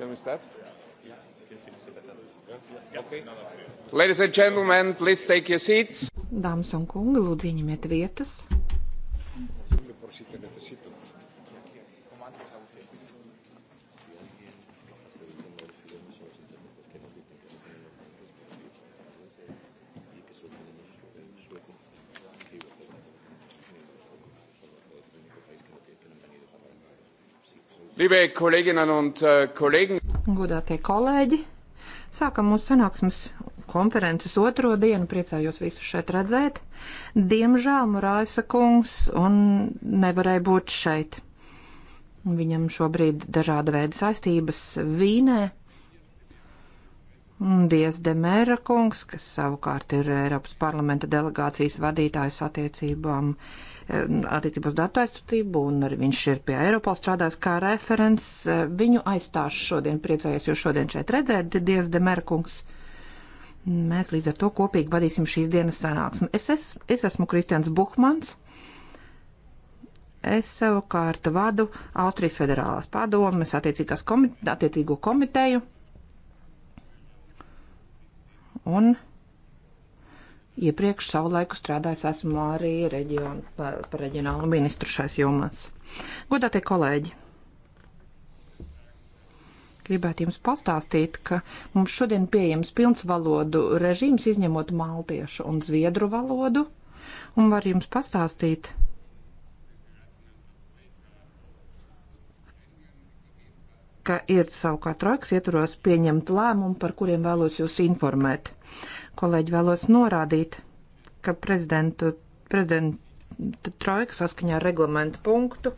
Can we start? Okay. Ladies and gentlemen, please take your seats. Dāmas un kungi, lūdzu, ieņemiet vietas. Liebe Kolleginnen und äh, Kollegen! Godātie kolēģi! Sākam mūsu sanāksmes konferences otro dienu, priecājos visus šeit redzēt. Diemžēl Murāisa kungs un nevarēja būt šeit. Viņam šobrīd dažāda veida saistības Vīnē Dievs Demēra kungs, kas savukārt ir Eiropas parlamenta delegācijas vadītājs attiecībām, eh, attiecībos datu aizsardzību, un arī viņš ir pie Eiropas strādājis kā referents. Eh, viņu aizstāšu šodien, priecājos jūs šodien šeit redzēt, Dievs Demēra kungs. Mēs līdz ar to kopīgi vadīsim šīs dienas sanāksmi. Es, es, es esmu Kristians Buhmans. Es savukārt vadu Austrijas Federālās padomes attiecīgo komiteju un iepriekš savulaiku strādājis esmu arī reģionu, par, par reģionālu ministru šais jomās. Godātie kolēģi! Gribētu jums pastāstīt, ka mums šodien pieejams pilns valodu režīms, izņemot maltiešu un zviedru valodu, un var jums pastāstīt, ka ir savukārt trojkas ietvaros pieņemt lēmumu, par kuriem vēlos jūs informēt. Kolēģi vēlos norādīt, ka prezidentu, prezidentu trojka saskaņā ar reglamentu punktu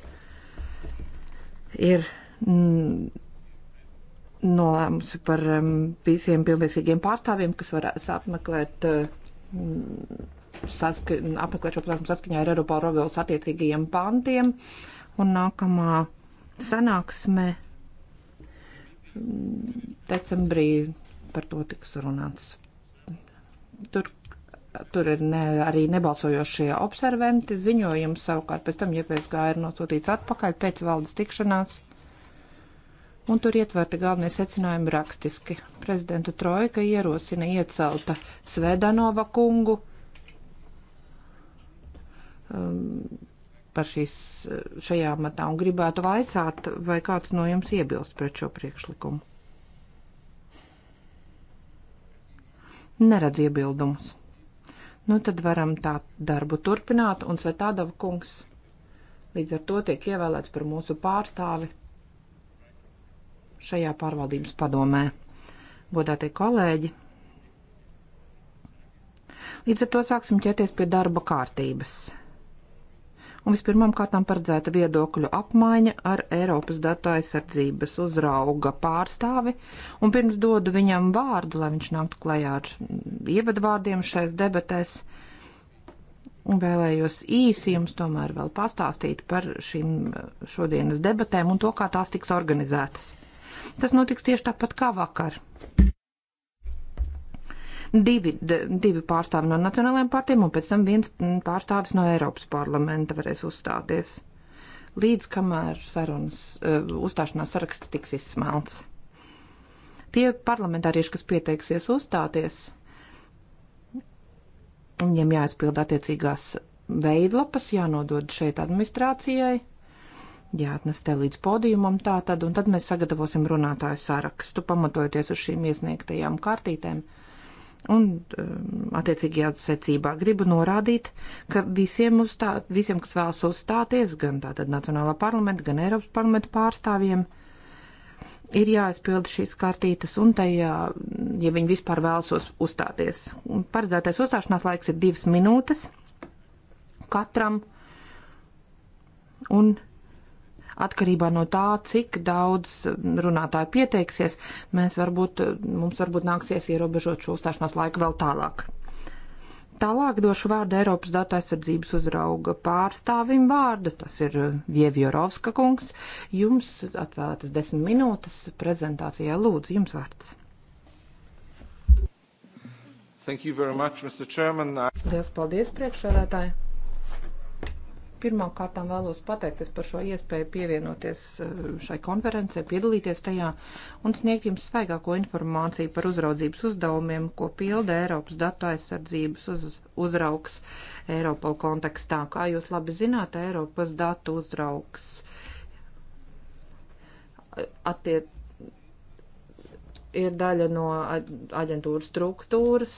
ir mm, nolēmusi par mm, visiem pilnīsīgiem pārstāvjiem, kas varēs apmeklēt, mm, saska, apmeklēt šo pasākumu saskaņā ar Eiropā Rovilas attiecīgajiem pantiem. Un nākamā sanāksme decembrī par to tiks runāts. Tur, tur ir ne, arī nebalsojošie observanti. Ziņojums savukārt pēc tam JPSG ir nosūtīts atpakaļ pēc valdes tikšanās. Un tur ietverti galvenie secinājumi rakstiski. Prezidentu Trojka ierosina iecelta Svedanova kungu. Um, par šīs, šajā matā un gribētu vaicāt, vai kāds no jums iebilst pret šo priekšlikumu. Neredz iebildumus. Nu tad varam tā darbu turpināt un Svetādava kungs līdz ar to tiek ievēlēts par mūsu pārstāvi šajā pārvaldības padomē. Godātie kolēģi! Līdz ar to sāksim ķerties pie darba kārtības un vispirmām kārtām paredzēta viedokļu apmaiņa ar Eiropas datu aizsardzības uzrauga pārstāvi, un pirms dodu viņam vārdu, lai viņš nāktu klajā ar ievadvārdiem šais debatēs, un vēlējos īsi jums tomēr vēl pastāstīt par šīm šodienas debatēm un to, kā tās tiks organizētas. Tas notiks tieši tāpat kā vakar divi, divi pārstāvi no nacionālajiem partijiem, un pēc tam viens mm, pārstāvis no Eiropas parlamenta varēs uzstāties. Līdz kamēr sarunas, eh, uzstāšanās saraksts tiks izsmelts. Tie parlamentārieši, kas pieteiksies uzstāties, viņiem jāizpild attiecīgās veidlapas, jānodod šeit administrācijai jāatnes te līdz podiumam tā tad, un tad mēs sagatavosim runātāju sārakstu, pamatojoties uz šīm iesniegtajām kartītēm. Un, um, attiecīgajā secībā, gribu norādīt, ka visiem, uzstā, visiem kas vēlas uzstāties, gan tātad Nacionālā parlamenta, gan Eiropas parlamenta pārstāvjiem, ir jāizpilda šīs kartītes, un tajā, ja viņi vispār vēlas uz, uzstāties. Un paredzētais uzstāšanās laiks ir divas minūtes katram, un atkarībā no tā, cik daudz runātāju pieteiksies, mēs varbūt, mums varbūt nāksies ierobežot šo uzstāšanās laiku vēl tālāk. Tālāk došu vārdu Eiropas datu aizsardzības uzrauga pārstāvim vārdu, tas ir Vievjorovska kungs. Jums atvēlētas desmit minūtes prezentācijā lūdzu, jums vārds. Thank you very much, Mr. Chairman. Liels paldies, priekšsēdētāji. Pirmām kārtām vēlos pateikties par šo iespēju pievienoties eh, šai konferencē, piedalīties tajā un sniegt jums svaigāko informāciju par uzraudzības uzdevumiem, ko pilda Eiropas datu aizsardzības uz, uzraugs Eiropol kontekstā. Kā jūs labi zināt, Eiropas datu uzraugs eh, attiec ir daļa no aģentūras struktūras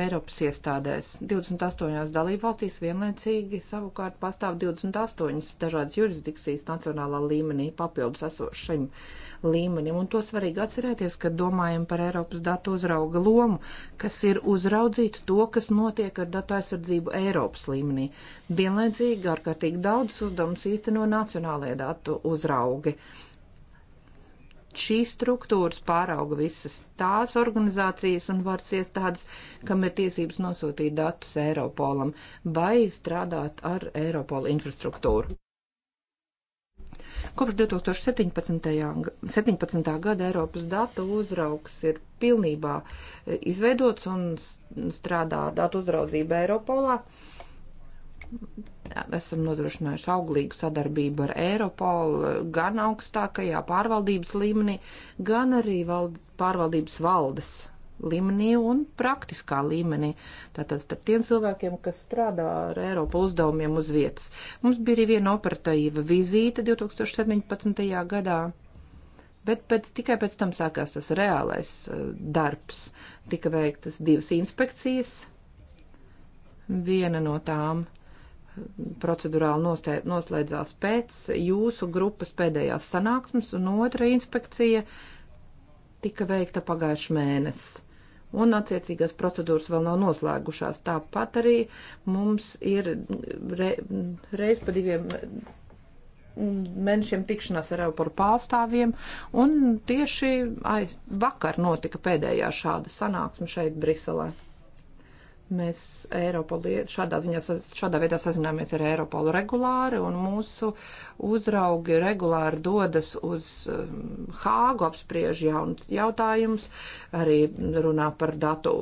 Eiropas iestādēs. 28 dalībvalstīs vienlaicīgi savukārt pastāv 28 dažādas jurisdikcijas nacionālā līmenī papildus esošajam līmenim. Un to svarīgi atcerēties, kad domājam par Eiropas datu uzrauga lomu, kas ir uzraudzīt to, kas notiek ar datu aizsardzību Eiropas līmenī. Vienlaicīgi ārkārtīgi daudz uzdevums īsteno nacionālajie datu uzraugi. Uh, šīs struktūras pārauga visas tās organizācijas un varas iestādes, kam ir tiesības nosūtīt datus Eiropolam vai strādāt ar Eiropola infrastruktūru. Kopš 2017. 17. gada Eiropas datu uzraugs ir pilnībā e, izveidots un strādā ar datu uzraudzību Eiropolā. Uh, esam nodrošinājuši auglīgu sadarbību ar Eiropolu gan augstākajā pārvaldības līmenī, gan arī vald pārvaldības valdes līmenī un praktiskā līmenī. Tātad starp tiem cilvēkiem, kas strādā ar Eiropu uzdevumiem uz vietas. Mums bija arī viena operatīva vizīte 2017. gadā. Bet pēc, tikai pēc tam sākās tas reālais eh, darbs. Tika veiktas divas inspekcijas. Viena no tām procedurāli nostē, noslēdzās pēc jūsu grupas pēdējās sanāksmes, un otra inspekcija tika veikta pagājuši mēnesi. Un attiecīgās procedūras vēl nav noslēgušās. Tāpat arī mums ir re, reiz pa diviem mēnešiem tikšanās ar Eiropu pārstāvjiem, un tieši ai, vakar notika pēdējā šāda sanāksme šeit Briselē. Mēs Eiropolu šādā, ziņā, šādā veidā sazināmies ar Eiropolu regulāri, un mūsu uzraugi regulāri dodas uz um, Hāgu, apspriež jaunu jautājumus, arī runā par datu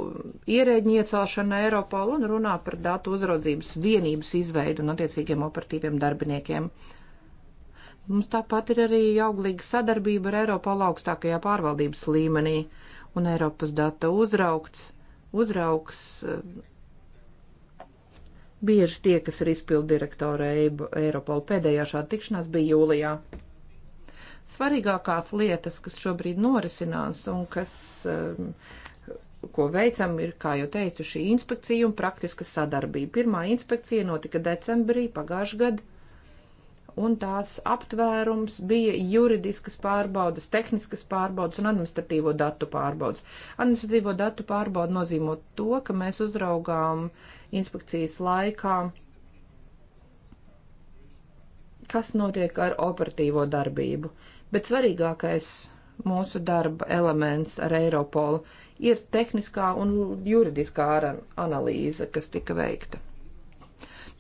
ierēģi iecelšanu Eiropolu un runā par datu uzraudzības vienības izveidu un attiecīgiem operatīviem darbiniekiem. Mums tāpat ir arī auglīga sadarbība ar Eiropa augstākajā pārvaldības līmenī, un Eiropas data uzraugts uzraugs eh, bieži tie, kas ir izpildu direktora Eiropola. Pēdējā šāda tikšanās bija jūlijā. Svarīgākās lietas, kas šobrīd norisinās un kas, eh, ko veicam, ir, kā jau teicu, šī inspekcija un praktiska sadarbība. Pirmā inspekcija notika decembrī pagājušajā gadā un tās aptvērums bija juridiskas pārbaudas, tehniskas pārbaudas un administratīvo datu pārbaudas. Administratīvo datu pārbauda nozīmē to, ka mēs uzraugām inspekcijas laikā, kas notiek ar operatīvo darbību. Bet svarīgākais mūsu darba elements ar Eiropolu ir tehniskā un juridiskā analīze, kas tika veikta.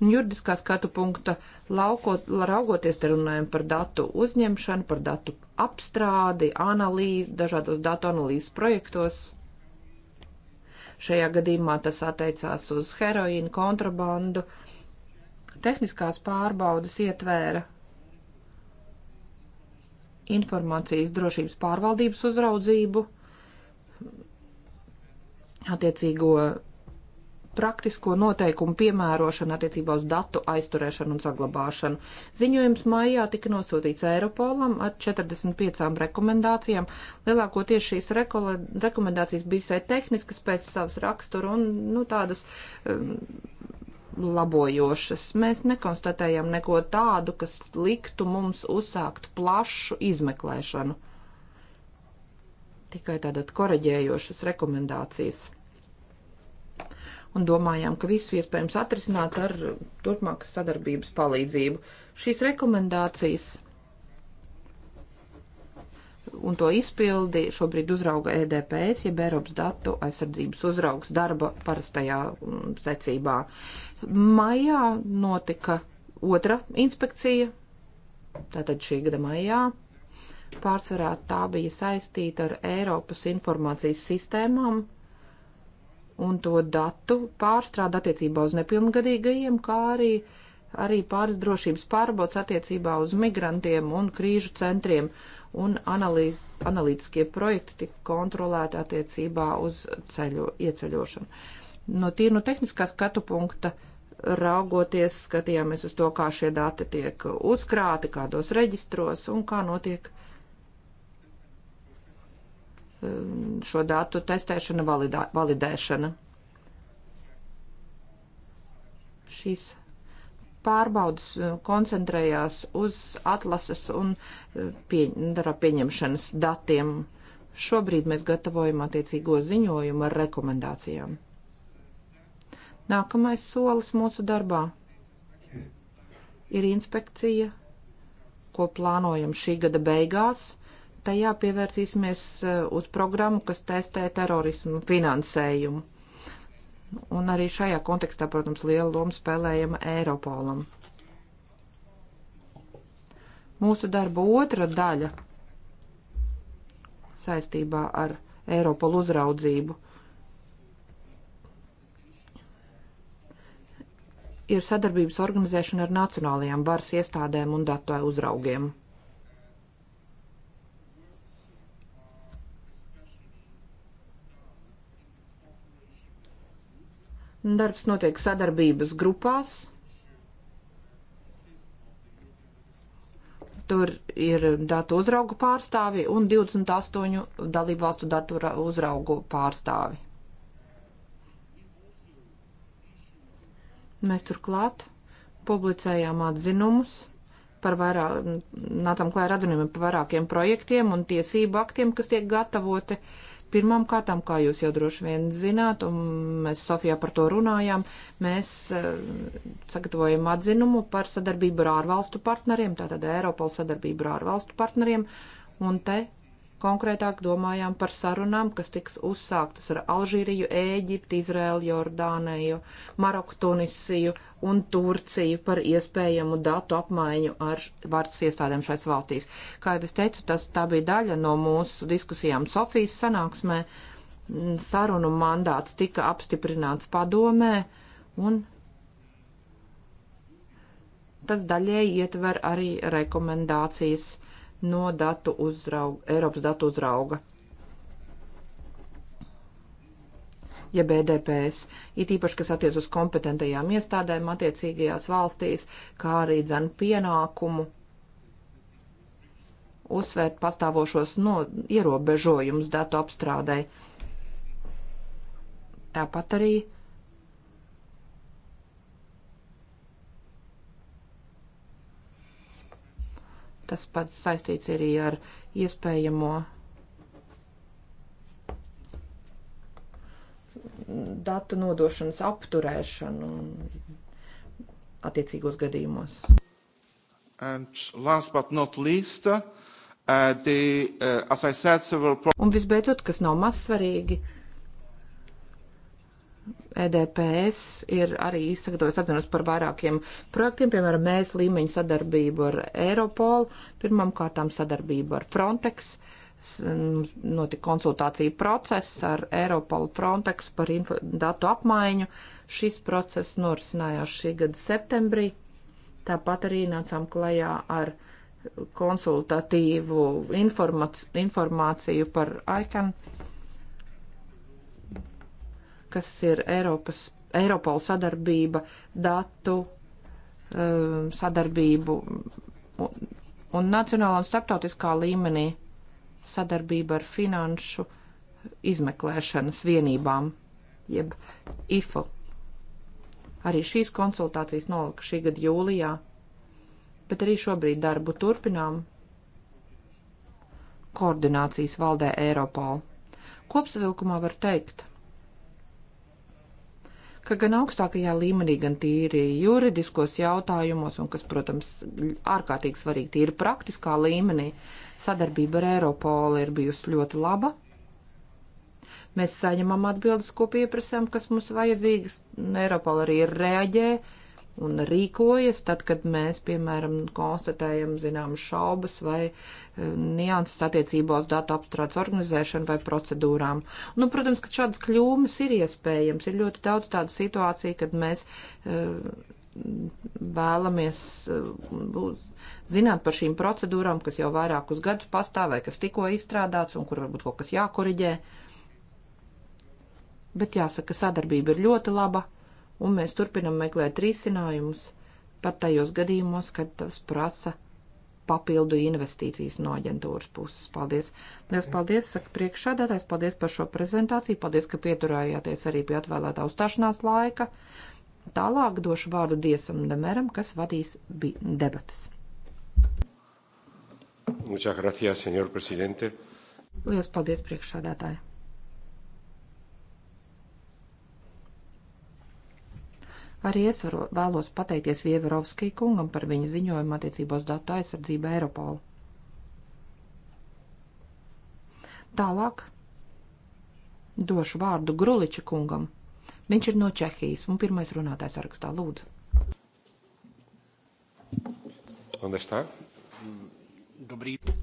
Juridiskā skatu punkta laukot, raugoties te runājam par datu uzņemšanu, par datu apstrādi, analīzi, dažādos datu analīzes projektos. Šajā gadījumā tas attiecās uz heroīnu, kontrabandu. Tehniskās pārbaudas ietvēra informācijas drošības pārvaldības uzraudzību, attiecīgo praktisko noteikumu piemērošanu attiecībā uz datu aizturēšanu un saglabāšanu. Ziņojums maijā tika nosūtīts Eiropolam ar 45 rekomendācijām. Lielākoties šīs rekole, rekomendācijas bija sē tehniskas pēc savas rakstura un nu, tādas. Um, labojošas. Mēs nekonstatējam neko tādu, kas liktu mums uzsākt plašu izmeklēšanu. Tikai tādas koreģējošas rekomendācijas un domājām, ka visu iespējams atrisināt ar turpmākas sadarbības palīdzību. Šīs rekomendācijas un to izpildi šobrīd uzrauga EDPS, jeb Eiropas datu aizsardzības uzraugs darba parastajā mm, secībā. Maijā notika otra inspekcija, tātad šī gada maijā. Pārsvarā tā bija saistīta ar Eiropas informācijas sistēmām, un to datu pārstrāda attiecībā uz nepilngadīgajiem, kā arī, arī pāris drošības pārbaudas attiecībā uz migrantiem un krīžu centriem, un analīz, analītiskie projekti tika kontrolēti attiecībā uz ceļo, ieceļošanu. No tīri no tehniskā skatu punkta raugoties, skatījāmies uz to, kā šie dati tiek uzkrāti, kādos reģistros un kā notiek uh, šo datu testēšana, validā, validēšana. Šīs pārbaudas uh, koncentrējās uz atlases un uh, pie, dara pieņemšanas datiem. Šobrīd mēs gatavojam attiecīgo ziņojumu ar rekomendācijām. Nākamais solis mūsu darbā ir inspekcija, ko plānojam šī gada beigās tajā pievērsīsimies eh, uz programmu, kas testē terorismu finansējumu. Un arī šajā kontekstā, protams, liela loma spēlējama Eiropolam. Mūsu darba otra daļa saistībā ar Eiropolu uzraudzību ir sadarbības organizēšana ar nacionālajām varas iestādēm un datu uzraugiem. Darbs notiek sadarbības grupās. Tur ir datu uzraugu pārstāvi un 28 dalību valstu datu uzraugu pārstāvi. Mēs turklāt publicējām atzinumus par vairāk, nācām klāja atzinumiem par vairākiem projektiem un tiesību aktiem, kas tiek gatavoti Pirmām kārtām, kā jūs jau droši vien zināt, un mēs Sofijā par to runājām, mēs eh, sagatavojam atzinumu par sadarbību ar ārvalstu partneriem, tātad Eiropola sadarbību ar ārvalstu partneriem, un te Konkrētāk domājām par sarunām, kas tiks uzsāktas ar Alžīriju, Ēģipti, Izraēlu, Jordāniju, Maroku, Tunisiju un Turciju par iespējamu datu apmaiņu ar varas iestādēm šais valstīs. Kā jau es teicu, tas tā bija daļa no mūsu diskusijām Sofijas sanāksmē. Sarunu mandāts tika apstiprināts padomē un tas daļēji ietver arī rekomendācijas no datu uzrauga, Eiropas datu uzrauga. ja BDPS, it īpaši, kas attiec uz kompetentajām iestādēm attiecīgajās valstīs, kā arī dzen pienākumu uzsvērt pastāvošos no ierobežojumus datu apstrādē. Tāpat arī Tas pats saistīts arī ar iespējamo datu nodošanas apturēšanu attiecīgos gadījumos. And last but not least, uh, the, uh, as I said, several... Un visbeidzot, kas nav maz svarīgi, uh, EDPS ir arī izsagatavojis atzinus par vairākiem projektiem, piemēram, mēs līmeņu sadarbību ar Eiropolu, pirmam kārtām sadarbību ar Frontex, notika konsultācija process ar Eiropolu Frontex par info, datu apmaiņu. Šis process norisinājās šī gada septembrī. Tāpat arī nācām klajā ar konsultatīvu informāciju par ICANN kas ir Eiropas, Eiropola sadarbība, datu um, sadarbību un, un nacionālā un starptautiskā līmenī sadarbība ar finanšu izmeklēšanas vienībām, jeb IFO. Arī šīs konsultācijas nolika šī gada jūlijā, bet arī šobrīd darbu turpinām koordinācijas valdē Eiropol. Kopsavilkumā var teikt, ka gan augstākajā līmenī, gan tīri juridiskos jautājumos, un kas, protams, ārkārtīgi svarīgi tīri praktiskā līmenī, sadarbība ar Eiropolu ir bijusi ļoti laba. Mēs saņemam atbildes, ko pieprasām, kas mums vajadzīgas, un Eiropola arī reaģē un rīkojas, tad, kad mēs, piemēram, konstatējam zināmas šaubas vai e, nianses attiecībā uz datu apstrādes organizēšanu vai procedūrām. Nu, protams, ka šādas kļūmes ir iespējams. Ir ļoti daudz tādu situāciju, kad mēs e, vēlamies e, zināt par šīm procedūrām, kas jau vairākus gadus pastāv vai kas tikko izstrādāts un kur varbūt kaut kas jākoriģē. Bet jāsaka, sadarbība ir ļoti laba un mēs turpinam meklēt risinājumus pat tajos gadījumos, kad tas prasa papildu investīcijas no aģentūras puses. Paldies! Liels paldies, saka priekšādātājs, paldies par šo prezentāciju, paldies, ka pieturējāties arī pie atvēlētā uzstāšanās laika. Tālāk došu vārdu Diesam Demeram, kas vadīs debatas. Muchas gracias, señor presidente. Lielas paldies, priekšādātāji! Arī es varu, vēlos pateikties Vievarovskij kungam par viņa ziņojumu attiecībā uz datu aizsardzību Eiropolu. Tālāk došu vārdu Gruliča kungam. Viņš ir no Čehijas un pirmais runātājs sarakstā lūdzu.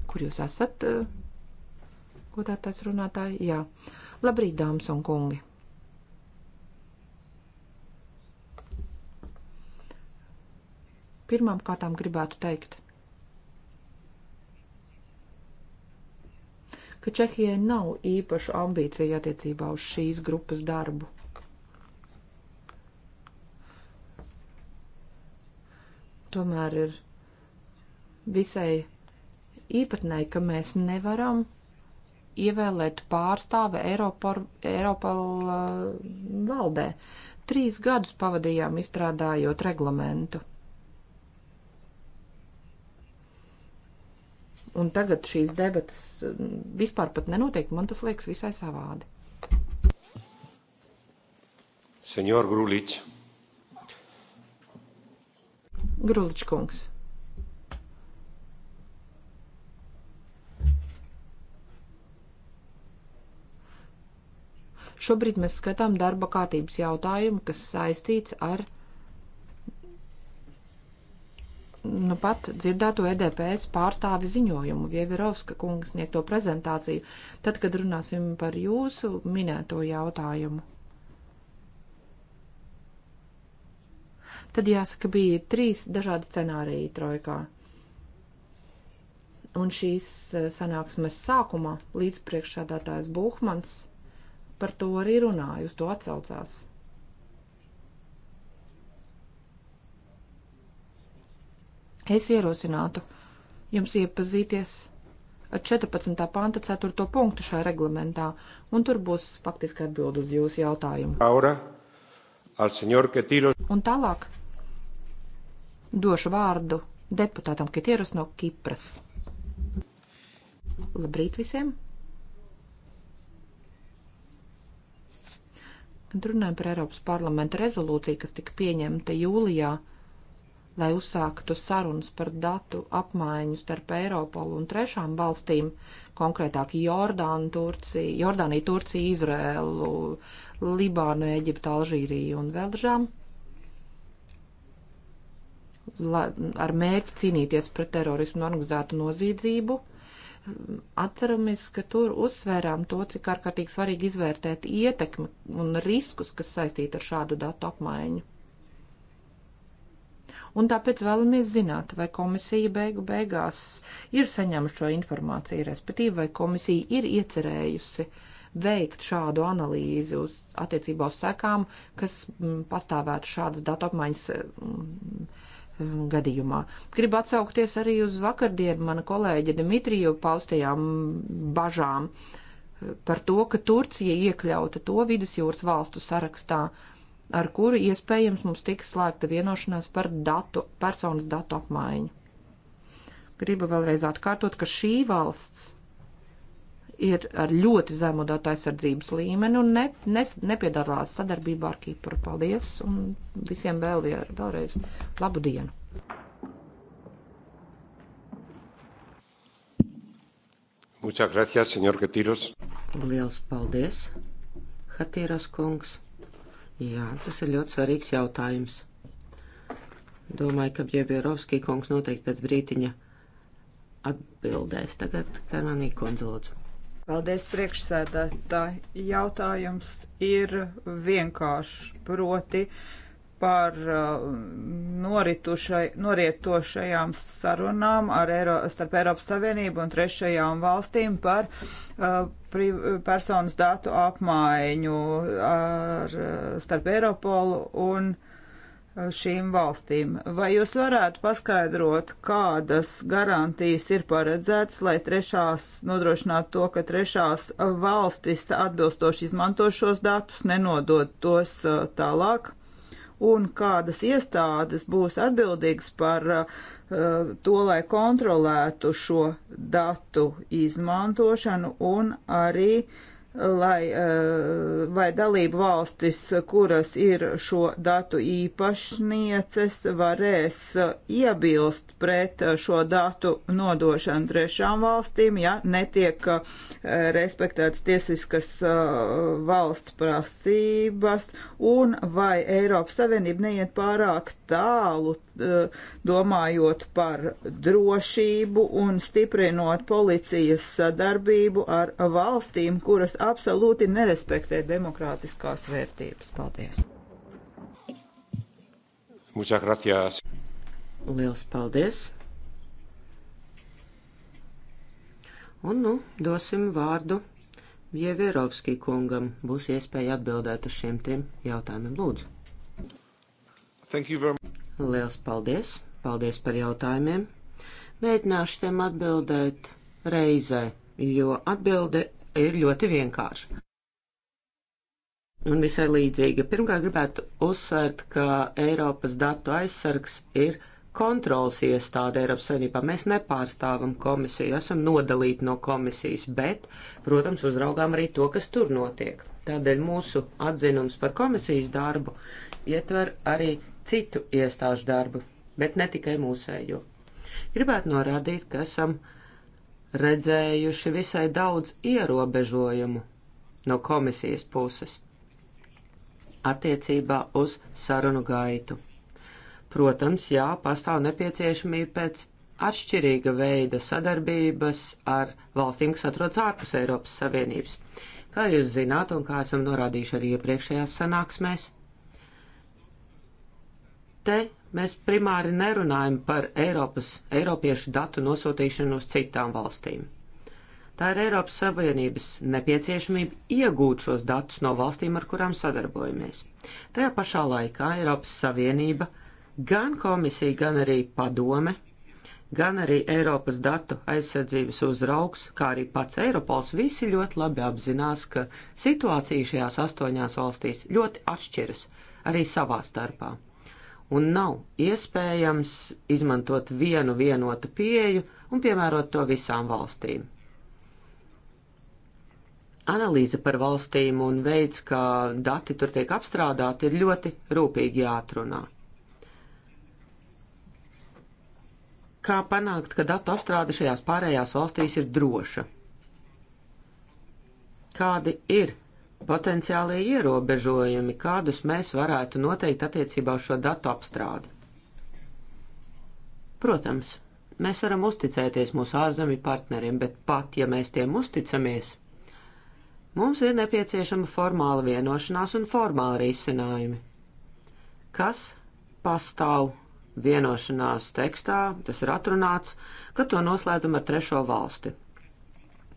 Kur jūs esat? Ko eh, tā tas runātāji? Jā. Labrīt, dāmas un kungi! Pirmām kārtām gribētu teikt, ka Čehijai nav īpašu ambīciju attiecībā uz šīs grupas darbu. Tomēr ir visai īpatnēji, ka mēs nevaram ievēlēt pārstāve Eiropar, Eiropal uh, valdē. Trīs gadus pavadījām izstrādājot reglamentu. Un tagad šīs debatas mm, vispār pat nenotiek, man tas liekas visai savādi. Senjor Grulič. Grulič kungs. Šobrīd mēs skatām darba kārtības jautājumu, kas saistīts ar nu pat dzirdēto EDPS pārstāvi ziņojumu, Vievirovska kungas sniegto prezentāciju, tad, kad runāsim par jūsu minēto jautājumu. Tad jāsaka, bija trīs dažādi scenāriji trojkā. Un šīs eh, sanāksmes sākumā līdzpriekšādātājs Buhmans par to arī runāja, uz to atsaucās. Es ierosinātu jums iepazīties ar 14. panta 4. punktu šajā reglamentā, un tur būs faktiski atbild uz jūsu jautājumu. Aura, al señor Ketiro. Un tālāk došu vārdu deputātam Ketieros no Kipras. Labrīt visiem! Kad runājam par Eiropas parlamenta rezolūciju, kas tika pieņemta jūlijā, lai uzsāktu sarunas par datu apmaiņu starp Eiropolu un trešām valstīm, konkrētāk Jordānu, Turciju, Jordāniju, Turciju, Izrēlu, Libānu, Eģiptu, Alžīriju un vēl dažām, ar mērķi cīnīties pret terorismu un organizētu noziedzību. Atceramies, ka tur uzsvērām to, cik ārkārtīgi svarīgi izvērtēt ietekmi un riskus, kas saistīti ar šādu datu apmaiņu un tāpēc vēlamies zināt, vai komisija beigu beigās ir saņemta šo informāciju, respektīvi, vai komisija ir iecerējusi veikt šādu analīzi uz attiecībā uz sekām, kas mm, pastāvētu šādas datu apmaiņas mm, mm, gadījumā. Gribu atsaukties arī uz vakardienu mana kolēģa Dimitriju paustajām bažām eh, par to, ka Turcija iekļauta to vidusjūras valstu sarakstā, uh, ar kuru iespējams mums tiks slēgta vienošanās par datu, personas datu apmaiņu. Gribu vēlreiz atkārtot, ka šī valsts ir ar ļoti zemu datu aizsardzības līmeni un ne, nes, nepiedalās sadarbībā ar Kipru. Paldies un visiem vēl, vēl vēlreiz labu dienu! Muchas gracias, señor Ketiros. Liels paldies, Hatīras kungs. Jā, tas ir ļoti svarīgs jautājums. Domāju, ka Bjevierovskī kungs noteikti pēc brītiņa atbildēs. Tagad Kanānī konzulūdzu. Paldies priekšsēdētāji. Jautājums ir vienkāršs proti par uh, norietošajām sarunām ar Eiro, starp Eiropas Savienību un trešajām valstīm par uh, pri, personas datu apmaiņu ar, uh, starp Eiropolu un uh, šīm valstīm. Vai jūs varētu paskaidrot, kādas garantijas ir paredzētas, lai trešās nodrošinātu to, ka trešās valstis atbilstoši izmanto šos datus, nenodot tos tālāk? un kādas iestādes būs atbildīgas par uh, to, lai kontrolētu šo datu izmantošanu un arī uh, lai eh, vai dalību valstis, kuras ir šo datu īpašnieces, varēs eh, iebilst pret eh, šo datu nodošanu trešām valstīm, ja netiek respektētas tiesiskas valsts prasības, un vai Eiropas Savienība neiet pārāk tālu Eh, domājot par drošību un stiprinot policijas sadarbību ar valstīm, kuras absolūti nerespektē demokrātiskās vērtības. Paldies! Muchas gracias. Liels paldies! Un nu dosim vārdu Vieverovskī kungam. Būs iespēja atbildēt uz šiem trim jautājumiem. Lūdzu! Thank you very much. Liels paldies! Paldies par jautājumiem! Mēģināšu tiem atbildēt reizē, jo atbilde ir ļoti vienkārša. Un visai līdzīga. Pirmkārt, gribētu uzsvērt, ka Eiropas datu aizsargs ir kontrols iestāde Eiropas Savienībā. Mēs nepārstāvam komisiju, esam nodalīti no komisijas, bet, protams, uzraugām arī to, kas tur notiek. Tādēļ mūsu atzinums par komisijas darbu ietver arī citu iestāžu darbu, bet ne tikai mūsējo. Gribētu norādīt, ka esam redzējuši visai daudz ierobežojumu no komisijas puses attiecībā uz sarunu gaitu. Protams, jā, pastāv nepieciešamība pēc atšķirīga veida sadarbības ar valstīm, kas atrodas ārpus Eiropas Savienības. Kā jūs zināt, un kā esam norādījuši arī iepriekšējās sanāksmēs, Te mēs primāri nerunājam par Eiropas, Eiropiešu datu nosūtīšanu uz citām valstīm. Tā ir Eiropas Savienības nepieciešamība iegūt šos datus no valstīm, ar kurām sadarbojamies. Tajā pašā laikā Eiropas Savienība, gan komisija, gan arī padome, gan arī Eiropas datu aizsardzības uzraugs, kā arī pats Eiropols visi ļoti labi apzinās, ka situācija šajās astoņās valstīs ļoti atšķiras arī savā starpā un nav iespējams izmantot vienu vienotu pieeju un piemērot to visām valstīm. Analīze par valstīm un veids, kā dati tur tiek apstrādāti, ir ļoti rūpīgi jāatrunā. Kā panākt, ka datu apstrāde šajās pārējās valstīs ir droša? Kādi ir potenciālie ierobežojumi, kādus mēs varētu noteikt attiecībā uz šo datu apstrādi. Protams, mēs varam uzticēties mūsu ārzemju partneriem, bet pat ja mēs tiem uzticamies, mums ir nepieciešama formāla vienošanās un formāla risinājumi. Kas pastāv vienošanās tekstā, tas ir atrunāts, ka to noslēdzam ar trešo valsti.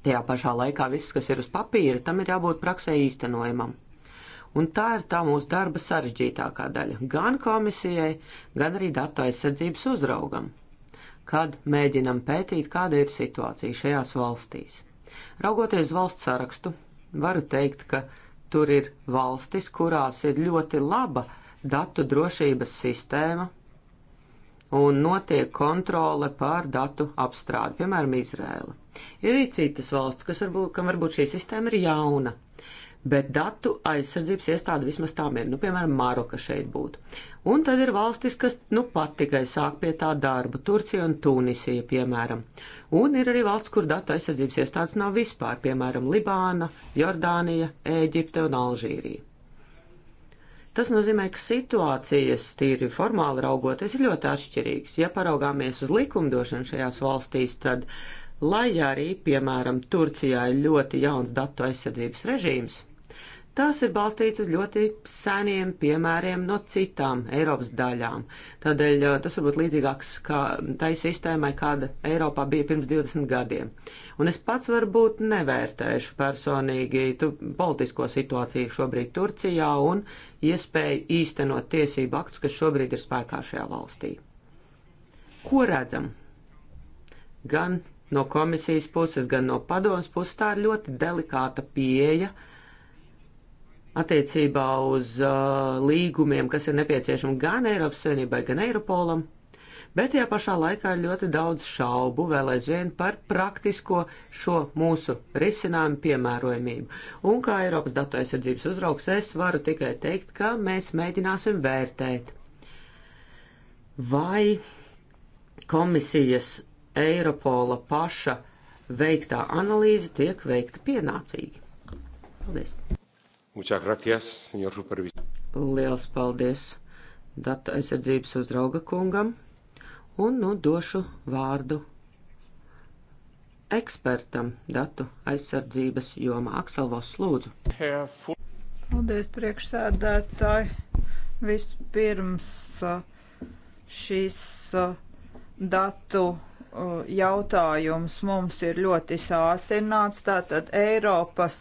Tajā pašā laikā viss, kas ir uz papīra, tam ir jābūt praksē īstenojamam. Un tā ir tā mūsu darba sarežģītākā daļa - gan komisijai, gan arī datu aizsardzības uzraugam, kad mēģinam pētīt, kāda ir situācija šajās valstīs. Raugoties uz valsts sarakstu, varu teikt, ka tur ir valstis, kurās ir ļoti laba datu drošības sistēma un notiek kontrole pār datu apstrādi, piemēram, Izrēla. Ir arī citas valsts, kas varbūt, kam varbūt šī sistēma ir jauna, bet datu aizsardzības iestāde vismaz tām ir, nu, piemēram, Maroka šeit būtu. Un tad ir valstis, kas, nu, pat tikai sāk pie tā darba, Turcija un Tunisija, piemēram. Un ir arī valsts, kur datu aizsardzības iestādes nav vispār, piemēram, Libāna, Jordānija, Ēģipte un Alžīrija. Tas nozīmē, ka situācijas tīri formāli raugoties ir ļoti atšķirīgas. Ja paraugāmies uz likumdošanu šajās valstīs, tad Lai arī, piemēram, Turcijā ir ļoti jauns datu aizsardzības režīms, tas ir balstīts uz ļoti seniem piemēriem no citām Eiropas daļām. Tādēļ eh, tas varbūt līdzīgāks kā tai sistēmai, kāda Eiropā bija pirms 20 gadiem. Un es pats varbūt nevērtēšu personīgi tu, politisko situāciju šobrīd Turcijā un iespēju īstenot tiesību aktus, kas šobrīd ir spēkā šajā valstī. Ko redzam? Gan no komisijas puses, gan no padomas puses. Tā ir ļoti delikāta pieeja attiecībā uz uh, līgumiem, kas ir nepieciešami gan Eiropas Savienībai, gan Eiropolam. Bet tajā pašā laikā ir ļoti daudz šaubu vēl aizvien par praktisko šo mūsu risinājumu piemērojamību. Un kā Eiropas datu aizsardzības uzraugs, es varu tikai teikt, ka mēs mēģināsim vērtēt, vai komisijas Eiropola paša veiktā analīze tiek veikta pienācīgi. Paldies! Muchas gracias, senor supervisor. Liels paldies data aizsardzības uzrauga kungam un nu došu vārdu ekspertam datu aizsardzības jomā Akselvos lūdzu. Paldies priekšsēdētāji. Vispirms uh, šīs uh, datu Uh, jautājums mums ir ļoti sāsināts. Tātad Eiropas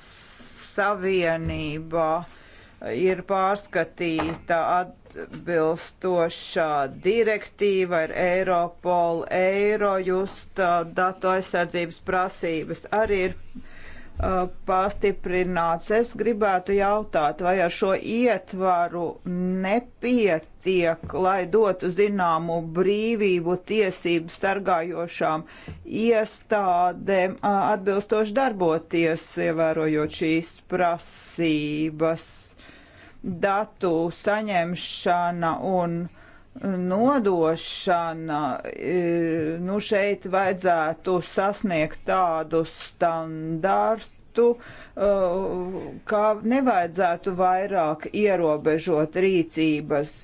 Savienībā ir pārskatīta atbilstošā direktīva ar Eiropolu, Eirojust, uh, datu aizsardzības prasības arī ir Uh, pastiprināts. Es gribētu jautāt, vai ar šo ietvaru nepietiek, lai dotu zināmu brīvību tiesību sargājošām iestādēm uh, atbilstoši darboties, ievērojot šīs prasības, datu saņemšana un uh, nodošana, e, nu šeit vajadzētu sasniegt tādu standartu, e, kā nevajadzētu vairāk ierobežot rīcības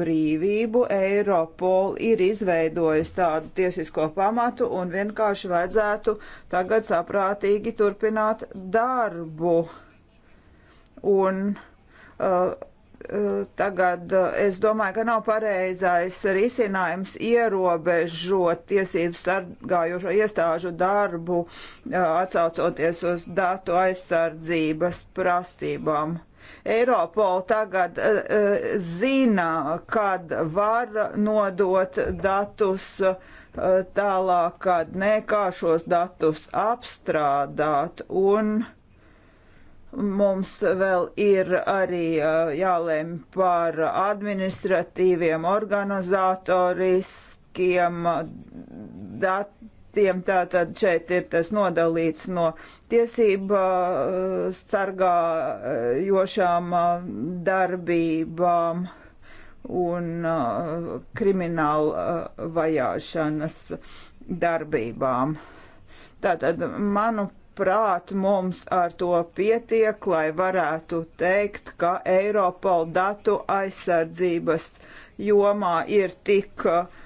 brīvību. Eiropol ir izveidojis tādu tiesisko pamatu un vienkārši vajadzētu tagad saprātīgi turpināt darbu. Un, uh, tagad eh, es domāju, ka nav pareizais risinājums ierobežot tiesību sargājošo iestāžu darbu, eh, atsaucoties uz datu aizsardzības prasībām. Eiropola tagad uh, zina, kad var nodot datus uh, tālāk, kad nē, kā šos datus apstrādāt un uh, Mums vēl ir arī uh, jālēm par administratīviem, organizatoriskiem uh, datiem. Tātad šeit ir tas nodalīts no tiesība uh, sargājošām darbībām un krimināla vajāšanas darbībām. Tātad, manuprāt, prāt mums ar to pietiek, lai varētu teikt, ka Eiropola datu aizsardzības jomā ir tik uh,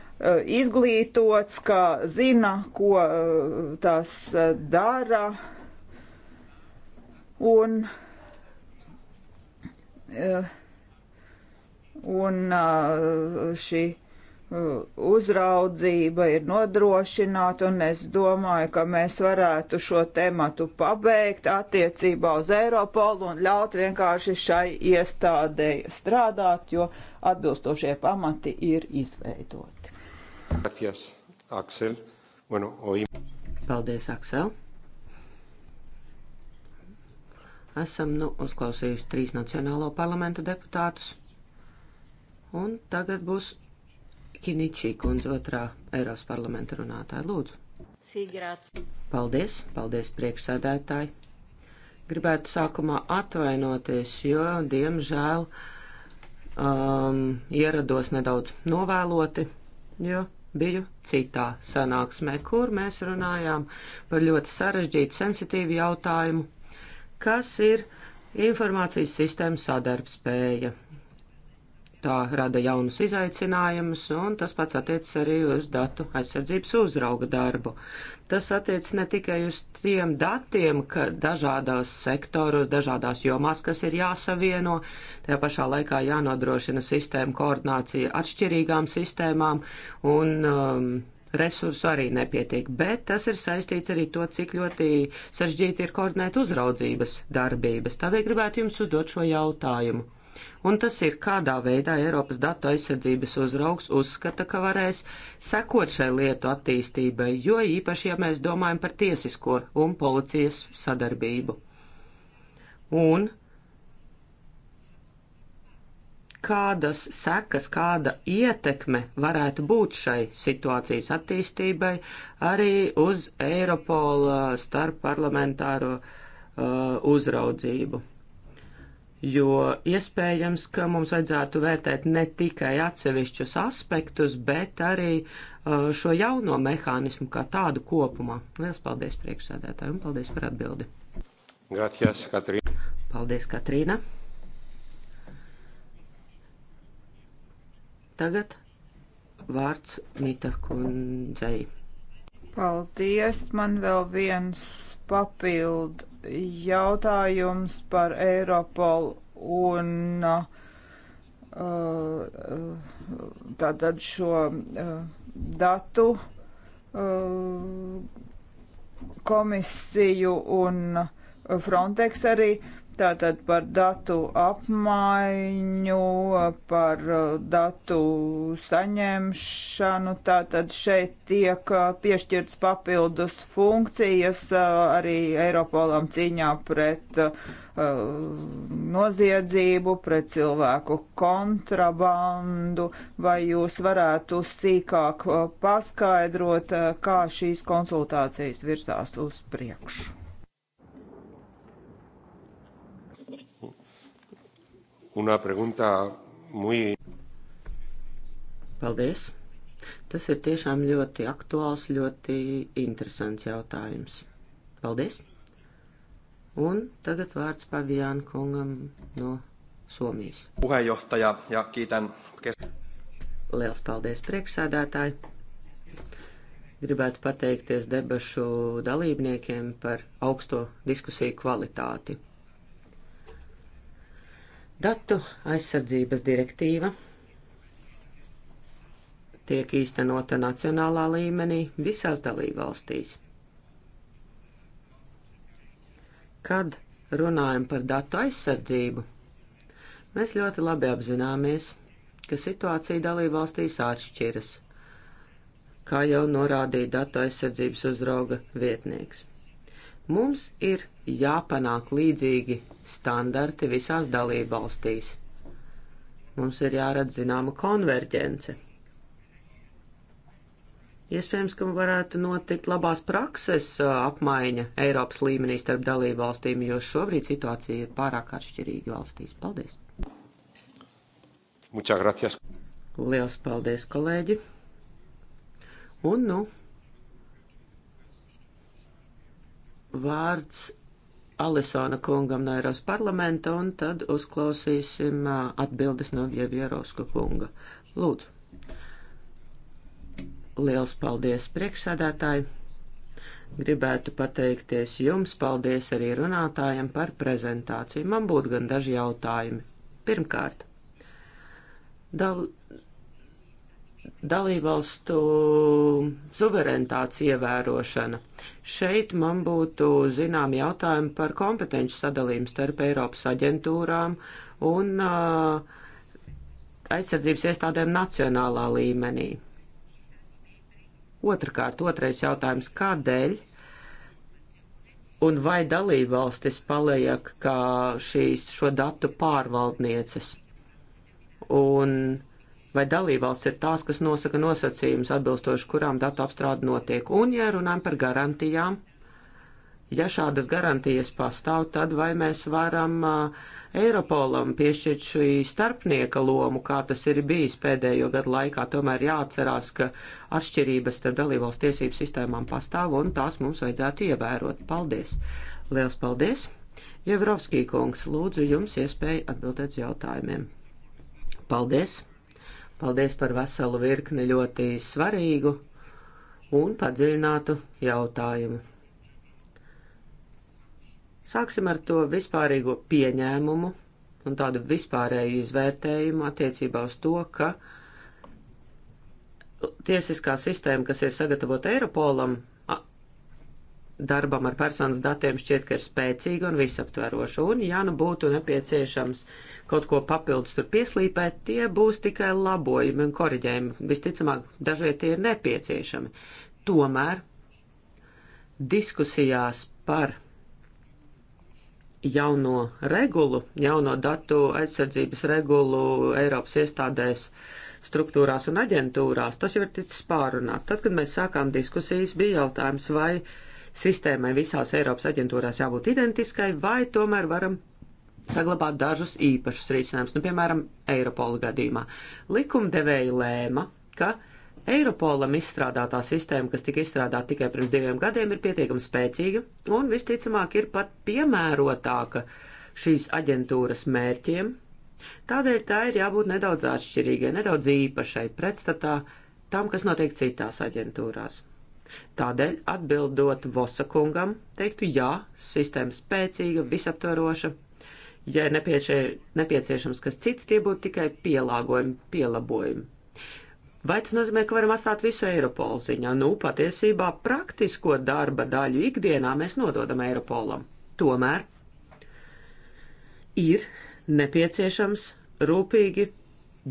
izglītots, ka zina, ko uh, tas uh, dara. Un, un šī uzraudzība ir nodrošināta, un es domāju, ka mēs varētu šo tematu pabeigt attiecībā uz Eiropolu un ļaut vienkārši šai iestādēji strādāt, jo atbilstošie pamati ir izveidoti. Gracias, Aksel. Bueno, hoy... Paldies, Aksel. Esam nu uzklausījuši trīs Nacionālo parlamentu deputātus, un tagad būs Kiničī kundze otrā Eiropas parlamenta runātāja. Lūdzu. Sīgrāts. Paldies, paldies priekšsēdētāji. Gribētu sākumā atvainoties, jo, diemžēl, um, ierados nedaudz novēloti, jo biju citā sanāksmē, kur mēs runājām par ļoti sarežģītu, sensitīvu jautājumu, kas ir informācijas sistēmas sadarbspēja tā rada jaunus izaicinājumus, un tas pats attiecas arī uz datu aizsardzības uzrauga darbu. Tas attiecas ne tikai uz tiem datiem, ka dažādās sektoros, dažādās jomās, kas ir jāsavieno, tajā pašā laikā jānodrošina sistēma koordinācija atšķirīgām sistēmām, un um, resursu arī nepietiek, bet tas ir saistīts arī to, cik ļoti sažģīti ir koordinēt uzraudzības darbības. Tādēļ gribētu jums uzdot šo jautājumu un tas ir, kādā veidā Eiropas datu aizsardzības uzraugs uzskata, ka varēs sekot šai lietu attīstībai, jo īpaši, ja mēs domājam par tiesisko un policijas sadarbību. Un kādas sekas, kāda ietekme varētu būt šai situācijas attīstībai arī uz Eiropola starpparlamentāro uh, uzraudzību jo iespējams, ka mums vajadzētu vērtēt ne tikai atsevišķus aspektus, bet arī uh, šo jauno mehānismu kā tādu kopumā. Lielas paldies priekšsēdētājiem un paldies par atbildi. Gracias, Katrīna. Paldies, Katrīna. Tagad vārds Mita kundzei. Paldies, man vēl viens papildu jautājums par Eiropolu un uh, tātad šo uh, datu uh, komisiju un Frontex arī uh, Tātad par datu apmaiņu, par uh, datu saņemšanu, tātad šeit tiek uh, piešķirts papildus funkcijas uh, arī Eiropolam cīņā pret noziedzību, pret cilvēku kontrabandu, vai jūs varētu sīkāk paskaidrot, kā šīs konsultācijas virsās uz priekšu? una pregunta muy. Paldies! Tas ir tiešām ļoti aktuāls, ļoti interesants jautājums. Paldies! Un tagad vārds Pavijāna kungam no Somijas. Puheenjohtaja ja kiitän. Liels paldies priekšsēdētāji! Gribētu pateikties debašu dalībniekiem par augsto diskusiju kvalitāti. Datu aizsardzības direktīva tiek īstenota nacionālā līmenī visās dalībvalstīs. Kad runājam par datu aizsardzību, mēs ļoti labi apzināmies, ka situācija dalībvalstīs atšķiras, kā jau norādīja datu aizsardzības uzrauga vietnieks. Mums ir jāpanāk līdzīgi standarti visās dalībvalstīs. Mums ir jāredz zināma konverģence. Iespējams, ka varētu notikt labās prakses apmaiņa Eiropas līmenī starp dalībvalstīm, jo šobrīd situācija ir pārāk atšķirīga valstīs. Paldies! Muchas gracias! Liels paldies, kolēģi! Un, nu, vārds Alisona kungam no Eiropas parlamenta, un tad uzklausīsim atbildes no Vievierovska kunga. Lūdzu. Liels paldies priekšsādātāji! Gribētu pateikties jums, paldies arī runātājiem par prezentāciju. Man būtu gan daži jautājumi. Pirmkārt, dal dalībvalstu suverenitātes ievērošana. Šeit man būtu zinām jautājumi par kompetenci sadalījumu starp Eiropas aģentūrām un uh, aizsardzības iestādēm nacionālā līmenī. Otrakārt, otrais jautājums - kādēļ un vai dalībvalstis paliek kā šīs šo datu pārvaldnieces? Un uh, vai dalībvalsts ir tās, kas nosaka nosacījumus, atbilstoši kurām datu apstrāde notiek. Un, ja runājam par garantijām, ja šādas garantijas pastāv, tad vai mēs varam uh, Eiropolam piešķirt šī starpnieka lomu, kā tas ir bijis pēdējo gadu laikā, tomēr jāatcerās, ka atšķirības starp dalībvalsts tiesību sistēmām pastāv un tās mums vajadzētu ievērot. Paldies! Liels paldies! Jevrovskī kungs, lūdzu jums iespēju atbildēt uz jautājumiem. Paldies! Paldies par veselu virkni ļoti svarīgu un padziļinātu jautājumu. Sāksim ar to vispārīgo pieņēmumu un tādu vispārēju izvērtējumu attiecībā uz to, ka tiesiskā sistēma, kas ir sagatavota Eiropolam, darbam ar personas datiem šķiet, ka ir spēcīga un visaptveroša, un ja nu būtu nepieciešams kaut ko papildus tur pieslīpēt, tie būs tikai labojumi un koriģējumi. Visticamāk, dažviet tie ir nepieciešami. Tomēr diskusijās par jauno regulu, jauno datu aizsardzības regulu Eiropas iestādēs, struktūrās un aģentūrās, tas jau ir ticis pārunāts. Tad, kad mēs sākām diskusijas, bija jautājums, vai uh, sistēmai visās Eiropas aģentūrās jābūt identiskai, vai tomēr varam saglabāt dažus īpašus risinājumus, nu, piemēram, Eiropola gadījumā. Likumdevēji lēma, ka Eiropolam izstrādātā sistēma, kas tika izstrādāta tikai pirms diviem gadiem, ir pietiekami spēcīga un visticamāk ir pat piemērotāka šīs aģentūras mērķiem. Tādēļ tā ir jābūt nedaudz atšķirīgai, nedaudz īpašai, pretstatā tam, kas notiek citās aģentūrās. Tādēļ, atbildot Vosakungam, teiktu jā, sistēma spēcīga, visaptvaroša. Ja ir nepiecie, nepieciešams kas cits, tie būtu tikai pielāgojumi, pielabojumi. Vai tas nozīmē, ka varam atstāt visu Eiropolu ziņā? Nu, patiesībā praktisko darba daļu ikdienā mēs nododam Eiropolam. Tomēr ir nepieciešams rūpīgi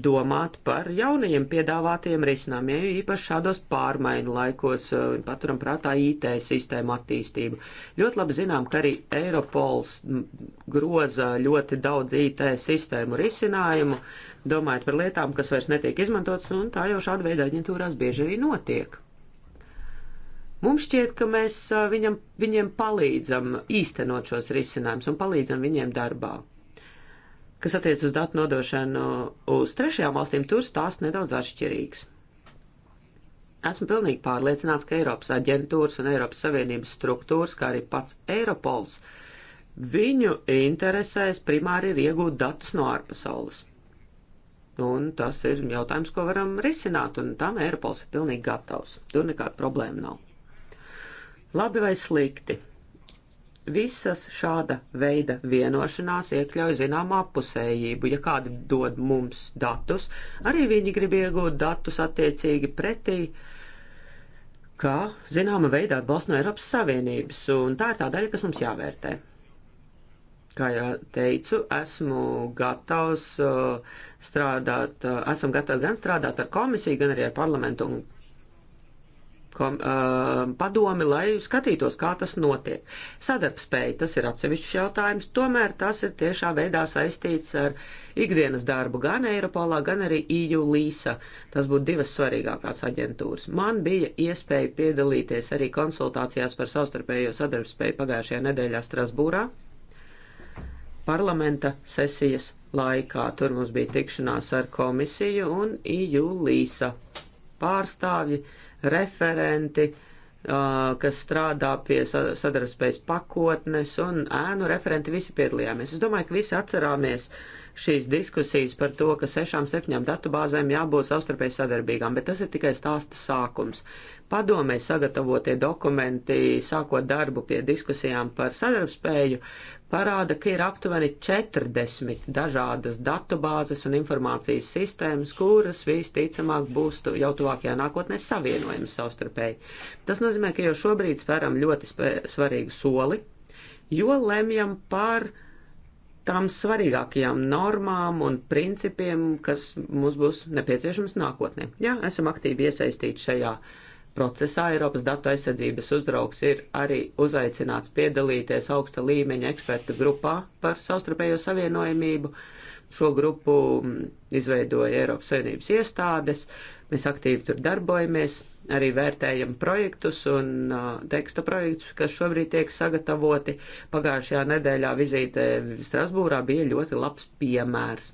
domāt par jaunajiem piedāvātiem risinājumiem, ja īpaši šādos pārmaiņu laikos, eh, paturam prātā IT sistēmu attīstību. Ļoti labi zinām, ka arī Eiropols groza ļoti daudz IT sistēmu risinājumu, domājot par lietām, kas vairs netiek izmantotas, un tā jau šāda veida aģentūrās bieži arī notiek. Mums šķiet, ka mēs eh, viņam, viņiem palīdzam īstenot šos risinājumus un palīdzam viņiem darbā kas attiec uz datu nodošanu uz trešajām valstīm, tur stāsts nedaudz atšķirīgs. Esmu pilnīgi pārliecināts, ka Eiropas aģentūras un Eiropas Savienības struktūras, kā arī pats Eiropols, viņu interesēs primāri ir iegūt datus no ārpasaules. Un tas ir jautājums, ko varam risināt, un tam Eiropols ir pilnīgi gatavs. Tur nekāda problēma nav. Labi vai slikti? visas šāda veida vienošanās iekļauj zinām apusējību. Ja kādi dod mums datus, arī viņi grib iegūt datus attiecīgi pretī, kā zināma veida atbalsts no Eiropas Savienības, un tā ir tā daļa, kas mums jāvērtē. Kā jau teicu, esmu gatavs uh, strādāt, uh, esam gatavi gan strādāt ar komisiju, gan arī ar parlamentu un kom, uh, padomi, lai skatītos, kā tas notiek. Sadarbspēja tas ir atsevišķs jautājums, tomēr tas ir tiešā veidā saistīts ar ikdienas darbu gan Eiropolā, gan arī EU Līsa. Tas būtu divas svarīgākās aģentūras. Man bija iespēja piedalīties arī konsultācijās par savstarpējo sadarbspēju pagājušajā nedēļā Strasbūrā parlamenta sesijas laikā. Tur mums bija tikšanās ar komisiju un EU Līsa pārstāvji referenti, kas strādā pie sadarbspējas pakotnes, un ēnu referenti visi piedalījāmies. Es domāju, ka visi atcerāmies šīs diskusijas par to, ka sešām, septiņām datubāzēm jābūt savstarpēji sadarbīgām, bet tas ir tikai stāsta sākums. Padomē sagatavotie dokumenti, sākot darbu pie diskusijām par sadarbspēju, parāda, ka ir aptuveni 40 dažādas datubāzes un informācijas sistēmas, kuras visticamāk būs tu, jau tuvākajā nākotnē savienojamas savstarpēji. Tas nozīmē, ka jau šobrīd spēram ļoti spē, svarīgu soli, jo lemjam par tām svarīgākajām normām un principiem, kas mums būs nepieciešams nākotnē. Jā, esam aktīvi iesaistīti šajā uh, procesā Eiropas datu aizsardzības uzraugs ir arī uzaicināts piedalīties augsta līmeņa ekspertu grupā par savstarpējo savienojamību. Šo grupu mm, izveidoja Eiropas Savienības iestādes, mēs aktīvi tur darbojamies, arī vērtējam projektus un uh, teksta projektus, kas šobrīd tiek sagatavoti. Pagājušajā nedēļā vizīte Strasbūrā bija ļoti labs piemērs.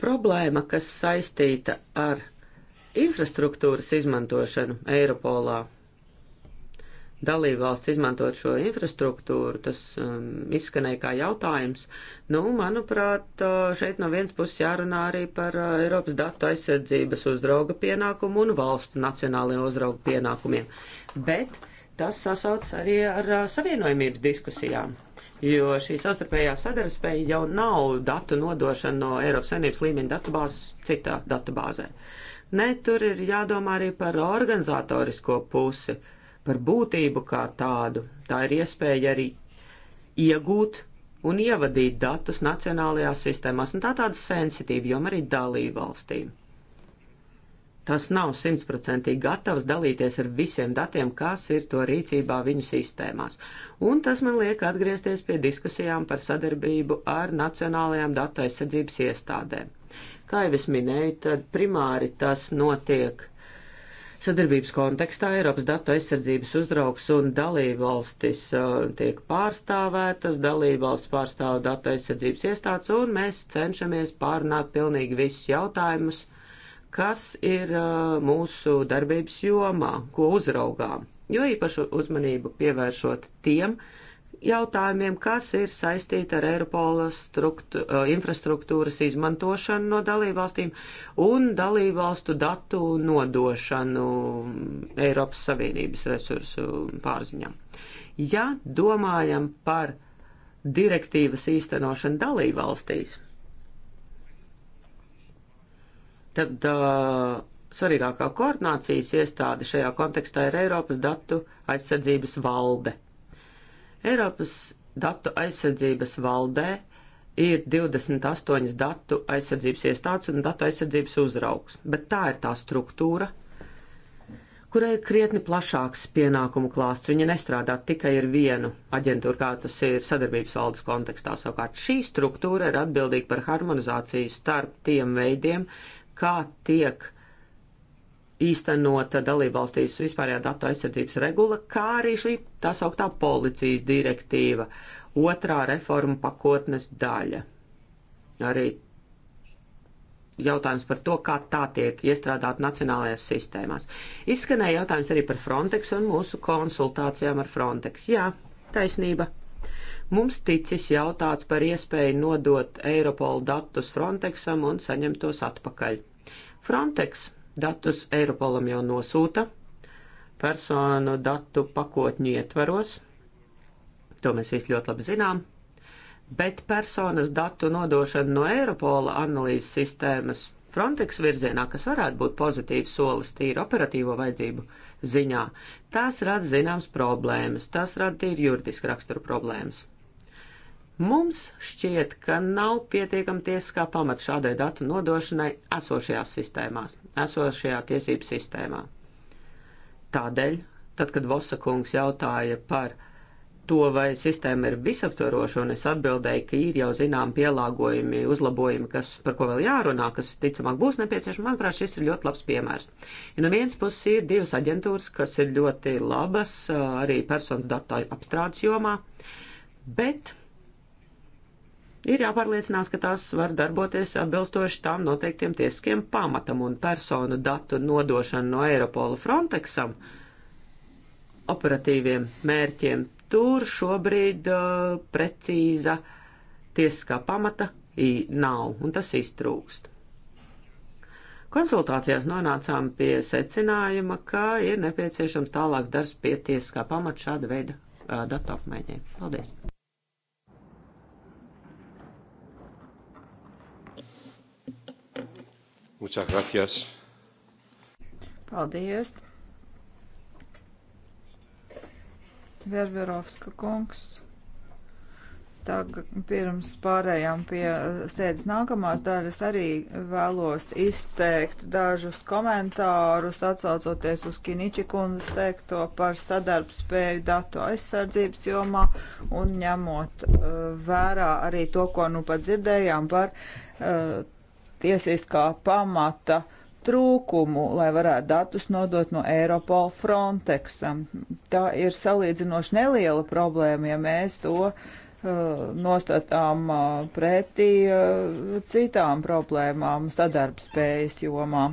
Problēma, kas saistīta ar infrastruktūras izmantošanu Eiropolā. Dalībvalsts izmantot šo infrastruktūru, tas um, izskanēja kā jautājums. Nu, manuprāt, uh, šeit no vienas puses jārunā arī par uh, Eiropas datu aizsardzības uzrauga pienākumu un valstu nacionālajiem uzrauga pienākumiem. Bet tas sasauc arī ar uh, savienojumības diskusijām jo šī sastarpējā sadarbspēja jau nav datu nodošana no Eiropas saimnības līmeņa datubāzes citā datubāzē. Nē, tur ir jādomā arī par organizatorisko pusi, par būtību kā tādu. Tā ir iespēja arī iegūt un ievadīt datus nacionālajās sistēmās, un tā tāda sensitīva joma arī dalību valstīm tas nav simtprocentīgi gatavs dalīties ar visiem datiem, kas ir to rīcībā viņu sistēmās. Un tas man liek atgriezties pie diskusijām par sadarbību ar Nacionālajām datu aizsardzības iestādēm. Kā jau es minēju, tad primāri tas notiek sadarbības kontekstā Eiropas datu aizsardzības uzraugs un dalībvalstis uh, tiek pārstāvētas, dalībvalsts pārstāv datu aizsardzības iestādes, un mēs cenšamies pārunāt pilnīgi visus jautājumus, uh, kas ir mūsu darbības jomā, ko uzraugām, jo īpašu uzmanību pievēršot tiem jautājumiem, kas ir saistīti ar Eiropolas infrastruktūras izmantošanu no dalībvalstīm un dalībvalstu datu nodošanu Eiropas Savienības resursu pārziņām. Ja domājam par direktīvas īstenošanu dalībvalstīs, Tad uh, svarīgākā koordinācijas iestāde šajā kontekstā ir Eiropas datu aizsardzības valde. Eiropas datu aizsardzības valdē ir 28 datu aizsardzības iestādes un datu aizsardzības uzraugs, bet tā ir tā struktūra, kurai ir krietni plašāks pienākumu klāsts. Viņa nestrādā tikai ar vienu aģentūru, kā tas ir sadarbības valdes kontekstā. Savukārt šī struktūra ir atbildīga par harmonizāciju starp tiem veidiem, kā tiek īstenota dalībvalstīs vispārējā datu aizsardzības regula, kā arī šī tā sauktā policijas direktīva, otrā reforma pakotnes daļa. Arī jautājums par to, kā tā tiek iestrādāt nacionālajās sistēmās. Izskanēja jautājums arī par Frontex un mūsu konsultācijām ar Frontex. Jā, taisnība. Mums ticis jautāts par iespēju nodot Eiropolu datus Frontexam un saņemt tos atpakaļ. Frontex datus Eiropolam jau nosūta personu datu pakotņu ietvaros. To mēs visi ļoti labi zinām. Bet personas datu nodošana no Eiropola analīzes sistēmas Frontex virzienā, kas varētu būt pozitīvs solis tīri operatīvo vajadzību ziņā, tas rada zināmas problēmas, tas rada tīri juridiski raksturu problēmas. Mums šķiet, ka nav pietiekama tiesiskā pamata šādai datu nodošanai esošajās sistēmās, esošajā tiesību sistēmā. Tādēļ, tad, kad Vosa kungs jautāja par to, vai sistēma ir visaptvaroša, un es atbildēju, ka ir jau zinām pielāgojumi, uzlabojumi, kas, par ko vēl jārunā, kas ticamāk būs nepieciešams, manuprāt, šis ir ļoti labs piemērs. Ja no vienas puses ir divas aģentūras, kas ir ļoti labas arī personas datu apstrādes jomā, bet ir jāpārliecinās, ka tās var darboties atbilstoši tām noteiktiem tiesiskiem pamatam un personu datu nodošana no Eiropola Frontexam operatīviem mērķiem. Tur šobrīd uh, precīza tiesiskā pamata nav, un tas iztrūkst. Konsultācijās nonācām pie secinājuma, ka ir nepieciešams tālāks darbs pie tiesiskā pamata šāda veida uh, datu apmaiņai. Paldies! Muchas gracias. Paldies. Ververovska kungs. Tagad pirms pārējām pie sēdes nākamās daļas arī vēlos izteikt dažus komentārus atsaucoties uz Kiniči kundzes teikto par sadarbspēju datu aizsardzības jomā un ņemot uh, vērā arī to, ko nu pat dzirdējām par uh, tiesiskā pamata trūkumu, lai varētu datus nodot no Eiropola Frontexam. Tā ir salīdzinoši neliela problēma, ja mēs to uh, nostatām uh, pretī uh, citām problēmām sadarbspējas jomā.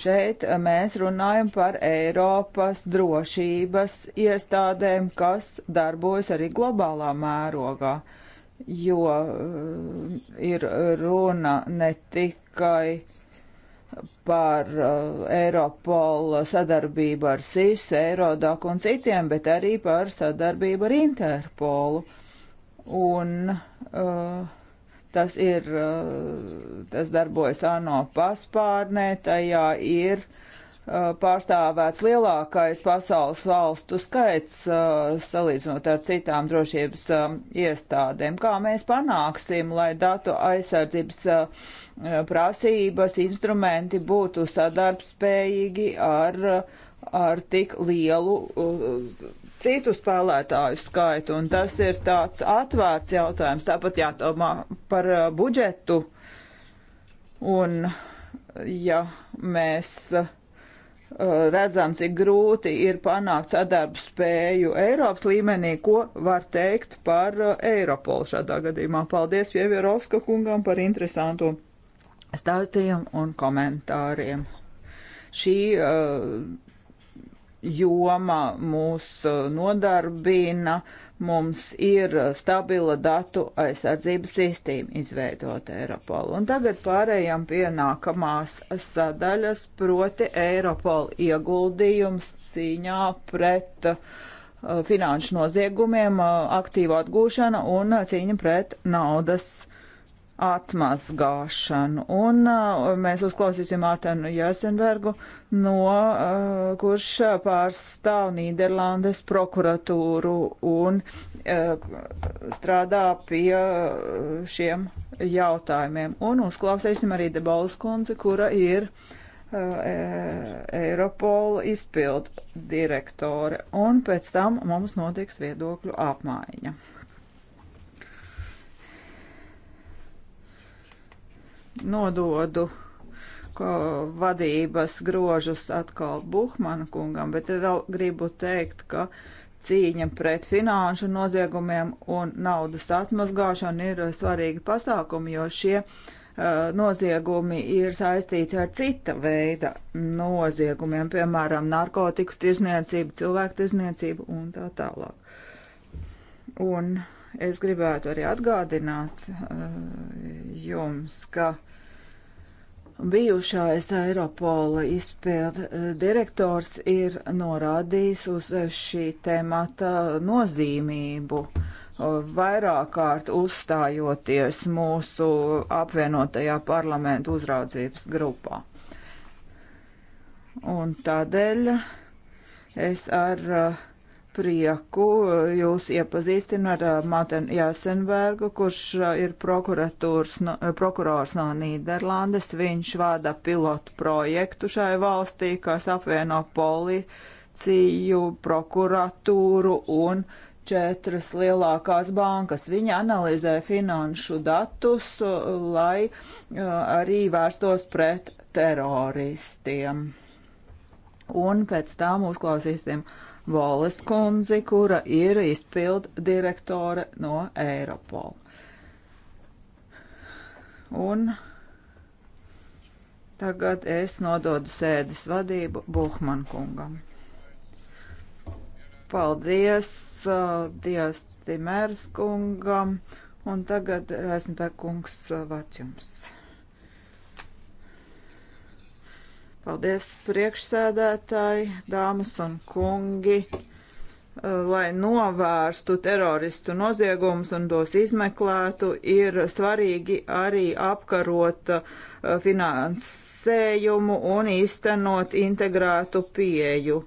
Šeit uh, mēs runājam par Eiropas drošības iestādēm, kas darbojas arī globālā mērogā. Uh, jo eh, ir runa ne tikai par eh, Eiropola sadarbību ar SIS, Eirodoku un citiem, bet arī par sadarbību ar Interpolu. Un uh, tas ir, uh, tas darbojas ANO paspārnē, tajā ir uh, Uh, pārstāvēts lielākais pasaules valstu skaits uh, salīdzinot ar citām drošības um, iestādēm. Kā mēs panāksim, lai datu aizsardzības uh, prasības, instrumenti būtu sadarbspējīgi ar, ar tik lielu citu spēlētāju skaitu, un tas ir tāds atvērts jautājums. Tāpat jādomā par budžetu, un ja mēs uh, Eh, redzam, cik grūti ir panākt sadarbu spēju Eiropas līmenī, ko var teikt par eh, Eiropolu šādā gadījumā. Paldies Vievierovska kungam par interesantu stāstījumu un komentāriem. Šī uh, joma mūs nodarbina. Uh, mums ir uh, stabila datu aizsardzības sistēma izveidota Eiropola. Un tagad pārējām pie nākamās sadaļas, proti Eiropola ieguldījums cīņā pret uh, finanšu noziegumiem, uh, aktīvu atgūšana un uh, cīņa pret naudas atmazgāšanu. Un uh, mēs uzklausīsim Mārtenu Jāsenbergu, no, uh, kurš pārstāv Nīderlandes prokuratūru un uh, strādā pie uh, šiem jautājumiem. Un uzklausīsim arī Debalas kundzi, kura ir uh, e- Eiropola izpildu direktore. Un pēc tam mums notiks viedokļu apmaiņa. nododu vadības grožus atkal Buhmana kungam, bet vēl gribu teikt, ka cīņa pret finanšu noziegumiem un naudas atmazgāšanu ir svarīgi pasākumi, jo šie uh, noziegumi ir saistīti ar cita veida noziegumiem, piemēram, narkotiku tirzniecību, cilvēku tirzniecību un tā tālāk. Un uh, es gribētu arī atgādināt uh, jums, ka bijušais Eiropola izpildu uh, direktors ir norādījis uz šī temata nozīmību, uh, vairāk kārt uzstājoties mūsu apvienotajā parlamentu uzraudzības grupā. Un tādēļ es ar uh, prieku eh, jūs iepazīstinu ar eh, Matenu Jāsenbergu, kurš eh, ir no, prokurors no Nīderlandes. Viņš vada pilotu projektu šai valstī, kas apvieno policiju, prokuratūru un četras lielākās bankas. Viņi analizē finanšu datus, lai arī vērstos pret teroristiem. Un pēc tam uzklausīsim uh, Voles kundzi, kura ir izpildu direktore no Eiropol. Un tagad es nododu sēdes vadību Buhman kungam. Paldies, uh, Dievs Timērs kungam, un tagad Rēsnipē kungs uh, vārds jums. Paldies priekšsēdētāji, dāmas un kungi, uh, lai novērstu teroristu noziegumus un tos izmeklētu, ir svarīgi arī apkarot uh, finansējumu un īstenot integrētu pieju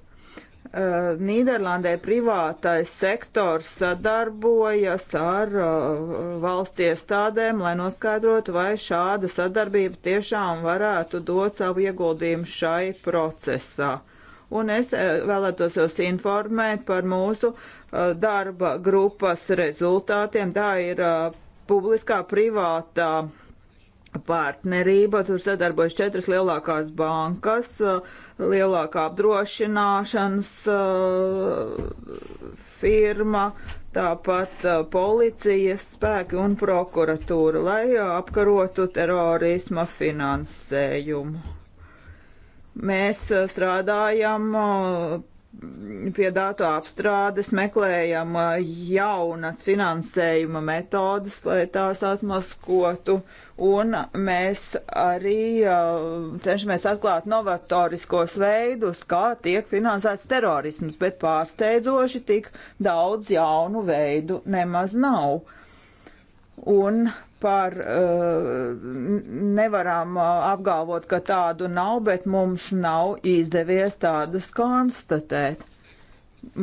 Eh, Nīderlandē privātais sektors sadarbojas ar eh, valsts iestādēm, lai noskaidrotu, vai šāda sadarbība tiešām varētu dot savu ieguldījumu šai procesā. Un es eh, vēlētos jūs informēt par mūsu darba grupas rezultātiem. Tā ir publiskā privātā partnerība. Tur sadarbojas četras lielākās bankas, uh, lielākā apdrošināšanas uh, firma, tāpat uh, policijas spēki un prokuratūra, lai apkarotu terorisma finansējumu. Mēs strādājam pie datu apstrādes meklējam uh, jaunas finansējuma metodas, lai tās atmaskotu, un mēs arī uh, cenšamies atklāt novatoriskos veidus, kā tiek finansēts terorisms, bet pārsteidzoši tik daudz jaunu veidu nemaz nav. Un par eh, nevaram eh, apgalvot, ka tādu nav, bet mums nav izdevies tādus konstatēt.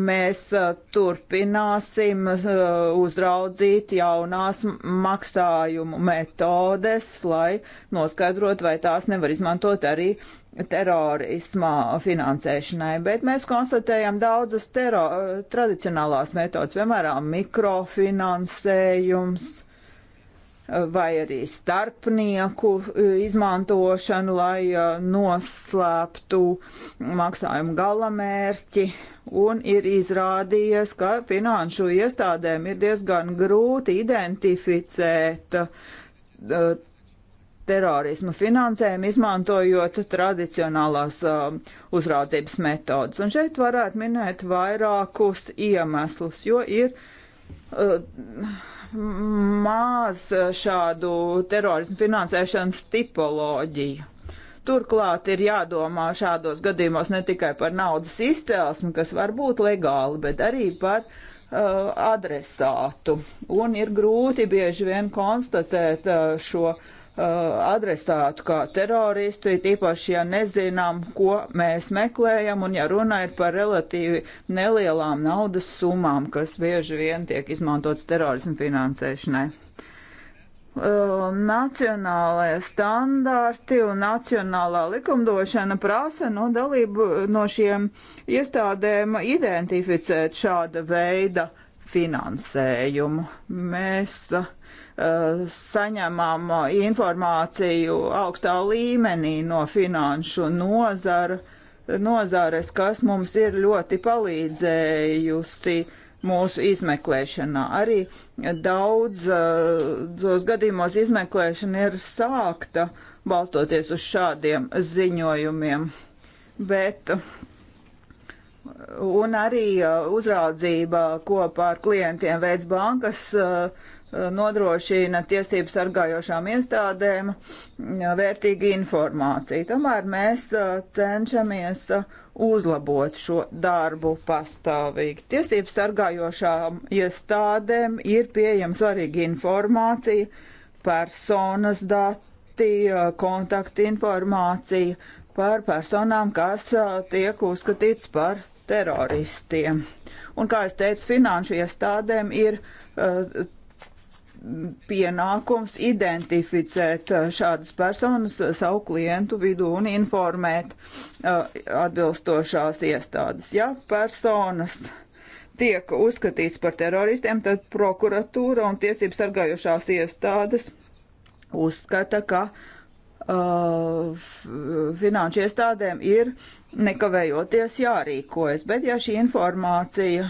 Mēs eh, turpināsim uzraudzīt jaunās maksājumu metodes, lai noskaidrot, vai tās nevar izmantot arī terorismā finansēšanai, bet mēs konstatējam daudzas tero, tradicionālās metodas, piemēram, mikrofinansējums vai arī starpnieku e, izmantošanu, lai e, noslēptu maksājumu galamērķi. Un ir izrādījies, ka finanšu iestādēm ir diezgan grūti identificēt e, terorismu finansējumu, izmantojot tradicionālās uh, uzraudzības metodas. Un šeit varētu minēt vairākus iemeslus, jo ir uh, maz šādu terorismu finansēšanas tipoloģiju. Turklāt ir jādomā šādos gadījumos ne tikai par naudas izcelsmi, kas var būt legāli, bet arī par uh, adresātu. Un ir grūti bieži vien konstatēt uh, šo uh, Uh, adresātu kā teroristu, it īpaši, ja nezinām, ko mēs meklējam, un ja runa ir par relatīvi nelielām naudas summām, kas bieži vien tiek izmantotas terorismu finansēšanai. Uh, nacionālajie standarti un nacionālā likumdošana prasa no dalību no šiem iestādēm identificēt šāda veida finansējumu. Mēs uh, Eh, saņemam informāciju augstā līmenī no finanšu nozara, nozares, kas mums ir ļoti palīdzējusi mūsu izmeklēšanā. Arī daudzos eh, gadījumos izmeklēšana ir sākta balstoties uz šādiem ziņojumiem. Bet un arī eh, uzraudzība, ko pār klientiem veids bankas, uh, Eh, nodrošina tiesību sargājošām iestādēm eh, vērtīgu informāciju. Tomēr mēs eh, cenšamies uzlabot šo darbu pastāvīgi. Tiesību sargājošām iestādēm ir pieejama svarīga informācija, personas dati, kontakti informācija par personām, kas tiek uzskatīts par teroristiem. Un, kā es teicu, finanšu iestādēm ir uh, pienākums identificēt uh, šādas personas savu klientu vidū un informēt uh, atbilstošās iestādes. Ja personas tiek uzskatīts par teroristiem, tad prokuratūra un tiesības sargājušās iestādes uzskata, ka uh, finanšu iestādēm ir nekavējoties jārīkojas. Bet ja šī informācija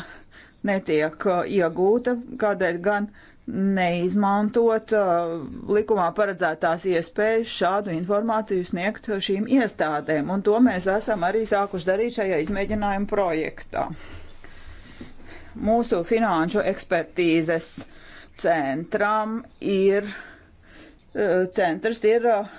netiek uh, iegūta, kādēļ gan uh, neizmantot uh, likumā paredzētās iespējas šādu informāciju sniegt šīm iestādēm. Un to mēs esam arī sākuši darīt šajā izmēģinājuma projektā. Mūsu finanšu ekspertīzes centram ir, uh, centrs ir uh,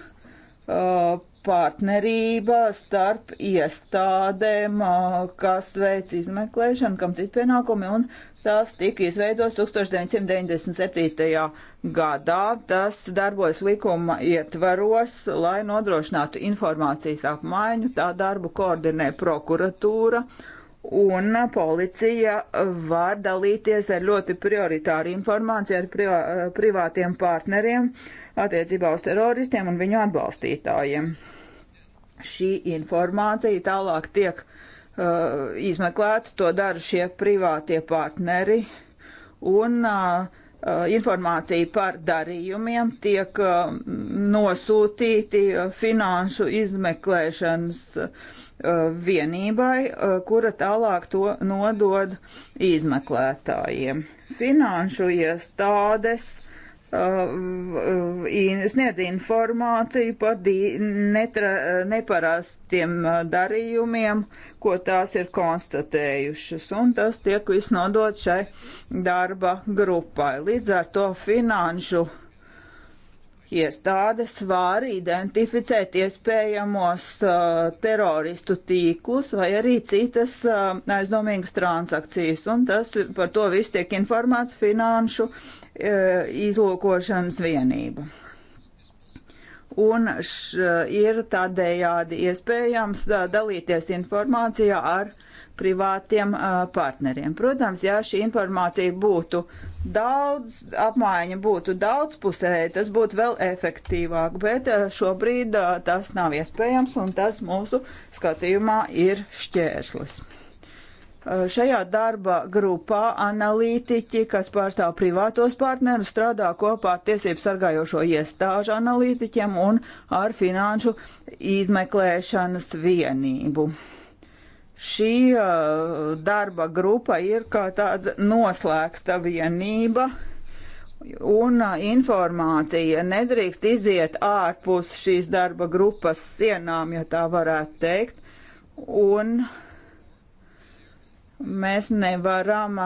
uh partnerība starp iestādēm, uh, kas veic izmeklēšanu, kam citu pienākumi un Tas tika izveidots 1997. gadā. Tas darbojas likuma ietvaros, lai nodrošinātu informācijas apmaiņu. Tā darbu koordinē prokuratūra. Un policija var dalīties ar ļoti prioritāru informāciju ar pri privātiem partneriem attiecībā uz teroristiem un viņu atbalstītājiem. Šī informācija tālāk tiek uh, uh, izmeklētu, to dara šie privātie partneri. Un uh, uh, informācija par darījumiem tiek uh, nosūtīti uh, finanšu izmeklēšanas uh, vienībai, uh, kura tālāk to nodod izmeklētājiem. Finanšu iestādes Uh, sniedz informāciju par netra, neparastiem uh, darījumiem, ko tās ir konstatējušas, un tas tiek viss nodot šai darba grupai. Līdz ar to finanšu iestādes var identificēt iespējamos uh, teroristu tīklus vai arī citas uh, aizdomīgas transakcijas, un tas par to viss tiek informēts finanšu E, izlūkošanas vienība. Un š, ir tādējādi iespējams e, dalīties informācijā ar privātiem e, partneriem. Protams, ja šī informācija būtu daudz, apmaiņa būtu daudzpusēja, tas būtu vēl efektīvāk, bet šobrīd tas nav iespējams un tas mūsu skatījumā ir šķērslis. Eh, šajā darba grupā analītiķi, kas pārstāv privātos partnerus, strādā kopā ar tiesību sargājošo iestāžu analītiķiem un ar finanšu izmeklēšanas vienību. Šī eh, darba grupa ir kā tāda noslēgta vienība, un eh, informācija nedrīkst iziet ārpus šīs darba grupas sienām, ja tā varētu teikt. Un uh, mēs nevaram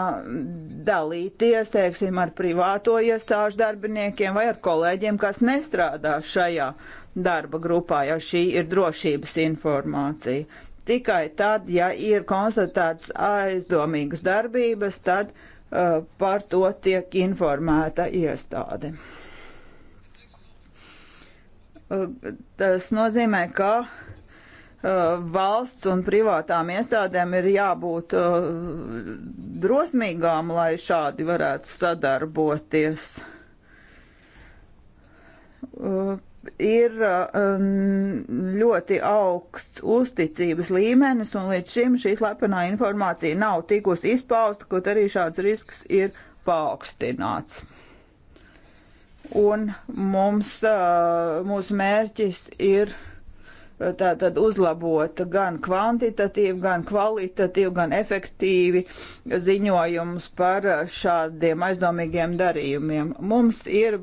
dalīties, teiksim, ar privāto iestāžu darbiniekiem vai ar kolēģiem, kas nestrādā šajā darba grupā, ja šī ir drošības informācija. Tikai tad, ja ir konstatēts aizdomīgas darbības, tad uh, par to tiek informēta iestāde. Uh, tas nozīmē, ka uh, Uh, valsts un privātām iestādēm ir jābūt uh, drosmīgām, lai šādi varētu sadarboties. Uh, ir ļoti augsts uzticības līmenis, un līdz šim šī slepenā informācija nav tikus izpausta, kaut arī šāds risks ir paaugstināts un mums, mūsu mērķis ir tātad uzlabot gan kvantitatīvi, gan kvalitatīvi, gan efektīvi ziņojumus par šādiem aizdomīgiem darījumiem. Mums ir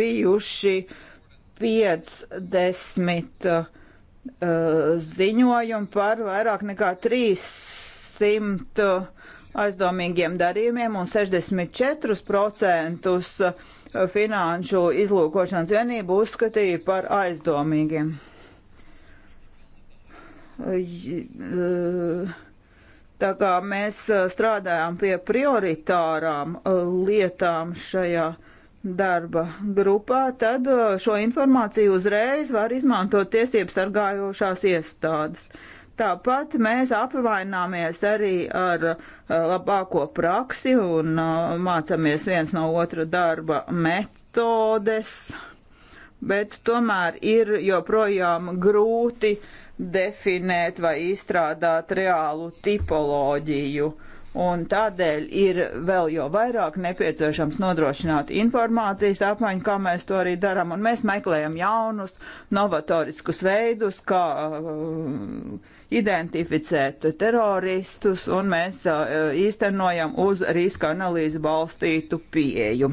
bijuši 50 uh, ziņojumi par vairāk nekā 300 uh, aizdomīgiem darījumiem un 64% uh, finanšu izlūkošanas vienību uzskatīja par aizdomīgiem. Tā kā mēs strādājām pie prioritārām lietām šajā darba grupā, tad šo informāciju uzreiz var izmantot tiesību sargājošās iestādes. Tāpat mēs apvaināmies arī ar labāko praksi un mācāmies viens no otra darba metodes, bet tomēr ir joprojām grūti uh, definēt vai izstrādāt reālu tipoloģiju. Un tādēļ ir vēl jo vairāk nepieciešams nodrošināt informācijas apmaiņu, kā mēs to arī darām. Un mēs meklējam jaunus, novatoriskus veidus, kā uh, identificēt teroristus, un mēs uh, īstenojam uz riska analīzi balstītu pieju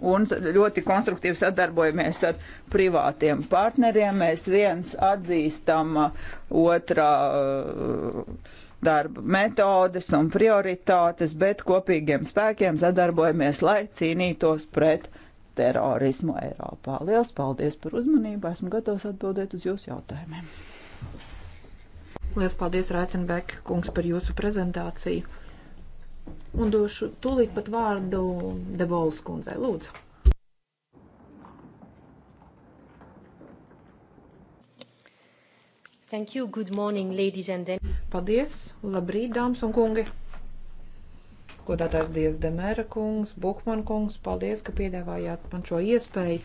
un ļoti konstruktīvi sadarbojamies ar privātiem partneriem. Mēs viens atzīstam uh, otrā uh, darba metodes un prioritātes, bet kopīgiem spēkiem sadarbojamies, lai cīnītos pret terorismu Eiropā. Lielas paldies par uzmanību. Esmu gatavs atbildēt uz jūsu jautājumiem. Lielas paldies, Raisenbek, kungs, par jūsu prezentāciju un došu tūlīt pat vārdu Debolas kundzei. Lūdzu. Thank you. Good morning, ladies and gentlemen. Paldies. Labrīt, dāmas un kungi. Godātās Dievs Demēra kungs, Buhman kungs, paldies, ka piedāvājāt man šo iespēju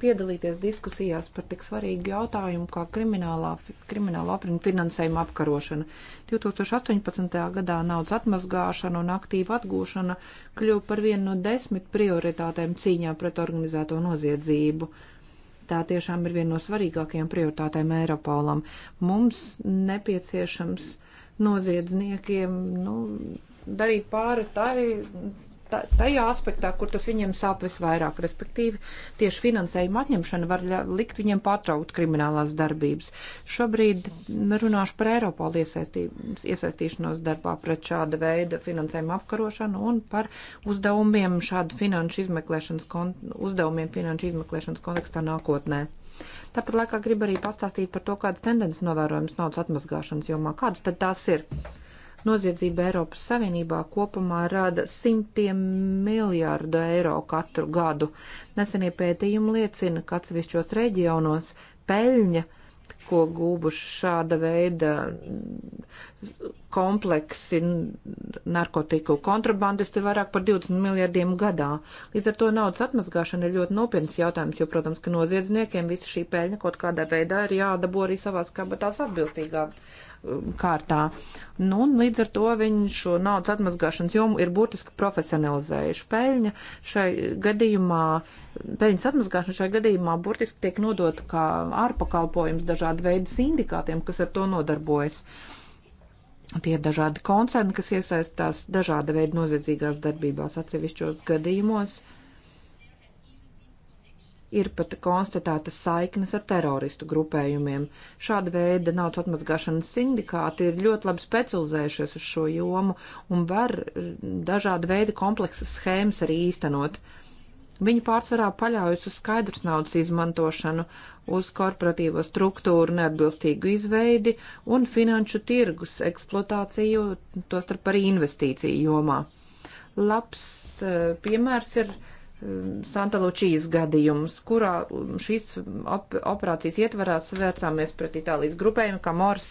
piedalīties diskusijās par tik svarīgu jautājumu kā kriminālā, krimināla aprindu finansējuma apkarošana. 2018. gadā naudas atmazgāšana un aktīva atgūšana kļuva par vienu no desmit prioritātēm cīņā pret organizēto noziedzību. Tā tiešām ir viena no svarīgākajām prioritātēm Eiropolam. Mums nepieciešams noziedzniekiem nu, darīt pāri tai tajā aspektā, kur tas viņiem sāp visvairāk, respektīvi tieši finansējuma atņemšana var likt viņiem pārtraukt kriminālās darbības. Šobrīd runāšu par Eiropolu iesaistīšanos darbā pret šāda veida finansējuma apkarošanu un par uzdevumiem šādu finanšu izmeklēšanas, uzdevumiem finanšu izmeklēšanas kontekstā nākotnē. Tāpat laikā gribu arī pastāstīt par to, kādas tendences novērojams naudas atmazgāšanas jomā. Kādas tad tās ir? Noziedzība Eiropas Savienībā kopumā rada simtiem miljārdu eiro katru gadu. Nesenie pētījumi liecina, ka atsevišķos reģionos peļņa, ko gūbuši šāda veida kompleksi narkotiku kontrabandisti vairāk par 20 miljardiem gadā. Līdz ar to naudas atmazgāšana ir ļoti nopietnas jautājums, jo, protams, ka noziedzniekiem visa šī peļņa kaut kādā veidā ir jādabo arī savās kabatās atbilstīgā kārtā. Nu, un līdz ar to viņi šo naudas atmazgāšanas jomu ir būtiski profesionalizējuši. Peļņa šai gadījumā, peļņas atmazgāšana šai gadījumā burtiski tiek nodota kā ārpakalpojums dažādu veidu sindikātiem, kas ar to nodarbojas. Tie ir dažādi koncerni, kas iesaistās dažāda veida noziedzīgās darbībās atsevišķos gadījumos. Uh, ir pat konstatētas saiknes ar teroristu grupējumiem. Šāda veida naudas atmazgāšanas sindikāti ir ļoti labi specializējušies uz šo jomu un var eh, dažāda veida kompleksas schēmas arī īstenot. Viņi pārsvarā paļaujas uz skaidrs naudas izmantošanu, uz korporatīvo struktūru neatbilstīgu izveidi un finanšu tirgus eksploatāciju, tostarp arī investīciju jomā. Labs eh, piemērs ir uh, Santa Lučijas gadījumus, kurā šīs op operācijas ietvarās vērsāmies pret Itālijas grupējumu Kamors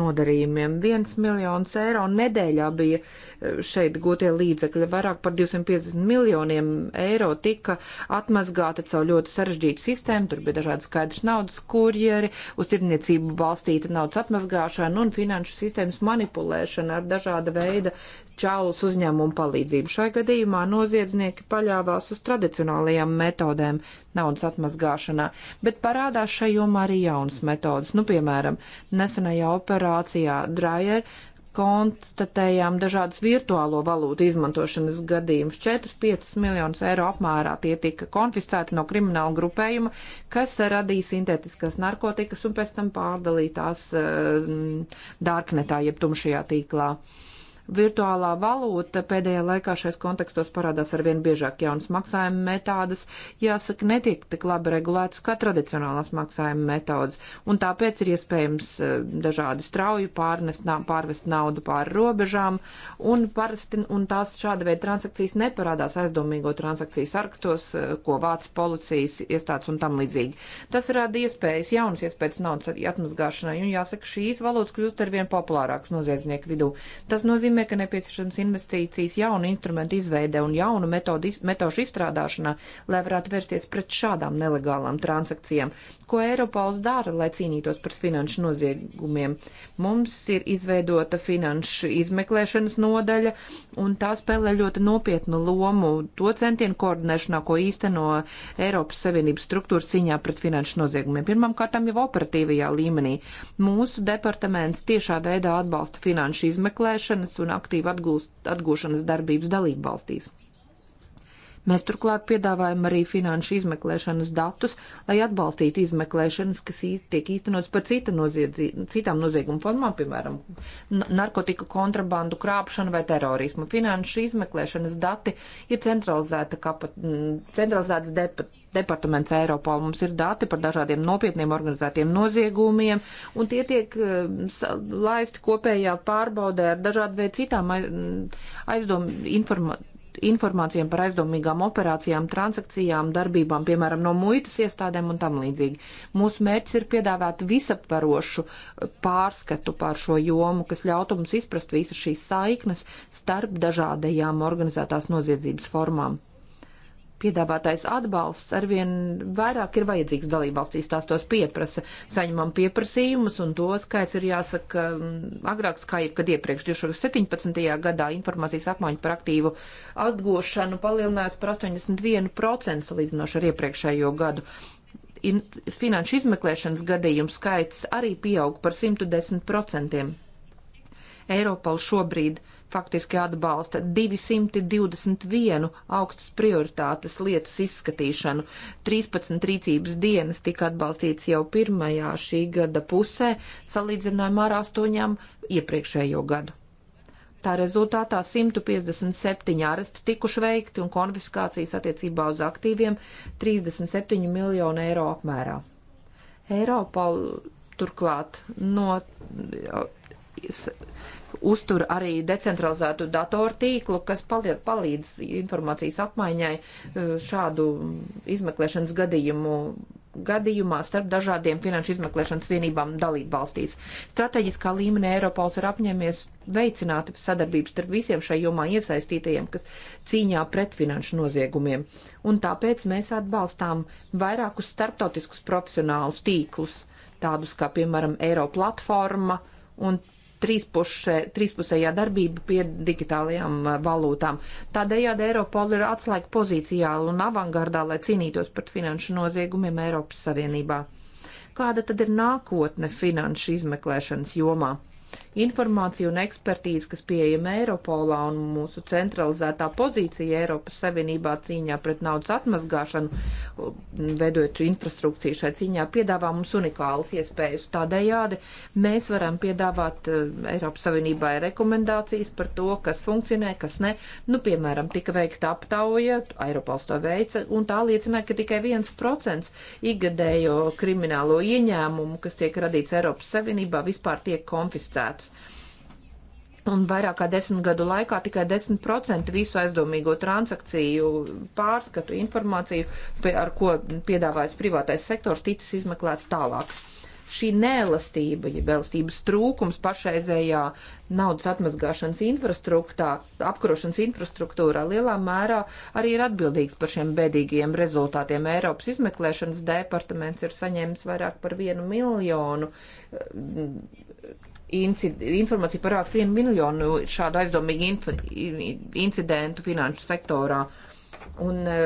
nodarījumiem. Viens miljons eiro nedēļā bija eh, šeit gotie līdzekļi, vairāk par 250 miljoniem eiro tika atmazgāta caur ļoti sarežģītu sistēmu, tur bija dažādi skaidrs naudas kurjeri, uz tirniecību balstīta naudas atmazgāšana un finanšu sistēmas manipulēšana ar dažāda veida čālus uzņēmumu palīdzību. Šai gadījumā noziedznieki paļāvās balstās uz tradicionālajām metodēm naudas atmazgāšanā, bet parādās šajomā arī jaunas metodas. Nu, piemēram, nesenajā operācijā Dryer konstatējām dažādas virtuālo valūtu izmantošanas gadījumus. 4-5 miljonus eiro apmērā tie tika konfiscēti no krimināla grupējuma, kas radīja sintētiskas narkotikas un pēc tam pārdalītās uh, eh, dārknetā, jeb tumšajā tīklā. Uh, Virtuālā valūta pēdējā laikā šais kontekstos parādās arvien biežāk. Jaunas maksājuma metodas, jāsaka, netiek tik labi regulētas kā tradicionālās maksājuma metodas, un tāpēc ir iespējams e, dažādi strauji pārnest, pārvest naudu pāri robežām, un parasti un tās šāda veida transakcijas neparādās aizdomīgo transakciju sarakstos, e, ko vāc policijas iestādes un tam līdzīgi. Tas rada iespējas, jaunas iespējas naudas atmazgāšanai, un jāsaka, šīs valūtas kļūst arvien populārākas noziedznieku vidū. Tas nozīmē, nozīmē, ka nepieciešams investīcijas jaunu instrumentu izveidē un jaunu metodu, metožu izstrādāšanā, lai varētu vērsties pret šādām nelegālām transakcijām. Ko Eiropols dara, lai cīnītos pret finanšu noziegumiem? Mums ir izveidota finanšu izmeklēšanas nodaļa, un tā spēlē ļoti nopietnu lomu to centienu koordinēšanā, ko īsteno Eiropas Savienības struktūras ciņā pret finanšu noziegumiem. Pirmkārt, jau operatīvajā līmenī. Mūsu departaments tiešā veidā atbalsta finanšu izmeklēšanas un aktīvu atgūst, atgūšanas darbības dalību valstīs. Mēs turklāt piedāvājam arī finanšu izmeklēšanas datus, lai atbalstītu izmeklēšanas, kas tiek īstenots par cita noziedzi, citām nozieguma formām, piemēram, narkotiku kontrabandu, krāpšanu vai terorismu. Finanšu izmeklēšanas dati ir centralizēta kapa, centralizētas depat departaments Eiropā. Mums ir dati par dažādiem nopietniem organizētiem noziegumiem, un tie tiek e, laisti kopējā pārbaudē ar dažādu veidu citām aizdom, informa, informācijām par aizdomīgām operācijām, transakcijām, darbībām, piemēram, no muitas iestādēm un tam līdzīgi. Mūsu mērķis ir piedāvāt visaptvarošu pārskatu pār šo jomu, kas ļautu mums izprast visas šīs saiknes starp dažādajām organizētās noziedzības formām piedāvātais atbalsts arvien vairāk ir vajadzīgs dalībvalstīs, tās tos pieprasa. Saņemam pieprasījumus, un to skaits ir jāsaka mm, agrāk kā jebkad iepriekš. 2017. gadā informācijas apmaiņa par aktīvu atgošanu palielinājās par 81% salīdzinoši ar iepriekšējo gadu. In, finanšu izmeklēšanas gadījumu skaits arī pieaug par 110%. Eiropā šobrīd uh, faktiski atbalsta 221 augstas prioritātes lietas izskatīšanu. 13 rīcības dienas tika atbalstīts jau pirmajā šī gada pusē, salīdzinājumā ar astoņām iepriekšējo gadu. Tā rezultātā 157 aresti tikuši veikti un konfiskācijas attiecībā uz aktīviem 37 miljonu eiro apmērā. Eiropā turklāt no uztur arī decentralizētu datoru tīklu, kas paliek, palīdz informācijas apmaiņai e, šādu izmeklēšanas gadījumu gadījumā starp dažādiem finanšu izmeklēšanas vienībām dalību valstīs. Strateģiskā līmenī Eiropols ir apņēmies veicināt sadarbības starp visiem šai jomā iesaistītajiem, kas cīņā pret finanšu noziegumiem. Un tāpēc mēs atbalstām vairākus starptautiskus profesionālus tīklus, tādus kā, piemēram, Eiroplatforma un trīspušē, trīspusējā darbība pie digitālajām uh, valūtām. Tādējādi Eiropola ir atslēga pozīcijā un avangardā, lai cīnītos pret finanšu noziegumiem Eiropas Savienībā. Kāda tad ir nākotne finanšu izmeklēšanas jomā? Informācija un ekspertīze, kas pieejama Eiropolā un mūsu centralizētā pozīcija Eiropas Savienībā cīņā pret naudas atmazgāšanu, veidojot infrastrukciju šai cīņā, piedāvā mums unikālas iespējas. Tādējādi mēs varam piedāvāt eh, Eiropas Savienībai rekomendācijas par to, kas funkcionē, kas ne. Nu, piemēram, tika veikta aptauja, Eiropols to veica, un tā liecināja, ka tikai 1% igadējo kriminālo ieņēmumu, kas tiek radīts Eiropas Savienībā, vispār tiek konfiscēti izvērtēts. Un vairāk kā desmit gadu laikā tikai 10% visu aizdomīgo transakciju pārskatu informāciju, ar ko piedāvājas privātais sektors, ticis izmeklēts tālāk. Šī nēlastība, ja vēlstības trūkums pašreizējā naudas atmazgāšanas infrastruktūrā, apkarošanas infrastruktūrā lielā mērā arī ir atbildīgs par šiem bēdīgiem rezultātiem. Eiropas izmeklēšanas departaments ir saņēmis vairāk par vienu miljonu informācija par aptuveni vienu miljonu šādu aizdomīgu inf, incidentu finanšu sektorā. Uh, Un e,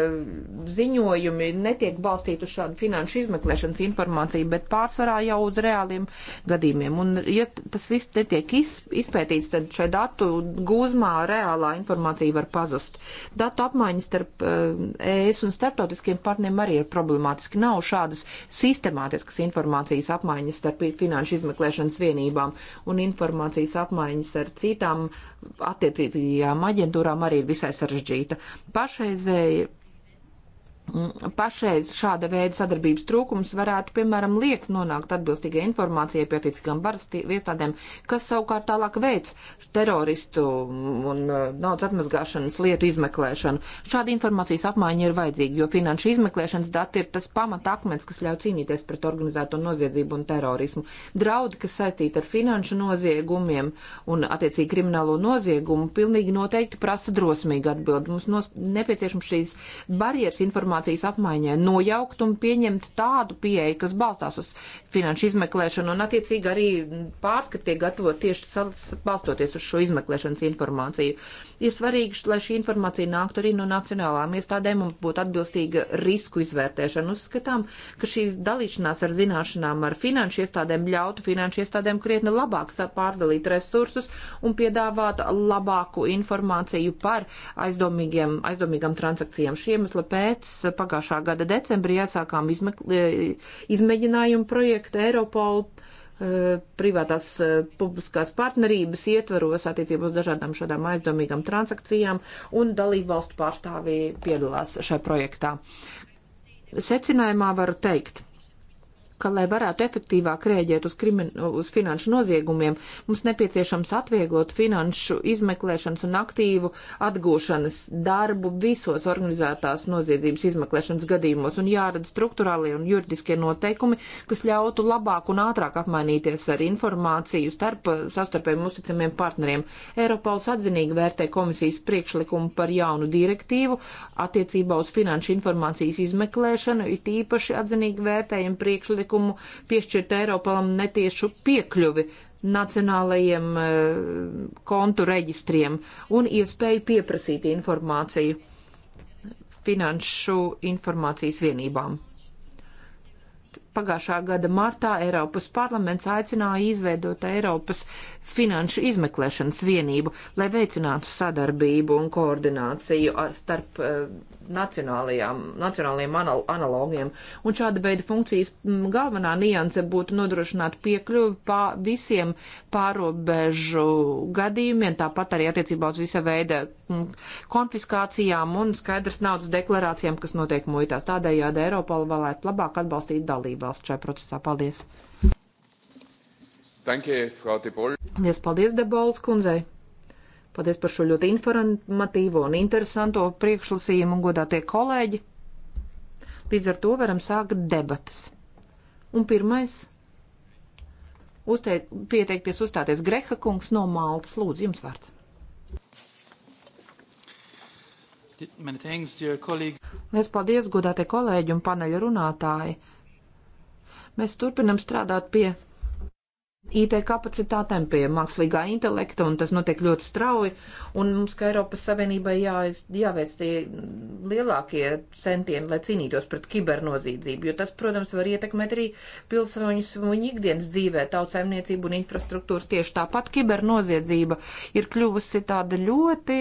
ziņojumi netiek balstīti uz šādu finanšu izmeklēšanas informāciju, bet pārsvarā jau uz reāliem gadījumiem. Un, ja tas viss netiek izpētīts, tad šai datu gūzmā reālā informācija var pazust. Datu apmaiņas starp ES e un starptautiskiem partneriem arī ir problemātiski. Nav šādas sistemātiskas informācijas apmaiņas starp finanšu izmeklēšanas vienībām un informācijas apmaiņas ar citām uh, attiecīgajām aģentūrām arī ir visai sarežģīta. Pašreizēji Mm, pašreiz šāda veida sadarbības trūkums varētu, piemēram, liekt nonākt atbilstīgai informācijai pieticīgām varas iestādēm, kas savukārt tālāk veic teroristu un uh, naudas atmazgāšanas lietu izmeklēšanu. Šāda informācijas apmaiņa ir vajadzīga, jo finanšu izmeklēšanas dati ir tas pamata akmens, kas ļauj cīnīties pret organizēto noziedzību un terorismu. Draudi, kas saistīti ar finanšu noziegumiem un, attiecīgi, kriminālo noziegumu, pilnīgi noteikti prasa drosmīgu atbildi. Mums nepieciešams šīs barjeras informācijas informācijas apmaiņai, nojaukt un pieņemt tādu pieeju, kas balstās uz finanšu izmeklēšanu un attiecīgi arī pārskatīgi gatavot tieši balstoties uz šo izmeklēšanas informāciju ir svarīgi, lai šī informācija nāktu arī no nacionālām iestādēm un būtu atbilstīga risku izvērtēšana. Uzskatām, ka šī dalīšanās ar zināšanām ar finanšu iestādēm ļautu finanšu iestādēm krietni labāk pārdalīt resursus un piedāvāt labāku informāciju par aizdomīgām transakcijām. Šiem iemesla pēc pagājušā gada decembrī iesākām izmekli, izmēģinājumu projektu Eiropolu Eh, privātās eh, publiskās partnerības ietvaros attiecībā uz dažādām šādām aizdomīgām transakcijām, un dalību valstu pārstāvji piedalās šajā projektā. Secinājumā varu teikt, ka, lai varētu efektīvāk rēģēt uz, krimin, uz finanšu noziegumiem, mums nepieciešams atvieglot finanšu izmeklēšanas un aktīvu atgūšanas darbu visos organizētās noziedzības izmeklēšanas gadījumos un jārada struktūrālie un juridiskie noteikumi, kas ļautu labāk un ātrāk apmainīties ar informāciju starp uh, sastarpējiem uzticamiem partneriem. Eiropols atzinīgi vērtē komisijas priekšlikumu par jaunu direktīvu attiecībā uz finanšu informācijas izmeklēšanu, it īpaši atzinīgi vērtējam priekšlikumu pienākumu piešķirt Eiropalam netiešu piekļuvi nacionālajiem eh, kontu reģistriem un iespēju pieprasīt informāciju finanšu informācijas vienībām pagājušā gada martā Eiropas parlaments aicināja izveidot Eiropas finanšu izmeklēšanas vienību, lai veicinātu sadarbību un koordināciju starp eh, nacionālajiem anal analogiem. Un šāda veida funkcijas galvenā nianse būtu nodrošināt piekļuvi pā visiem pārobežu gadījumiem, tāpat arī attiecībā uz visa veida konfiskācijām un skaidrs naudas deklarācijām, kas notiek muitās. Tādējādi Eiropa varētu labāk atbalstīt dalībvalstu šajā procesā. Paldies! Danke, Frau Debols. Paldies, Debols kundzei! Paldies par šo ļoti informatīvo un interesanto priekšlasījumu, godātie kolēģi. Līdz ar to varam sākt debatas. Un pirmais uzteikt, pieteikties uzstāties Greha kungs no Maltas. Lūdzu, jums vārds. Liels paldies, godātie kolēģi un paneļa runātāji. Mēs turpinam strādāt pie IT kapacitātēm, pie mākslīgā intelekta, un tas notiek ļoti strauji. Un mums, kā Eiropas Savienībai, jā, jāveic tie lielākie centieni, lai cīnītos pret kibernozīdzību, jo tas, protams, var ietekmēt arī pilsoņus viņu ikdienas dzīvē, tautsēmniecību un infrastruktūras. Tieši tāpat kibernoziedzība ir kļuvusi tāda ļoti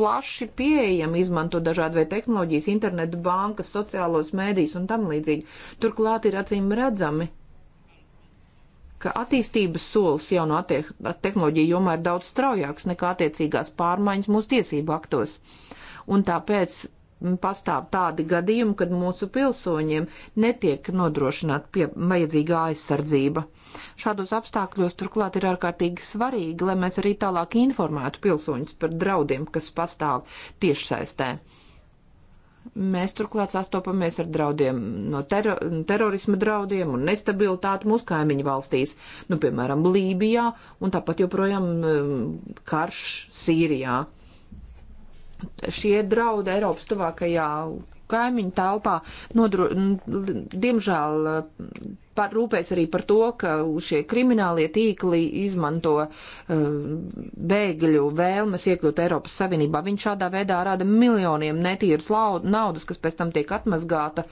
plaši pieejami, izmanto dažādu veidu tehnoloģijas, internetu bankas, sociālos mēdījus un tam līdzīgi. Turklāt ir acīm redzami, ka attīstības solis jau no attiek, tehnoloģija jomā ir daudz straujāks nekā attiecīgās pārmaiņas mūsu tiesību aktos. Un tāpēc pastāv tādi gadījumi, kad mūsu pilsoņiem netiek nodrošināta pie vajadzīgā aizsardzība. Šādos apstākļos turklāt ir ārkārtīgi svarīgi, lai mēs arī tālāk informētu pilsoņus par draudiem, kas pastāv tiešsaistē. Mēs turklāt sastopamies ar draudiem no tero, terorisma draudiem un nestabilitāti mūsu kaimiņu valstīs, nu, piemēram, Lībijā un tāpat joprojām um, karš Sīrijā. Šie draudi Eiropas tuvākajā kaimiņu telpā, nodru, diemžēl, par, rūpēs arī par to, ka šie kriminālie tīkli izmanto uh, bēgļu vēlmes iekļūt Eiropas Savienībā. Viņš šādā veidā rada miljoniem netīras naudas, kas pēc tam tiek atmazgāta.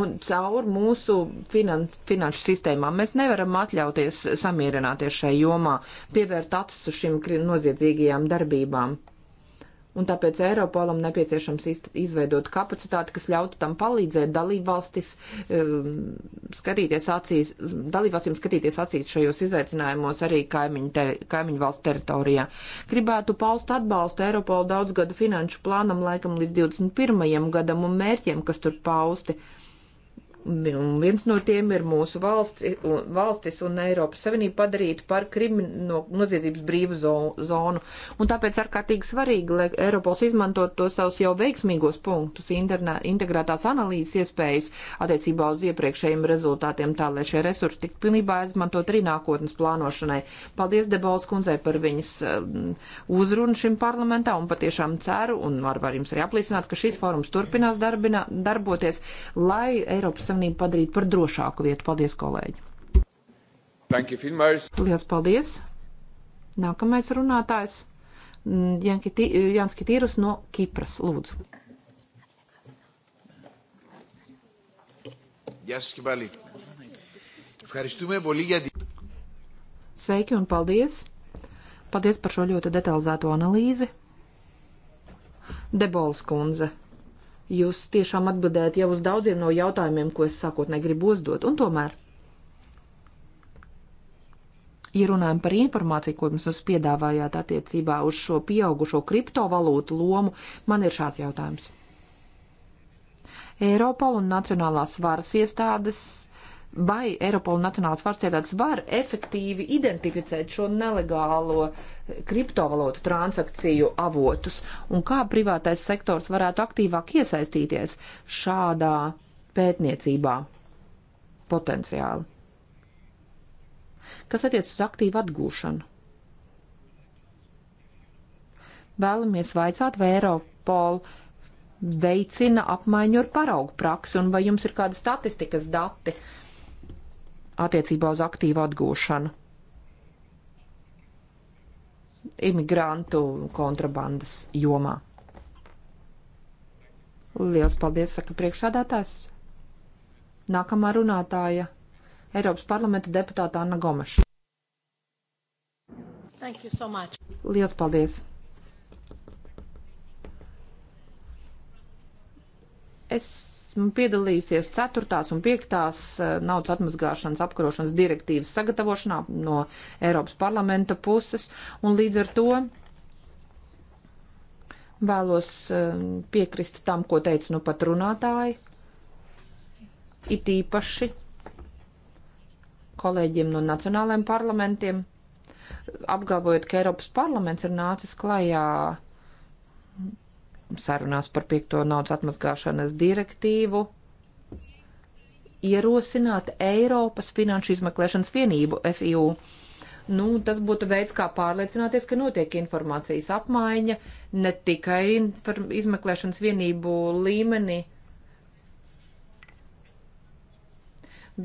Un caur mūsu finan finanšu sistēmām mēs nevaram atļauties samierināties šai jomā, pievērt acis uz šīm noziedzīgajām darbībām un tāpēc Eiropolam nepieciešams izveidot kapacitāti, kas ļautu tam palīdzēt dalībvalstis um, skatīties acīs, dalībvalstīm skatīties acīs šajos izaicinājumos arī kaimiņu, te, kaimiņu valstu teritorijā. Gribētu paust atbalstu Eiropola daudzgadu finanšu plānam laikam līdz 21. gadam un mērķiem, kas tur pausti. Pa Un viens no tiem ir mūsu valsts, valstis un Eiropas Savienība padarīt par krimino, noziedzības brīvu zonu. Un tāpēc ārkārtīgi svarīgi, lai Eiropols izmantot to savus jau veiksmīgos punktus, internā, integrētās analīzes iespējas attiecībā uz iepriekšējiem rezultātiem, tā lai šie resursi tiktu pilnībā izmantot arī nākotnes plānošanai. Paldies Debols kundzei par viņas um, uzrunu šim parlamentā un patiešām ceru un var, var jums arī apliecināt, ka šis fórums turpinās darbinā, darboties, lai Eiropas Savienība Savienību padarīt par drošāku vietu. Paldies, kolēģi! Lielas paldies! Nākamais runātājs mm, - Jānis Kitīrus no Kipras. Lūdzu! Sveiki un paldies! Paldies par šo ļoti detalizēto analīzi. Debols kundze Jūs tiešām atbildējat jau uz daudziem no jautājumiem, ko es sākotnēji gribu uzdot. Un tomēr, ja runājam par informāciju, ko jums piedāvājāt attiecībā uz šo pieaugušo kriptovalūtu lomu, man ir šāds jautājums. Eiropola un Nacionālās varas iestādes vai Eiropola Nacionālās varas iestādes var efektīvi identificēt šo nelegālo kriptovalūtu transakciju avotus un kā privātais sektors varētu aktīvāk iesaistīties šādā pētniecībā potenciāli. Kas attiecas uz aktīvu atgūšanu? Vēlamies vaicāt, vai Eiropola veicina apmaiņu ar paraugu praksi un vai jums ir kāda statistikas dati attiecībā uz aktīvu atgūšanu. Imigrantu kontrabandas jomā. Lielas paldies, saka priekšādātājs. Nākamā runātāja - Eiropas parlamenta deputāta Anna Gomeša. So much. Lielas paldies! Es esmu piedalījusies 4. un 5. Eh, naudas atmazgāšanas apkarošanas direktīvas sagatavošanā no Eiropas parlamenta puses, un līdz ar to vēlos eh, piekrist tam, ko teica nu pat runātāji, it īpaši kolēģiem no nacionālajiem parlamentiem, apgalvojot, ka Eiropas parlaments ir nācis klajā sarunās par piekto naudas atmazgāšanas direktīvu ierosināt Eiropas finanšu izmeklēšanas vienību FIU. Nu, tas būtu veids, kā pārliecināties, ka notiek informācijas apmaiņa ne tikai izmeklēšanas vienību līmenī,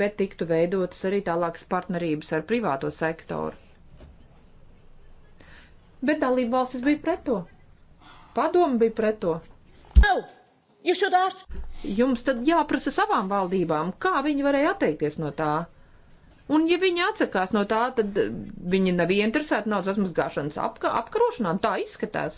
bet tiktu veidotas arī tālākas partnerības ar privāto sektoru. Bet dalība valstis bija pret to. Padomu bija pret to. No. Jums tad jāprasa savām valdībām, kā viņi varēja atteikties no tā. Un, ja viņi atsakās no tā, tad eh, viņi nav ieinteresēti naudas atmazgāšanas apka apkarošanā, un tā izskatās.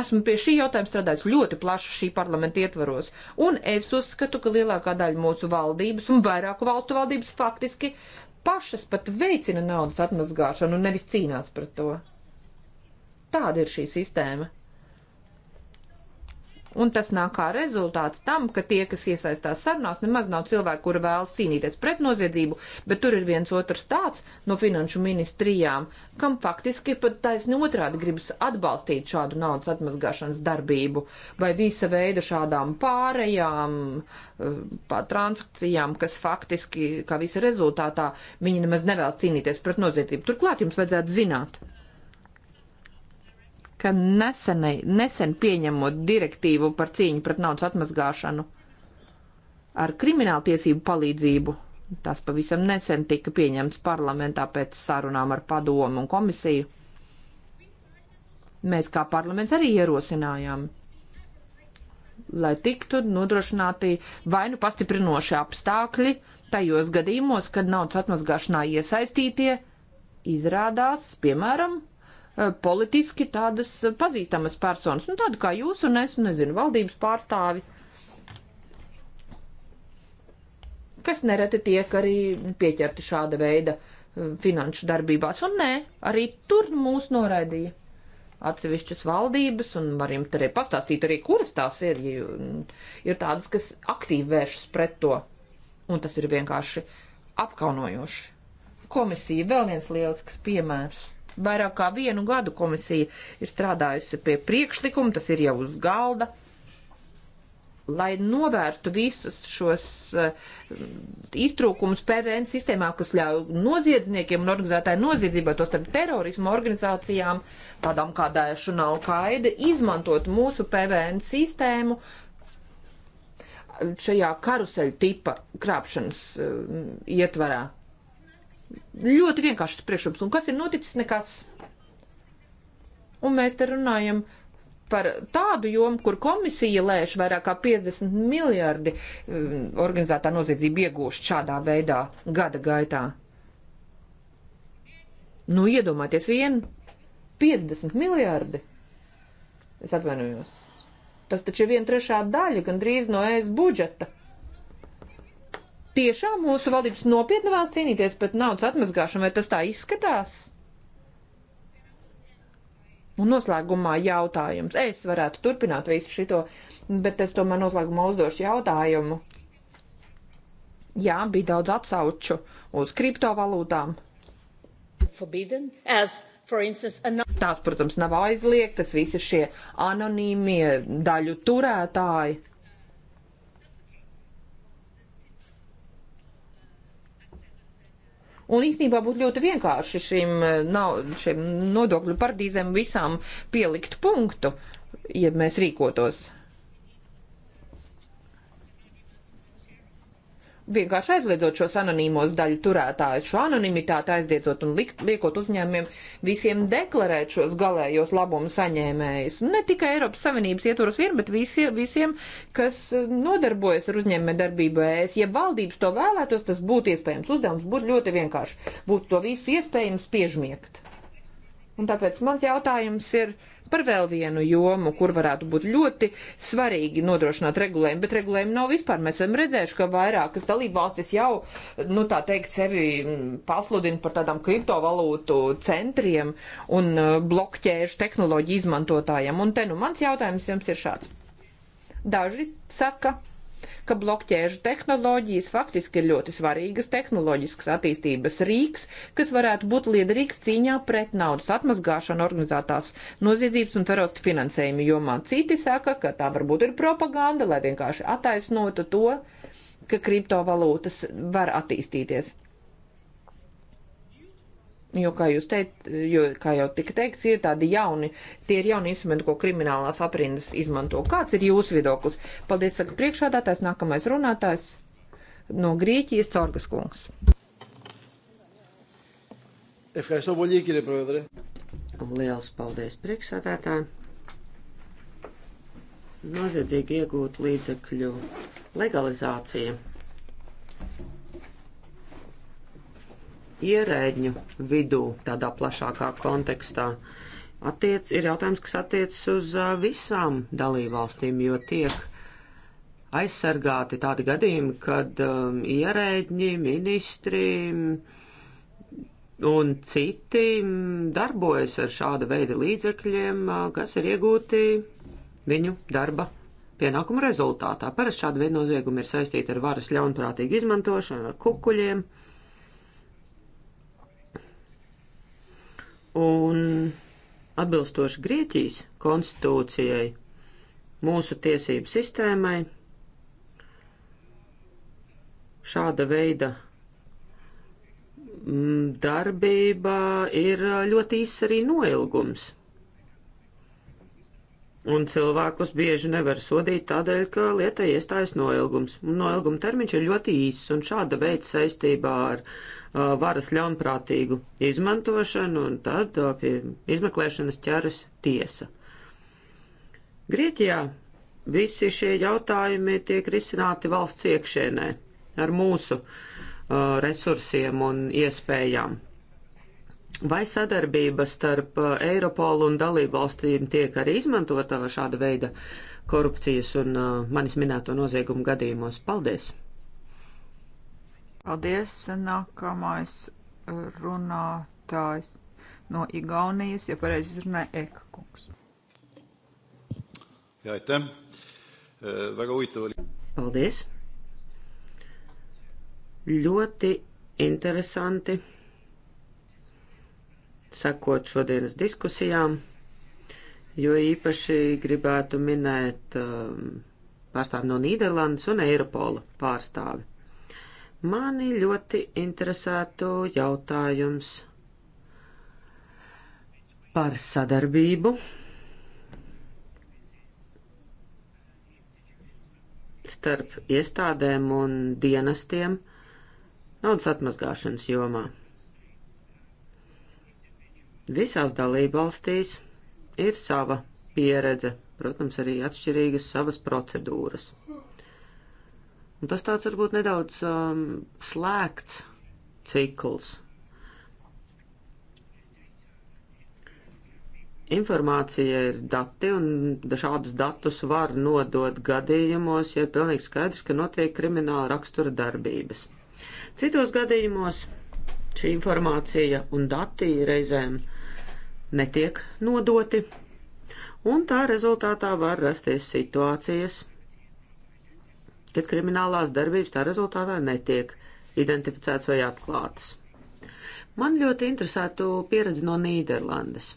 Esmu pie šī jautājuma strādājis ļoti plaši šī parlamenta ietvaros, un es uzskatu, ka lielākā daļa mūsu valdības un vairāku valstu valdības faktiski pašas pat veicina naudas atmazgāšanu un nevis cīnās par to. Tāda ir šī sistēma. Un tas nāk kā rezultāts tam, ka tie, kas iesaistās sarunās, nemaz nav cilvēki, kuri vēlas cīnīties pret noziedzību, bet tur ir viens otrs tāds no finanšu ministrijām, kam faktiski pat taisni otrādi gribas atbalstīt šādu naudas atmazgāšanas darbību vai visa veida šādām pārējām eh, pār transakcijām, kas faktiski, kā visa rezultātā, viņi nemaz nevēlas cīnīties pret noziedzību. Turklāt jums vajadzētu zināt ka nesenai, nesen pieņemot direktīvu par cīņu pret naudas atmazgāšanu ar kriminālu tiesību palīdzību, tas pavisam nesen tika pieņemts parlamentā pēc sarunām ar padomu un komisiju, mēs kā parlaments arī ierosinājām, lai tiktu nodrošināti vai nu pastiprinoši apstākļi tajos gadījumos, kad naudas atmazgāšanā iesaistītie izrādās, piemēram, Eh, politiski tādas eh, pazīstamas personas, nu tādu kā jūs un es, nu, nezinu, valdības pārstāvi, kas nereti tiek arī pieķerti šāda veida eh, finanšu darbībās, un nē, arī tur mūs noraidīja atsevišķas valdības, un varam arī pastāstīt, arī kuras tās ir, ir tādas, kas aktīvi vēršas pret to, un tas ir vienkārši apkaunojoši. Komisija vēl viens lielisks piemērs vairāk kā vienu gadu komisija ir strādājusi pie priekšlikuma, tas ir jau uz galda, lai novērstu visus šos eh, iztrūkumus PVN sistēmā, kas ļauj noziedzniekiem un organizētāju noziedzībā, to starp terorismu organizācijām, tādām kā Daesh un Alkaida, izmantot mūsu PVN sistēmu šajā karuseļu tipa krāpšanas eh, ietvarā ļoti vienkāršs priekšums. Un kas ir noticis? Nekas. Un mēs te runājam par tādu jomu, kur komisija lēš vairāk kā 50 miljardi um, organizētā noziedzība iegūst šādā veidā gada gaitā. Nu, iedomājieties, vien 50 miljardi. Es atvainojos. Tas taču ir viena trešā daļa gandrīz no ēs budžeta tiešām mūsu valdības nopietni vēlas cīnīties pret naudas atmazgāšanu, vai tas tā izskatās? Un noslēgumā jautājums. Es varētu turpināt visu šito, bet es tomēr noslēgumā uzdošu jautājumu. Jā, bija daudz atsauču uz kriptovalūtām. Forbidden, as Instance, nu- Tās, protams, nav aizliegtas, visi šie anonīmie daļu turētāji. Un īstenībā būtu ļoti vienkārši šim, eh, nav, šim nodokļu paradīzēm visām pielikt punktu, ja mēs rīkotos. vienkārši aizliedzot šos anonīmos daļu turētājus, šo anonimitāti aizliedzot un likt, liekot uzņēmumiem visiem deklarēt šos galējos labumu saņēmējus. Ne tikai Eiropas Savienības ietvaros vien, bet visie, visiem, kas eh, nodarbojas ar uzņēmē darbību ES. Ja valdības to vēlētos, tas būtu iespējams. Uzdevums būtu ļoti vienkārši. Būtu to visu iespējams piežmiegt. Un tāpēc mans jautājums ir par vēl vienu jomu, kur varētu būt ļoti svarīgi nodrošināt regulējumu, bet regulējumu nav vispār. Mēs esam redzējuši, ka vairākas dalībvalstis jau, nu tā teikt, sevi pasludina par tādām kriptovalūtu centriem un uh, blokķēžu tehnoloģiju izmantotājiem. Un te nu mans jautājums jums ir šāds. Daži saka, ka blokķēžu tehnoloģijas faktiski ir ļoti svarīgas tehnoloģiskas attīstības rīks, kas varētu būt liederīgs cīņā pret naudas atmazgāšanu organizētās noziedzības un teroristu finansējumu jomā. Citi saka, ka tā varbūt ir propaganda, lai vienkārši attaisnotu to, ka kriptovalūtas var attīstīties. Jo, kā jūs teikt, jo, kā jau tika teikts, ir tādi jauni, tie ir jauni instrumenti, ko kriminālās aprindas izmanto. Kāds ir jūsu viedoklis? Paldies, saka priekšādātājs, nākamais runātājs no Grieķijas Cārgas kungs. Ευχαριστώ πολύ κύριε Πρόεδρε. Liels paldies priekšsādātājiem. Noziedzīgi iegūt līdzekļu legalizācija ierēģņu vidū, tādā plašākā kontekstā. Attiec, ir jautājums, kas attiecas uz visām dalībvalstīm, jo tiek aizsargāti tādi gadījumi, kad um, ierēģi, ministri un citi darbojas ar šāda veida līdzekļiem, kas ir iegūti viņu darba pienākumu rezultātā. Parasti šāda veida noziegumi ir saistīti ar varas ļaunprātīgu izmantošanu, ar kukuļiem. Uh, Un atbilstoši Grieķijas konstitūcijai, mūsu tiesību sistēmai, šāda veida mm, darbība ir ļoti īss arī noilgums. Un cilvēkus bieži nevar sodīt tādēļ, ka lietai iestājas noilgums. Un noilguma termiņš ir ļoti īss, un šāda veida saistībā ar uh, varas ļaunprātīgu izmantošanu, un tad uh, pie izmeklēšanas ķeras tiesa. Grieķijā visi šie jautājumi tiek risināti valsts iekšēnē ar mūsu uh, resursiem un iespējām. Vai sadarbība starp uh, Eiropolu un dalību valstīm tiek arī izmantota šāda veida korupcijas un uh, manis minēto noziegumu gadījumos? Paldies! Paldies! Nākamais runātājs no Igaunijas, ja pareizi izrunāja Eka kungs. Jā, aitäh! Eh, Väga huvitav oli. Paldies! Ļoti interesanti sekot šodienas diskusijām, jo īpaši gribētu minēt um, pārstāvi no Nīderlandes un Eiropola pārstāvi. Mani ļoti interesētu jautājums par sadarbību. starp iestādēm un dienestiem naudas atmazgāšanas jomā. Visās dalībvalstīs ir sava pieredze, protams, arī atšķirīgas savas procedūras. Un tas tāds varbūt nedaudz um, slēgts cikls. Informācija ir dati, un dažādus datus var nodot gadījumos, ja ir pilnīgi skaidrs, ka notiek krimināla rakstura darbības. Citos gadījumos šī informācija un dati reizēm uh, netiek nodoti, un tā rezultātā var rasties situācijas, kad kriminālās darbības tā rezultātā netiek identificētas vai atklātas. Man ļoti interesētu pieredze no Nīderlandes.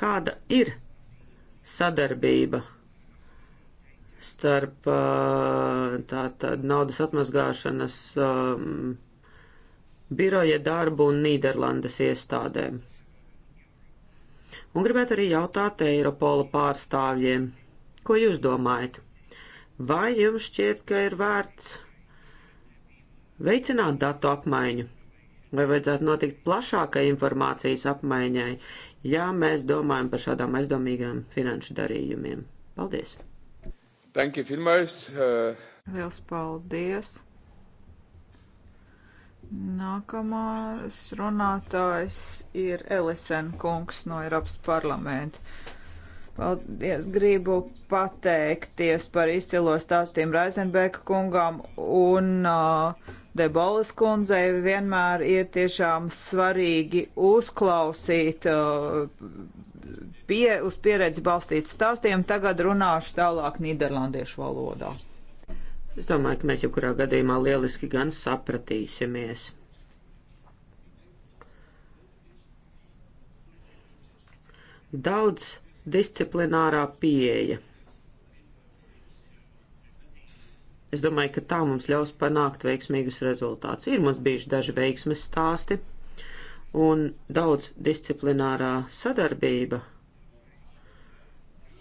Kāda ir sadarbība starp tātad naudas atmazgāšanas um, biroja darbu un Nīderlandes iestādēm. Un gribētu arī jautāt Eiropola pārstāvjiem, ko jūs domājat? Vai jums šķiet, ka ir vērts veicināt datu apmaiņu? Vai vajadzētu notikt plašākai informācijas apmaiņai, ja mēs domājam par šādām aizdomīgām finanšu darījumiem? Paldies! Thank you, filmers! Uh... Liels paldies! Nākamās runātājs ir Elisen kungs no Eiropas parlamenta. Paldies, gribu pateikties par izcilo stāstījumu Raizenbeka kungam un uh, Debolas kundzei. Vienmēr ir tiešām svarīgi uzklausīt uh, pie, uz pieredzi balstītu stāstījumu. Tagad runāšu tālāk Nīderlandiešu valodā. Es domāju, ka mēs jebkurā gadījumā lieliski gan sapratīsimies. Daudz disciplinārā pieeja. Es domāju, ka tā mums ļaus panākt veiksmīgus rezultātus. Ir mums bijuši daži veiksmes stāsti un daudz disciplinārā sadarbība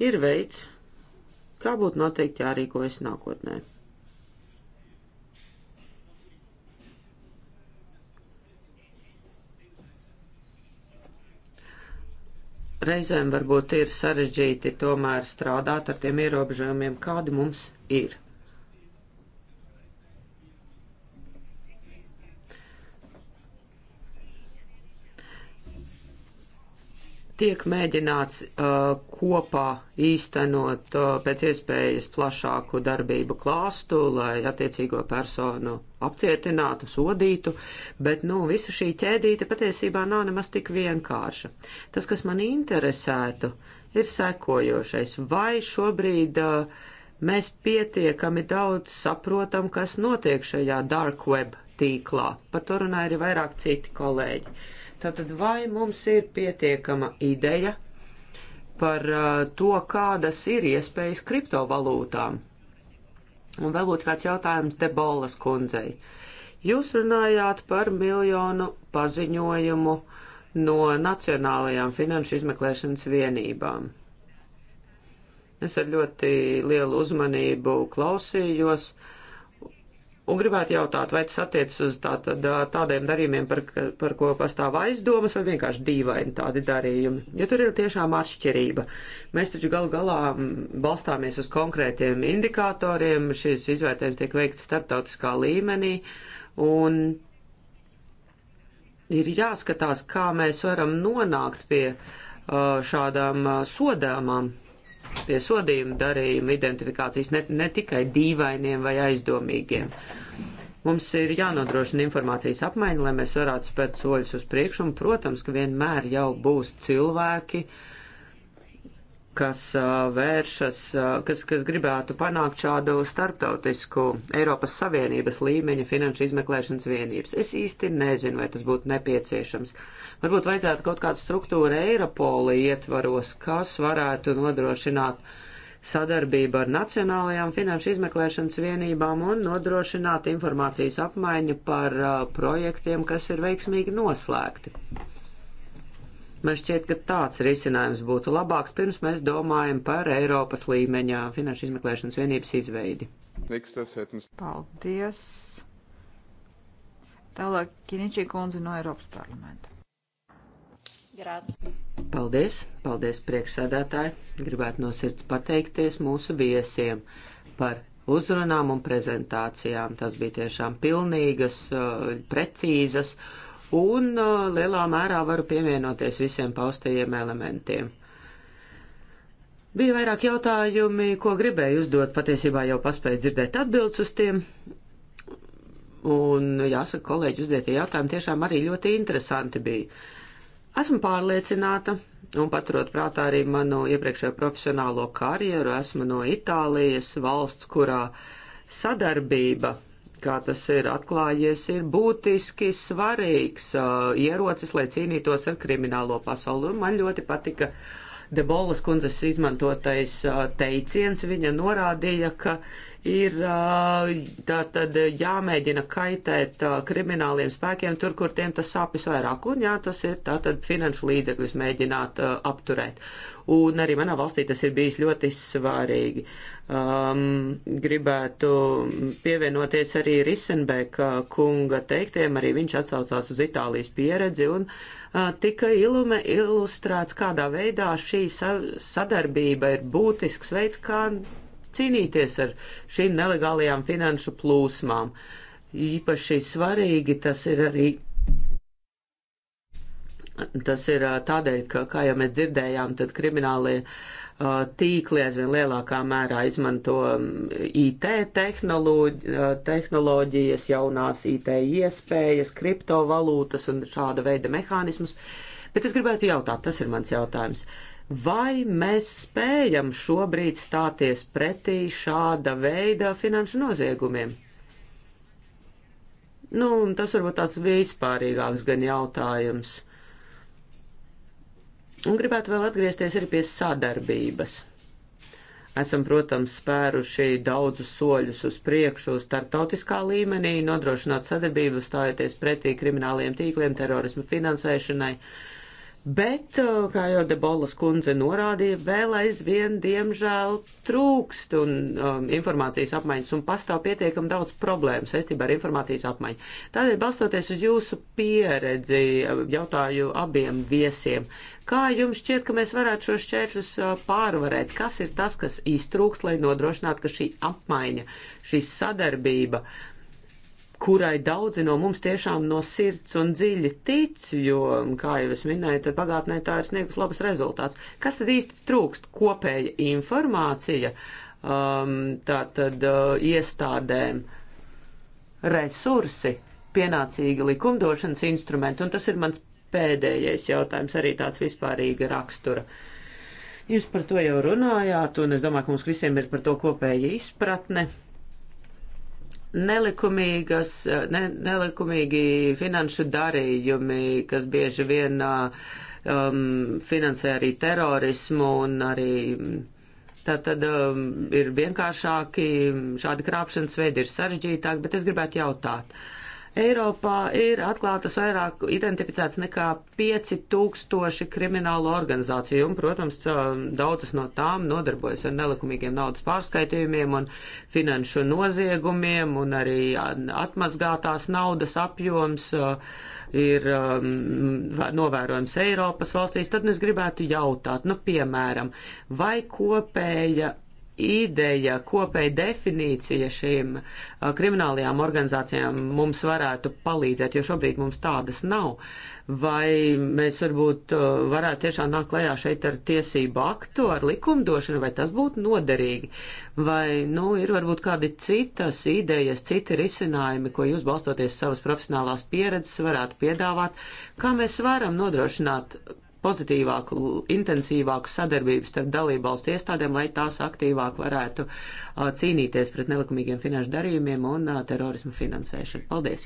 ir veids, kā būtu noteikti jārīkojas nākotnē. reizēm varbūt ir sarežģīti tomēr strādāt ar tiem ierobežojumiem, kādi mums ir. tiek mēģināts uh, kopā īstenot uh, pēc iespējas plašāku darbību klāstu, lai attiecīgo personu apcietinātu, sodītu, bet nu, visa šī ķēdīte patiesībā nav nemaz tik vienkārša. Tas, kas man interesētu, ir sekojošais. Vai šobrīd uh, mēs pietiekami daudz saprotam, kas notiek šajā dark web tīklā? Par to runāja arī vairāk citi kolēģi. Uh, Tātad vai mums ir pietiekama ideja par uh, to, kādas ir iespējas kriptovalūtām? Un vēl būtu kāds jautājums Debolas kundzei. Jūs runājāt par miljonu paziņojumu no Nacionālajām finanšu izmeklēšanas vienībām. Es ar ļoti lielu uzmanību klausījos uh, Un gribētu jautāt, vai tas attiecas uz tā, tad, tādiem darījumiem, par, par ko pastāv aizdomas, vai vienkārši dīvaini tādi darījumi. Ja tur ir tiešām atšķirība, mēs taču galu galā balstāmies uz konkrētiem indikatoriem, šis izvērtējums tiek veikts starptautiskā līmenī, un ir jāskatās, kā mēs varam nonākt pie šādām sodāmām piesodījumu darījumu identifikācijas ne, ne tikai dīvainiem vai aizdomīgiem. Mums ir jānodrošina informācijas apmaiņa, lai mēs varētu spērt soļus uz priekšu, un, protams, ka vienmēr jau būs cilvēki, uh, kas vēršas, kas, kas gribētu panākt šādu starptautisku Eiropas Savienības līmeņa finanšu izmeklēšanas vienības. Es īsti nezinu, vai tas būtu nepieciešams. Varbūt vajadzētu kaut kādu struktūru Eiropola ietvaros, kas varētu nodrošināt sadarbību ar nacionālajām finanšu izmeklēšanas vienībām un nodrošināt informācijas apmaiņu par uh, projektiem, kas ir veiksmīgi noslēgti. Man šķiet, ka tāds risinājums būtu labāks, pirms mēs domājam par Eiropas līmeņā finanšu izmeklēšanas vienības izveidi. Paldies! Tālāk Kiničī kundze no Eiropas parlamenta. Grāci. Paldies, paldies priekšsēdētāji. Gribētu no sirds pateikties mūsu viesiem par uzrunām un prezentācijām. Tas bija tiešām pilnīgas, uh, precīzas. Uh, un uh, lielā mērā varu pievienoties visiem paustajiem elementiem. Bija vairāk jautājumi, ko gribēju uzdot, patiesībā jau paspēju dzirdēt atbildes uz tiem. Un jāsaka, kolēģi uzdētie jautājumi tiešām arī ļoti interesanti bija. Esmu pārliecināta, un paturot prātā arī manu iepriekšējo profesionālo karjeru, esmu no Itālijas valsts, kurā sadarbība kā tas ir atklājies, ir būtiski svarīgs uh, ierocis, lai cīnītos ar kriminālo pasauli. Un man ļoti patika Debolas kundzes izmantotais uh, teiciens. Viņa norādīja, ka uh, ir tātad jāmēģina kaitēt krimināliem spēkiem tur, kur tiem tas sāpis vairāk. Un jā, tas ir tātad finanšu līdzekļus mēģināt apturēt. Un arī manā valstī tas ir bijis ļoti svarīgi. Um, gribētu pievienoties arī Risenbeka kunga teiktiem, arī viņš atsaucās uz Itālijas pieredzi un uh, tika ilume, ilustrēts, kādā veidā šī sa sadarbība ir būtisks veids, kā cīnīties ar šīm nelegālajām finanšu plūsmām. Īpaši svarīgi tas ir arī. Tas ir tādēļ, ka, kā jau mēs dzirdējām, tad kriminālie tīkli aizvien lielākā mērā izmanto IT tehnoloģijas, jaunās IT iespējas, kriptovalūtas un šāda veida mehānismus. Bet es gribētu jautāt, tas ir mans jautājums. Uh, Vai mēs spējam šobrīd stāties pretī šāda veida finanšu noziegumiem? Nu, tas varbūt tāds vispārīgāks gan jautājums. Un gribētu vēl atgriezties arī pie sadarbības. Esam, protams, spēruši daudzus soļus uz priekšu starptautiskā līmenī, nodrošināt sadarbību, stājoties pretī krimināliem tīkliem, terorismu finansēšanai, uh, Bet, uh, kā jau Debolas kundze norādīja, vēl aizvien, diemžēl, trūkst un, um, informācijas apmaiņas un pastāv pietiekam daudz problēmu saistībā ar informācijas apmaiņu. Tādēļ, balstoties uz jūsu pieredzi, jautāju abiem viesiem, kā jums šķiet, ka mēs varētu šos šķēršļus uh, pārvarēt? Kas ir tas, kas iztrūkst, lai nodrošinātu, ka šī apmaiņa, šī sadarbība uh, kurai daudzi no mums tiešām no sirds un dziļi tic, jo, kā jau es minēju, tad pagātnē tā ir sniegus labas rezultāts. Kas tad īsti trūkst? Kopēja informācija, um, tā tad uh, iestādēm, resursi, pienācīgi likumdošanas instrumenti, un tas ir mans pēdējais jautājums, arī tāds vispārīga rakstura. Jūs par to jau runājāt, un es domāju, ka mums visiem ir par to kopēja izpratne nelikumīgas, ne, nelikumīgi finanšu darījumi, kas bieži vien um, finansē arī terorismu un arī. Tad, tad um, ir vienkāršāki, šādi krāpšanas veidi ir sarežģītāki, bet es gribētu jautāt. Uh, Eiropā ir atklātas vairāk identificēts nekā 5000 kriminālu organizāciju, un, protams, daudzas no tām nodarbojas ar nelikumīgiem naudas pārskaitījumiem un finanšu noziegumiem, un arī atmazgātās naudas apjoms uh, ir um, novērojams Eiropas valstīs. Tad es gribētu jautāt, nu, piemēram, vai kopēja ideja, kopēja definīcija šīm uh, kriminālajām organizācijām mums varētu palīdzēt, jo šobrīd mums tādas nav. Vai mēs varbūt uh, varētu tiešām nākt klajā šeit ar tiesību aktu, ar likumdošanu, vai tas būtu noderīgi? Vai, nu, ir varbūt kādi citas idejas, citi risinājumi, ko jūs balstoties savas profesionālās pieredzes varētu piedāvāt, kā mēs varam nodrošināt pozitīvāku, intensīvāku sadarbību starp dalībvalstu iestādēm, lai tās aktīvāk varētu uh, cīnīties pret nelikumīgiem finanšu darījumiem un uh, terorismu finansēšanu. Paldies!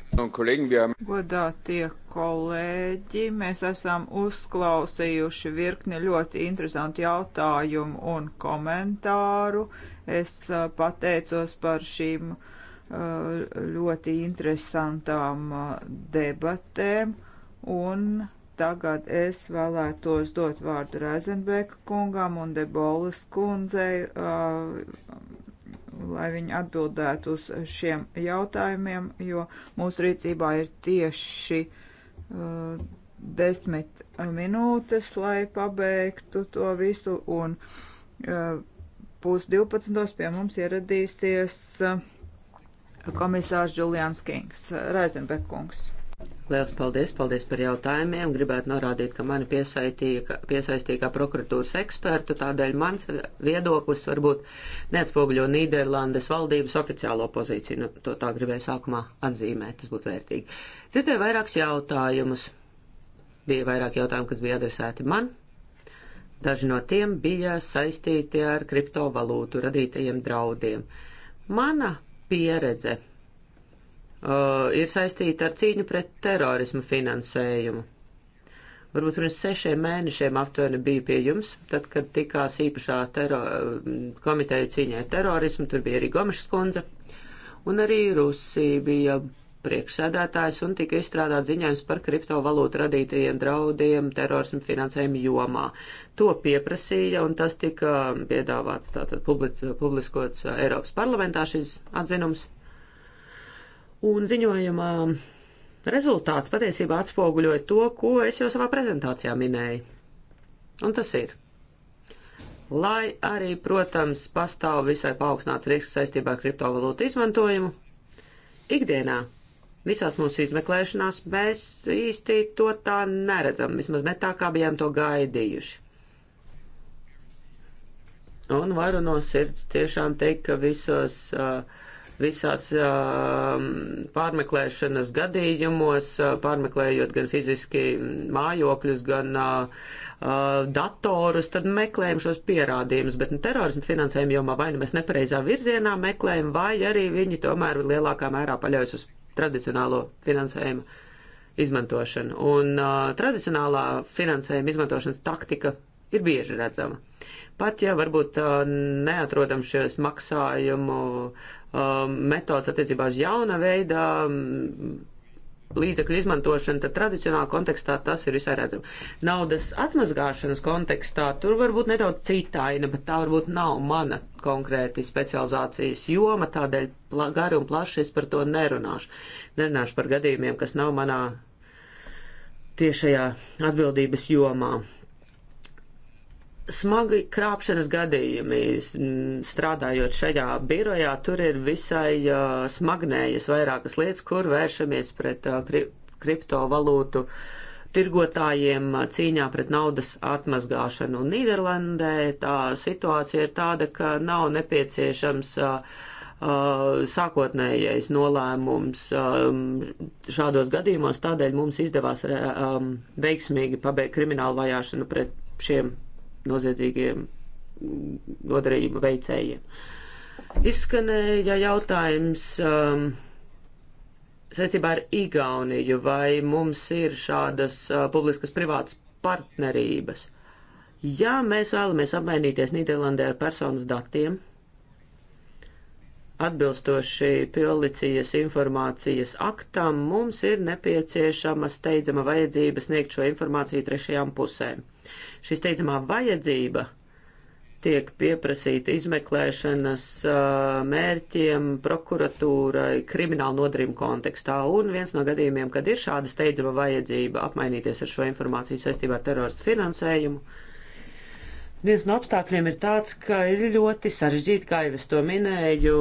Godā tie kolēģi, mēs esam uzklausījuši virkni ļoti interesantu jautājumu un komentāru. Es uh, pateicos par šīm uh, ļoti interesantām uh, debatēm un Tagad es vēlētos dot vārdu Reizenbeka kungam un Debolas kundzei, uh, lai viņi atbildētu uz šiem jautājumiem, jo mūsu rīcībā ir tieši uh, desmit minūtes, lai pabeigtu to visu, un uh, pūs 12. pie mums ieradīsies uh, komisārs Julians Kings, Reizenbeka kungs. Liels paldies, paldies par jautājumiem. Gribētu norādīt, ka mani piesaistīja kā prokuratūras ekspertu, tādēļ mans viedoklis varbūt neatspoguļo Nīderlandes valdības oficiālo pozīciju. Nu, to tā gribēju sākumā atzīmēt, tas būtu vērtīgi. Dzirdēju vairākus jautājumus. Bija vairāk jautājumu, kas bija adresēti man. Daži no tiem bija saistīti ar kriptovalūtu radītajiem draudiem. Mana pieredze uh, ir saistīta ar cīņu pret terorismu finansējumu. Varbūt pirms sešiem mēnešiem aptuveni bija pie jums, tad, kad tikās īpašā tero, uh, komiteja cīņai terorismu, tur bija arī Gomešs kundze, un arī Rusija bija priekšsēdētājs, un tika izstrādāt ziņojums par kriptovalūtu radītajiem draudiem terorismu finansējumu jomā. To pieprasīja, un tas tika piedāvāts, tātad public, publiskots Eiropas parlamentā šis atzinums. Un ziņojumā rezultāts patiesībā atspoguļoja to, ko es jau savā prezentācijā minēju. Un tas ir. Lai arī, protams, pastāv visai paaugstināts risks saistībā ar kriptovalūtu izmantojumu, ikdienā visās mūsu izmeklēšanās mēs īsti to tā neredzam, vismaz ne tā, kā bijām to gaidījuši. Un varu no sirds tiešām teikt, ka visos uh, visās um, pārmeklēšanas gadījumos, uh, pārmeklējot gan fiziski mājokļus, gan uh, uh, datorus, tad meklējam šos pierādījumus, bet nu, terorismu finansējumu jomā vai nu mēs nepareizā virzienā meklējam, vai arī viņi tomēr lielākā mērā paļaujas uz tradicionālo finansējumu izmantošanu. Un uh, tradicionālā finansējuma izmantošanas taktika ir bieži redzama. Pat ja varbūt neatrodam šajos maksājumu metodas attiecībā uz jauna veida līdzekļu izmantošana, tad tradicionālā kontekstā tas ir visai redzams. Naudas atmazgāšanas kontekstā tur varbūt nedaudz cita aina, bet tā varbūt nav mana konkrēti specializācijas joma, tādēļ gari un plaši es par to nerunāšu. Nerunāšu par gadījumiem, kas nav manā tiešajā atbildības jomā smagi krāpšanas gadījumi. Strādājot šajā birojā, tur ir visai uh, smagnējas vairākas lietas, kur vēršamies pret uh, kri kriptovalūtu tirgotājiem uh, cīņā pret naudas atmazgāšanu. Un Nīderlandē tā situācija ir tāda, ka nav nepieciešams uh, Uh, sākotnējais nolēmums um, šādos gadījumos, tādēļ mums izdevās re, um, veiksmīgi pabeigt kriminālu vajāšanu pret šiem noziedzīgiem mm, nodarījumu veicējiem. Izskanēja jautājums um, saistībā ar Igauniju, vai mums ir šādas uh, publiskas privātas partnerības. Ja mēs vēlamies apmainīties Nīderlandē ar personas datiem, Atbilstoši policijas informācijas aktam mums ir nepieciešama steidzama vajadzība sniegt šo informāciju trešajām pusēm. Šī steidzamā vajadzība tiek pieprasīta izmeklēšanas mērķiem, prokuratūrai, kriminālu nodarījumu kontekstā. Un viens no gadījumiem, kad ir šāda steidzama vajadzība apmainīties ar šo informāciju saistībā ar teroristu finansējumu, Viens no apstākļiem ir tāds, ka ir ļoti sarežģīti, kā jau es to minēju,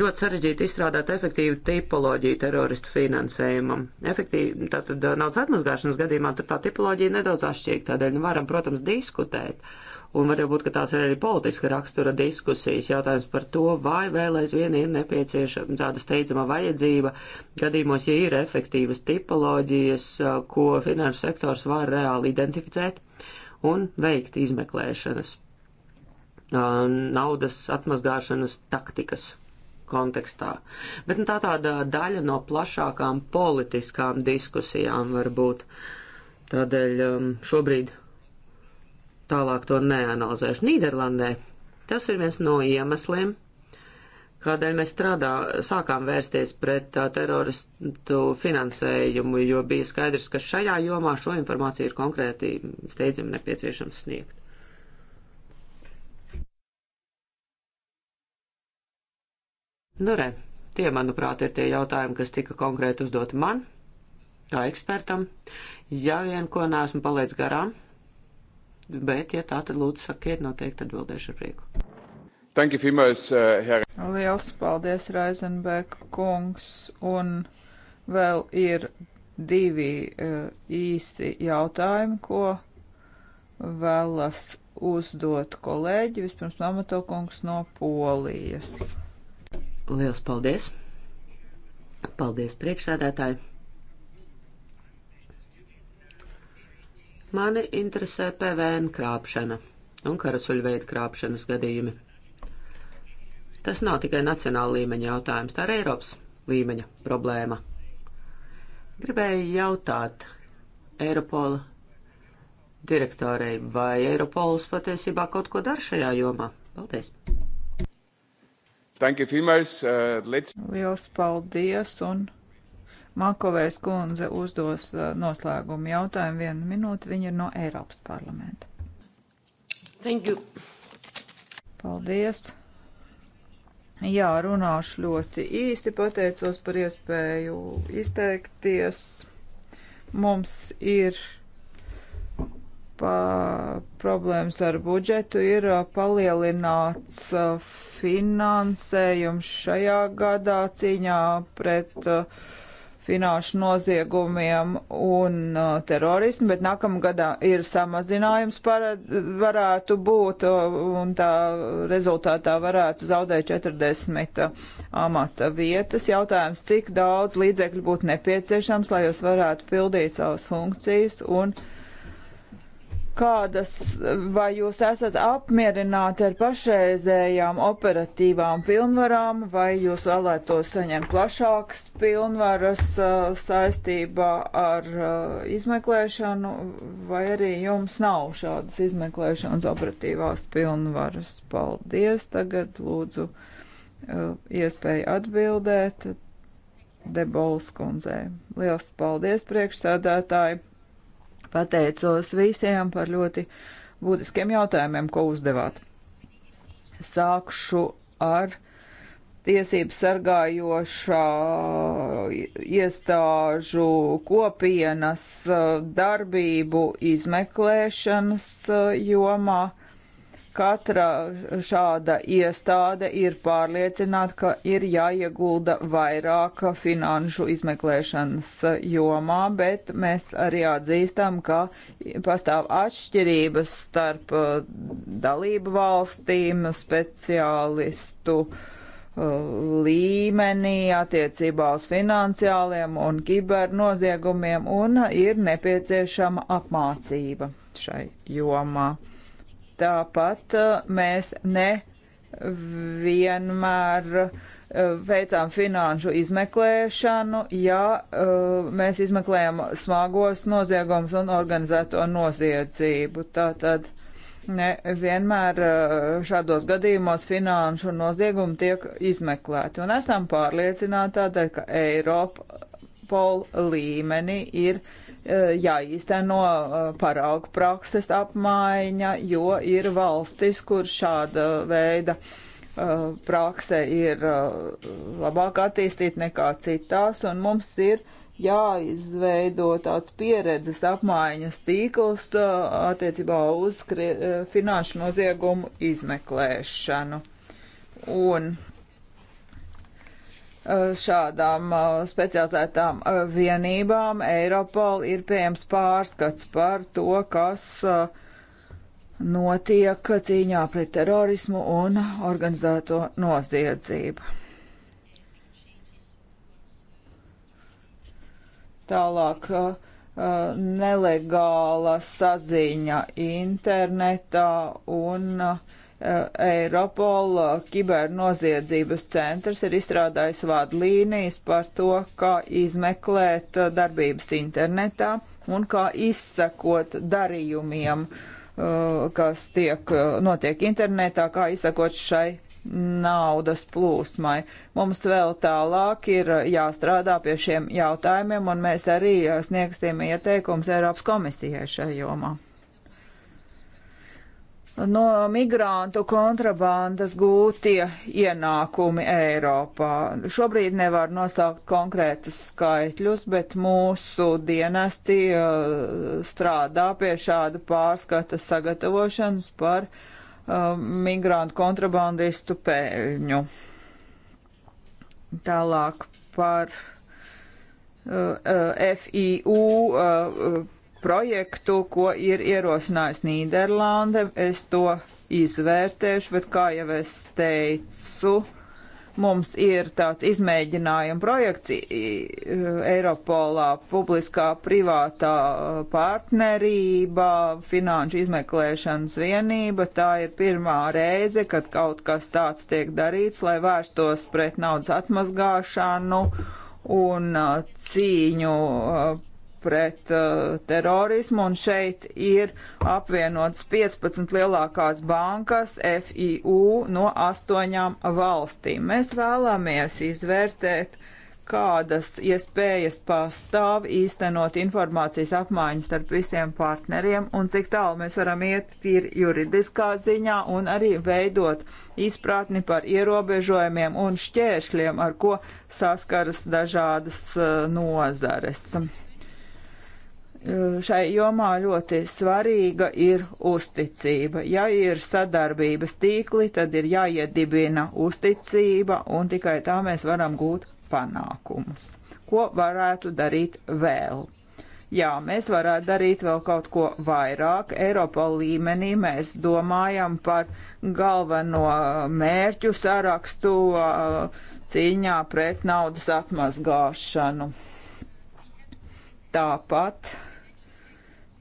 ļoti sarežģīti izstrādāt efektīvu tipoloģiju teroristu finansējumam. Efektīvi, tātad naudas atmazgāšanas gadījumā tur tā tipoloģija nedaudz atšķiek, tādēļ nu, varam, protams, diskutēt. Un varbūt, ka tās ir arī politiska rakstura diskusijas jautājums par to, vai vēl aizvien ir nepieciešama tāda steidzama vajadzība gadījumos, ja ir efektīvas tipoloģijas, ko finanšu sektors var reāli identificēt. Uh, un veikt izmeklēšanas, uh, naudas atmazgāšanas taktikas kontekstā. Bet nu, tā tāda daļa no plašākām politiskām diskusijām var būt. Tādēļ um, šobrīd tālāk to neanalizēšu. Nīderlandē tas ir viens no iemesliem, kādēļ mēs strādā, sākām vērsties pret tā, uh, teroristu finansējumu, jo bija skaidrs, ka šajā jomā šo informāciju ir konkrēti steidzami nepieciešams sniegt. Nu re, tie, manuprāt, ir tie jautājumi, kas tika konkrēti uzdoti man, kā ekspertam. Ja vien ko neesmu palaidis garām, bet, ja tā, tad lūdzu sakiet, noteikti atbildēšu ar prieku. Thank you vielmals, uh, Herr. Liels paldies, Reizenbēk kungs. Un vēl ir divi uh, īsti jautājumi, ko vēlas uzdot kolēģi. Vispirms Namato kungs no Polijas. Liels paldies! Paldies, priekšsēdētāji! Mani interesē PVN krāpšana un karasuļveida krāpšanas gadījumi. Tas nav tikai nacionāla līmeņa jautājums, tā ir Eiropas līmeņa problēma. Gribēju jautāt Eiropola direktorei, vai Eiropols patiesībā kaut ko dara šajā jomā? Paldies! Thank you, females. Uh, let's... Liels paldies un Makovēs kundze uzdos uh, noslēgumu jautājumu vienu minūti. Viņa ir no Eiropas parlamenta. Thank you. Paldies. Jā, runāšu ļoti īsti, pateicos par iespēju izteikties. Mums ir problēmas ar budžetu, ir uh, palielināts uh, finansējums šajā gadā cīņā pret uh, finanšu noziegumiem un uh, terorismu, bet nākamgadā ir samazinājums parad, varētu būt, uh, un tā rezultātā varētu zaudēt 40 uh, amata vietas. Jautājums, cik daudz līdzekļu būtu nepieciešams, lai jūs varētu pildīt savas funkcijas un uh, kādas, vai jūs esat apmierināti ar pašreizējām operatīvām pilnvarām, vai jūs vēlētos saņemt plašākas pilnvaras uh, saistībā ar uh, izmeklēšanu, vai arī jums nav šādas izmeklēšanas operatīvās pilnvaras. Paldies, tagad lūdzu uh, iespēju atbildēt Debols kundzei. Liels paldies priekšsēdētāji! Pateicos visiem par ļoti būtiskiem jautājumiem, ko uzdevāt. Sākšu ar tiesību sargājošā iestāžu kopienas eh, darbību izmeklēšanas eh, jomā. Uh, katra šāda iestāde ir pārliecināta, ka ir jāiegulda vairāk finanšu izmeklēšanas jomā, bet mēs arī atzīstam, ka pastāv atšķirības starp uh, dalību valstīm, speciālistu uh, līmenī attiecībā uz finansiāliem un kibernoziegumiem un ir nepieciešama apmācība šai jomā. Tāpat uh, mēs ne vienmēr uh, veicām finanšu izmeklēšanu, ja uh, mēs izmeklējam smagos noziegumus un organizēto noziedzību. Tātad ne vienmēr šādos gadījumos finanšu noziegumi tiek izmeklēti. Un esam pārliecināti tādēļ, ka Eiropa pol līmenī ir uh, E, jāīsteno e, paraugu prakses apmaiņa, jo ir valstis, kur šāda veida e, prakse ir labāk attīstīta nekā citās, un mums ir jāizveido tāds pieredzes apmaiņas tīkls attiecībā uz finanšu noziegumu izmeklēšanu. Un Eh, šādām eh, specializētām eh, vienībām Eiropol ir pieejams pārskats par to, kas notiek cīņā pret terorismu un organizēto noziedzību. Tālāk nelegāla saziņa internetā un uh, Eiropola kibernoziedzības centrs ir izstrādājis vādlīnijas par to, kā izmeklēt darbības internetā un kā izsekot darījumiem, uh, kas tiek, uh, notiek internetā, kā izsekot šai naudas plūsmai. Mums vēl tālāk ir uh, jāstrādā pie šiem jautājumiem, un mēs arī sniegsim ieteikumus Eiropas komisijai šajā jomā no migrantu kontrabandas gūtie ienākumi Eiropā. Šobrīd nevar nosaukt konkrētus skaitļus, bet mūsu dienesti uh, strādā pie šāda pārskata sagatavošanas par uh, migrantu kontrabandistu pēļņu. Tālāk par uh, FIU projektu, ko ir ierosinājusi Nīderlande. Es to izvērtēšu, bet kā jau es teicu, mums ir tāds izmēģinājuma projekts Eiropolā publiskā privātā partnerība, finanšu izmeklēšanas vienība. Tā ir pirmā reize, kad kaut kas tāds tiek darīts, lai vērstos pret naudas atmazgāšanu un cīņu pret uh, terorismu, un šeit ir apvienotas 15 lielākās bankas FIU no astoņām valstīm. Mēs vēlamies izvērtēt, kādas iespējas pastāv īstenot informācijas apmaiņu starp visiem partneriem un cik tālu mēs varam iet tīri juridiskā ziņā un arī veidot izpratni par ierobežojumiem un šķēršļiem, ar ko saskaras dažādas uh, nozares šai jomā ļoti svarīga ir uzticība. Ja ir sadarbības tīkli, tad ir jāiedibina uzticība, un tikai tā mēs varam gūt panākumus. Ko varētu darīt vēl? Jā, mēs varētu darīt vēl kaut ko vairāk. Eiropā līmenī mēs domājam par galveno mērķu sarakstu cīņā pret naudas atmazgāšanu. Tāpat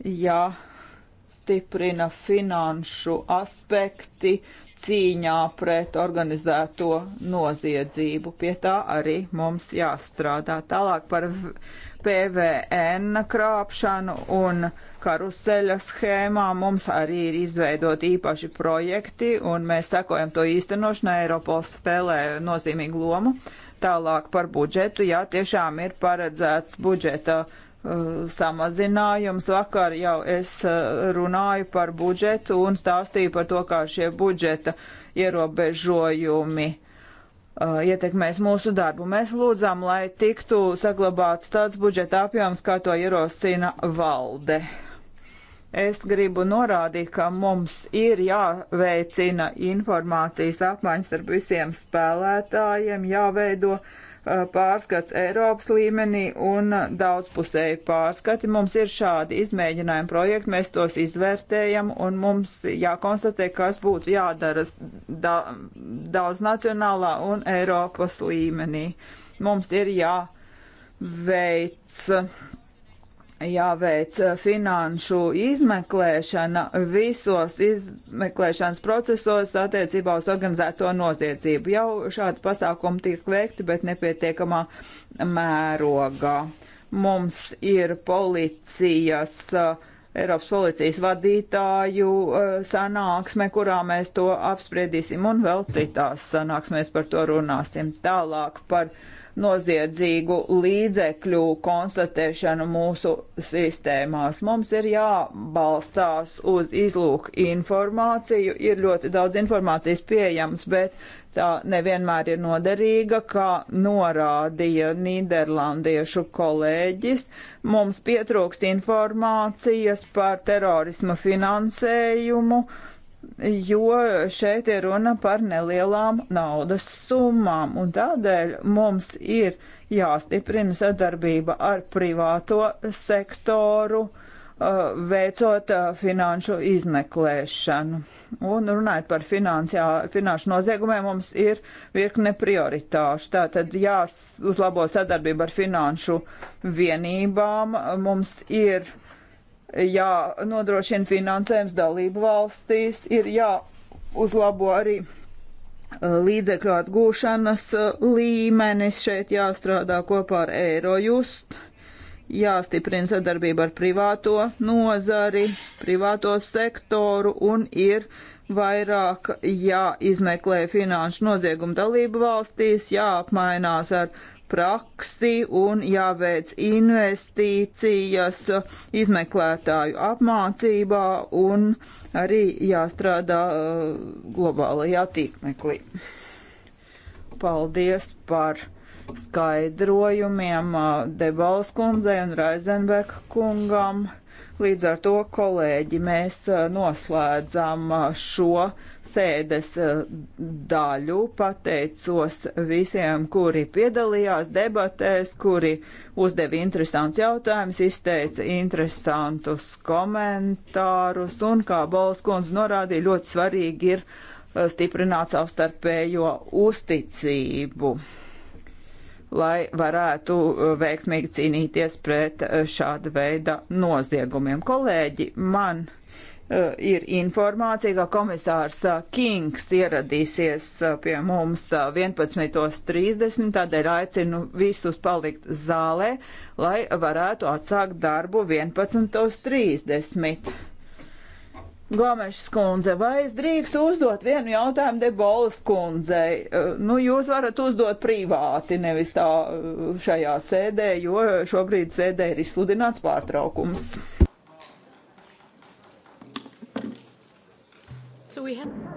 jāstiprina finanšu aspekti cīņā pret organizēto noziedzību. Pie tā arī mums jāstrādā. Tālāk par PVN krāpšanu un karuseļa schēmā mums arī ir izveidot īpaši projekti, un mēs sekojam to īstenošanai. Eiropols spēlē nozīmīgu lomu. Tālāk par budžetu. Jā, tiešām ir paredzēts budžeta uh, Uh, samazinājums. Vakar jau es uh, runāju par budžetu un stāstīju par to, kā šie budžeta ierobežojumi uh, ietekmēs mūsu darbu. Mēs lūdzām, lai tiktu saglabāts tāds budžeta apjoms, kā to ierosina valde. Es gribu norādīt, ka mums ir jāveicina informācijas apmaiņas ar visiem spēlētājiem, jāveido uh, pārskats Eiropas līmenī un daudzpusēji pārskati. Mums ir šādi izmēģinājumi projekti, mēs tos izvērtējam un mums jākonstatē, kas būtu jādara da daudz nacionālā un Eiropas līmenī. Mums ir jāveic jāveic eh, finanšu izmeklēšana visos izmeklēšanas procesos attiecībā uz organizēto noziedzību. Jau šādi pasākumi tiek veikti, bet nepietiekamā mērogā. Mums ir policijas, eh, Eiropas policijas vadītāju eh, sanāksme, kurā mēs to apspriedīsim, un vēl citās sanāksmēs par to runāsim. Tālāk par uh, noziedzīgu līdzekļu konstatēšanu mūsu sistēmās. Mums ir jābalstās uz izlūku informāciju, ir ļoti daudz informācijas pieejams, bet tā nevienmēr ir noderīga, kā norādīja Nīderlandiešu kolēģis. Mums pietrūkst informācijas par terorisma finansējumu, uh, jo šeit ir runa par nelielām naudas summām, un tādēļ mums ir jāstiprina sadarbība ar privāto sektoru, uh, veicot uh, finanšu izmeklēšanu. Un runājot par finansiā, finanšu noziegumiem, mums ir virkne prioritāšu. Tātad jāuzlabo sadarbība ar finanšu vienībām, mums ir jānodrošina finansējums dalību valstīs, ir jāuzlabo arī uh, līdzekļu atgūšanas uh, līmenis, šeit jāstrādā kopā ar Eirojust, jāstiprina sadarbība ar privāto nozari, privāto sektoru un ir vairāk jāizmeklē finanšu noziegumu dalību valstīs, jāapmainās ar praksi un jāveic investīcijas izmeklētāju apmācībā un arī jāstrādā uh, globālajā tīkmeklī. Paldies par skaidrojumiem uh, Debalskundzei un Raizenbeka kungam. Līdz ar to, kolēģi, mēs eh, noslēdzam eh, šo sēdes eh, daļu. Pateicos visiem, kuri piedalījās debatēs, kuri uzdeva interesantus jautājumus, izteica interesantus komentārus un, kā Bols kundze norādīja, ļoti svarīgi ir stiprināt savstarpējo uzticību lai varētu uh, veiksmīgi cīnīties pret uh, šāda veida noziegumiem. Kolēģi, man uh, ir informācija, ka komisārs uh, Kings ieradīsies pie mums 11.30, tādēļ aicinu visus palikt zālē, lai varētu atsākt darbu 11.30. Gomešs kundze, vai es drīkstu uzdot vienu jautājumu Debolas kundzei? Eh, nu, jūs varat uzdot privāti, nevis tā eh, šajā sēdē, jo šobrīd sēdē ir izsludināts pārtraukums. So we have...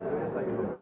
Thank you.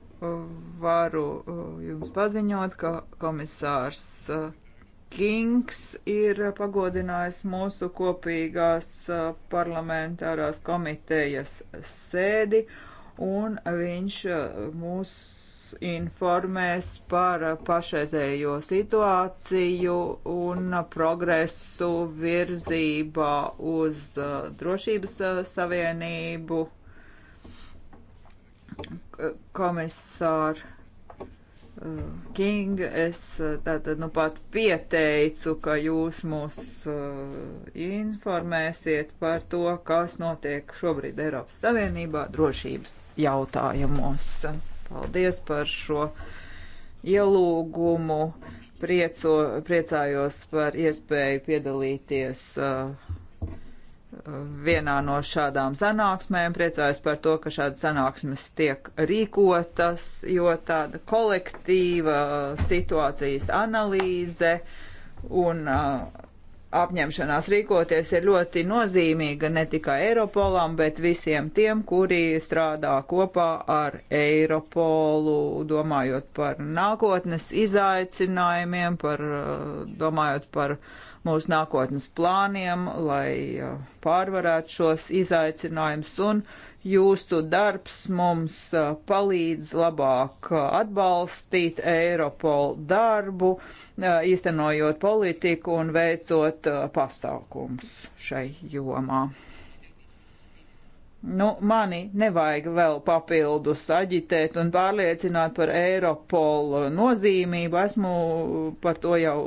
varu uh, jums paziņot, ka komisārs uh, Kings ir uh, pagodinājis mūsu kopīgās parlamentārās komitejas sēdi, un viņš mūs informēs par pašreizējo situāciju un progresu virzībā uz drošības savienību komisāru. Uh, King, es uh, tātad nu pat pieteicu, ka jūs mūs uh, informēsiet par to, kas notiek šobrīd Eiropas Savienībā drošības jautājumos. Paldies par šo ielūgumu. Prieco, priecājos par iespēju piedalīties uh, vienā no šādām sanāksmēm, priecājos par to, ka šādas sanāksmes tiek rīkotas, jo tāda kolektīva situācijas analīze un apņemšanās rīkoties ir ļoti nozīmīga ne tikai Eiropolam, bet visiem tiem, kuri strādā kopā ar Eiropolu, domājot par nākotnes izaicinājumiem, par, domājot par uh, mūsu nākotnes plāniem, lai uh, pārvarētu šos izaicinājumus, un jūsu darbs mums uh, palīdz labāk uh, atbalstīt Eiropolu darbu, īstenojot politiku un veicot pasākums šai jomā. Nu, mani nevajag vēl papildus aģitēt un pārliecināt par Eiropolu nozīmību. Esmu par to jau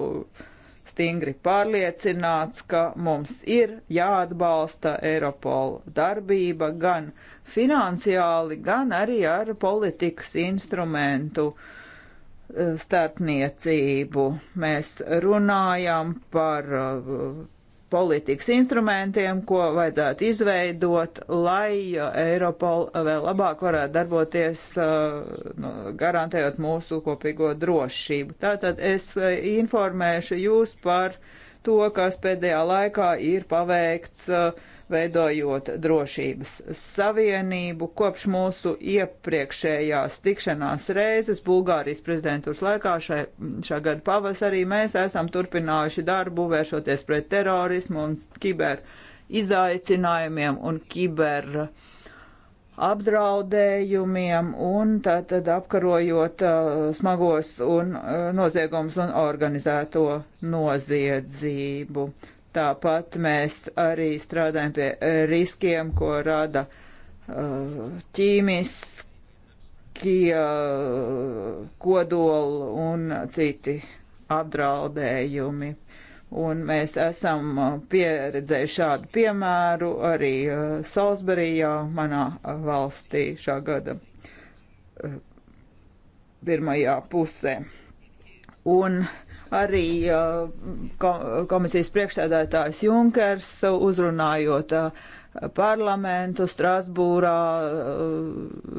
stingri pārliecināts, ka mums ir jāatbalsta Eiropola darbība gan finansiāli, gan arī ar politikas instrumentu eh, starpniecību. Mēs runājam par eh, politikas instrumentiem, ko vajadzētu izveidot, lai uh, Eiropol vēl labāk varētu darboties, uh, nu, garantējot mūsu kopīgo drošību. Tātad es uh, informēšu jūs par to, kas pēdējā laikā ir paveikts uh, veidojot drošības savienību. Kopš mūsu iepriekšējās tikšanās reizes Bulgārijas prezidentūras laikā šai, šā gada pavasarī mēs esam turpinājuši darbu vēršoties pret terorismu un kiber izaicinājumiem un kiber apdraudējumiem un tātad apkarojot uh, smagos un uh, noziegums un organizēto noziedzību. Tāpat mēs arī strādājam pie riskiem, ko rada uh, ķīmiski uh, kodoli un citi apdraudējumi. Un mēs esam uh, pieredzējuši šādu piemēru arī Salisburijā, manā valstī, šā gada pirmajā pusē. Un uh, arī komisijas priekšsēdētājs Junkers uzrunājot parlamentu Strasbūrā,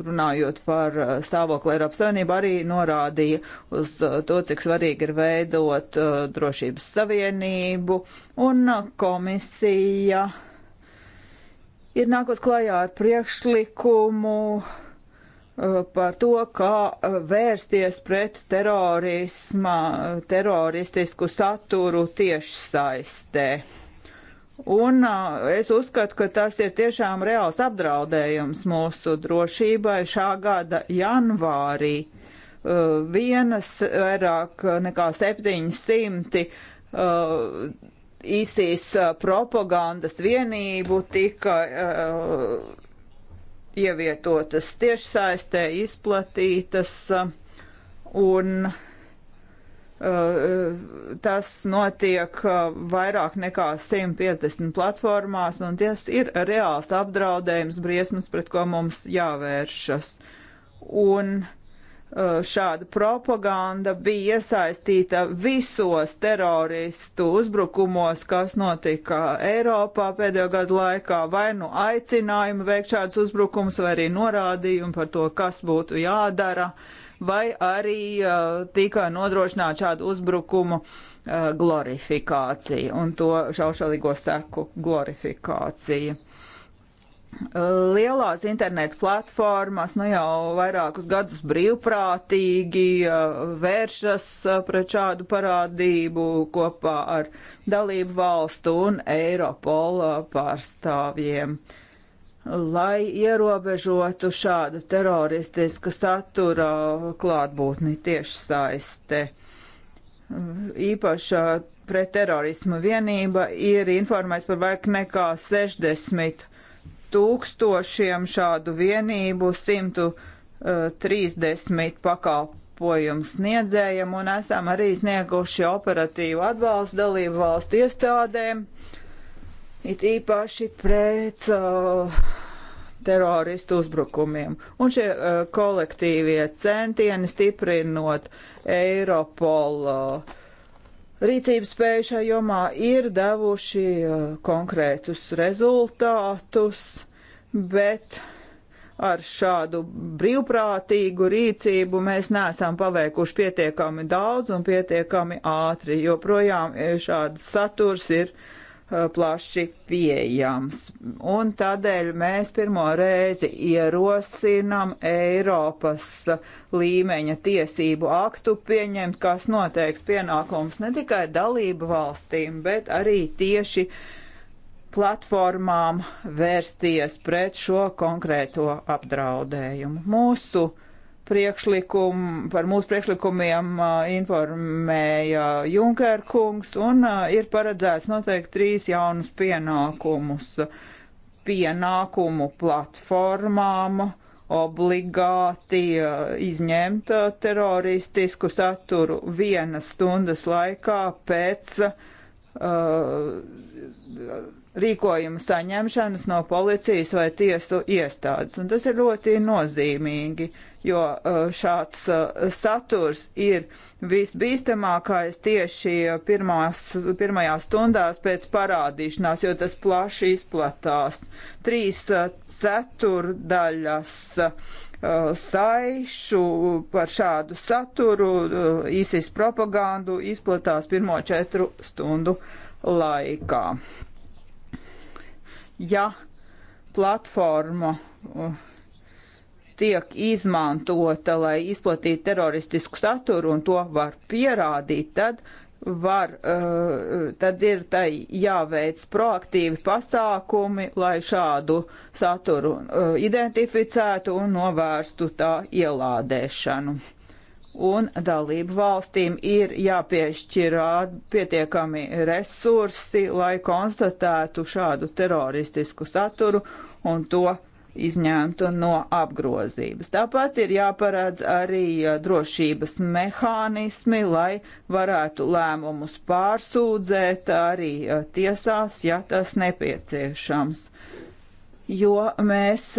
runājot par stāvokli Eiropas Savienību, arī norādīja uz to, cik svarīgi ir veidot drošības savienību un komisija. Ir nākos klajā ar priekšlikumu uh, Eh, par to, kā eh, vērsties pret terorisma, teroristisku saturu tieši saistē. Un eh, es uzskatu, ka tas ir tiešām reāls apdraudējums mūsu drošībai šā gada janvārī. Vienas vairāk nekā 700 īsīs propagandas vienību tika uh, ievietotas tiešsaistē, izplatītas uh, un uh, tas notiek uh, vairāk nekā 150 platformās, un tas ir reāls apdraudējums briesmas, pret ko mums jāvēršas. Un Eh, šāda propaganda bija iesaistīta visos teroristu uzbrukumos, kas notika Eiropā pēdējo gadu laikā, vai nu aicinājumu veikt šādus uzbrukumus, vai arī norādījumu par to, kas būtu jādara, vai arī uh, tika nodrošināta šādu uzbrukumu uh, glorifikācija un to šaušalīgo seku glorifikācija. Lielās internetu platformās nu jau vairākus gadus brīvprātīgi vēršas pret šādu parādību kopā ar dalību valstu un Eiropola pārstāvjiem lai ierobežotu šāda teroristiska satura klātbūtni tieši saiste. Īpašā pretterorisma vienība ir informējusi par vairāk nekā 60 tūkstošiem šādu vienību, 130 eh, pakalpojumu sniedzējiem un esam arī snieguši operatīvu atbalstu dalību valstu iestādēm, it īpaši pret uh, teroristu uzbrukumiem. Un šie uh, kolektīvie centieni stiprinot Eiropola uh, rīcības spēju šajā jomā ir devuši uh, konkrētus rezultātus bet ar šādu brīvprātīgu rīcību mēs neesam paveikuši pietiekami daudz un pietiekami ātri, jo projām e, šāds saturs ir e, plaši pieejams. Un tādēļ mēs pirmo reizi ierosinam Eiropas e, līmeņa tiesību aktu pieņemt, kas noteiks pienākums ne tikai dalību valstīm, bet arī tieši uh, platformām vērsties pret šo konkrēto apdraudējumu. Mūsu priekšlikumu, par mūsu priekšlikumiem uh, informēja Junker kungs un uh, ir paredzēts noteikti trīs jaunus pienākumus. Pienākumu platformām, obligāti uh, izņemt teroristisku saturu vienas stundas laikā pēc uh, rīkojuma saņemšanas no policijas vai tiesu iestādes. Un tas ir ļoti nozīmīgi, jo uh, šāds uh, saturs ir visbīstamākais tieši pirmās, pirmajās stundās pēc parādīšanās, jo tas plaši izplatās. Trīs uh, ceturdaļas saišu par šādu saturu, īsīs propagandu izplatās pirmo četru stundu laikā ja platforma uh, tiek izmantota, lai izplatītu teroristisku saturu un to var pierādīt, tad var, uh, tad ir tai jāveic proaktīvi pasākumi, lai šādu saturu uh, identificētu un novērstu tā ielādēšanu un dalību valstīm ir jāpiešķir pietiekami resursi, lai konstatētu šādu teroristisku saturu un to izņemtu no apgrozības. Tāpat ir jāparādz arī drošības mehānismi, lai varētu lēmumus pārsūdzēt arī tiesās, ja tas nepieciešams. Jo mēs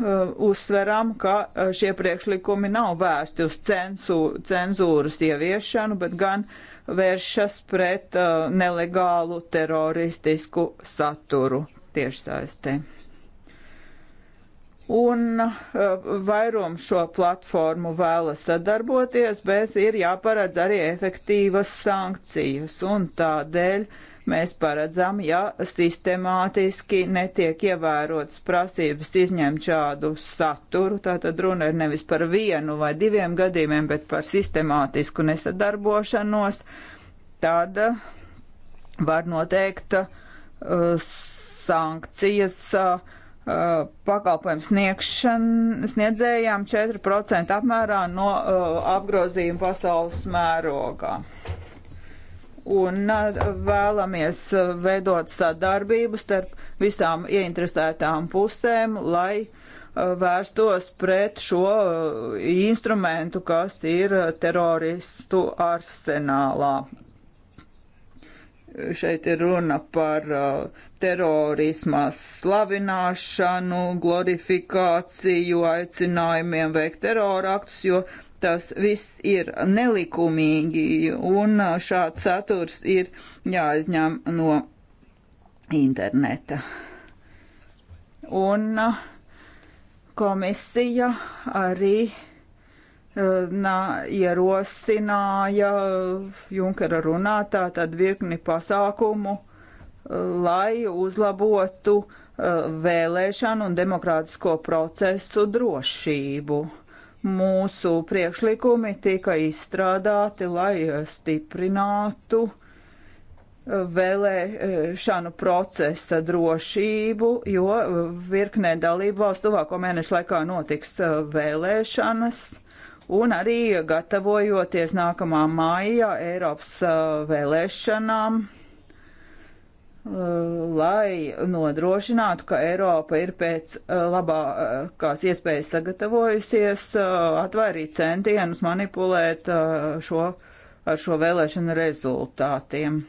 Uh, uzsveram, ka uh, šie priekšlikumi nav vērsti uz censu, cenzūras ieviešanu, bet gan vēršas pret uh, nelegālu teroristisku saturu tiešsaistē. Un uh, vairums šo platformu vēlas sadarboties, bet ir jāparedz arī efektīvas sankcijas, un tādēļ uh, mēs paredzam, ja sistemātiski netiek ievērotas prasības izņemt šādu saturu. Tātad runa ir nevis par vienu vai diviem gadījumiem, bet par sistemātisku nesadarbošanos. Tad uh, var noteikt uh, sankcijas. Uh, Uh, pakalpojumu sniedzējām 4% apmērā no uh, apgrozījuma pasaules mērogā un vēlamies veidot sadarbību starp visām ieinteresētām pusēm, lai vērstos pret šo instrumentu, kas ir teroristu arsenālā. Šeit ir runa par terorisma slavināšanu, glorifikāciju, aicinājumiem veikt terora aktus, jo tas viss ir nelikumīgi un šāds saturs ir jāizņem no interneta. Un komisija arī nā, ierosināja Junkara runā tātad virkni pasākumu, lai uzlabotu vēlēšanu un demokrātisko procesu drošību. Mūsu priekšlikumi tika izstrādāti, lai stiprinātu e, vēlēšanu procesa drošību, jo virknē dalībvalstu tuvāko mēnešu laikā notiks e, vēlēšanas. Un arī gatavojoties nākamā maijā Eiropas e, vēlēšanām, lai nodrošinātu, ka Eiropa ir pēc eh, labākās iespējas sagatavojusies eh, atvairīt centienus manipulēt eh, šo, ar šo vēlēšanu rezultātiem.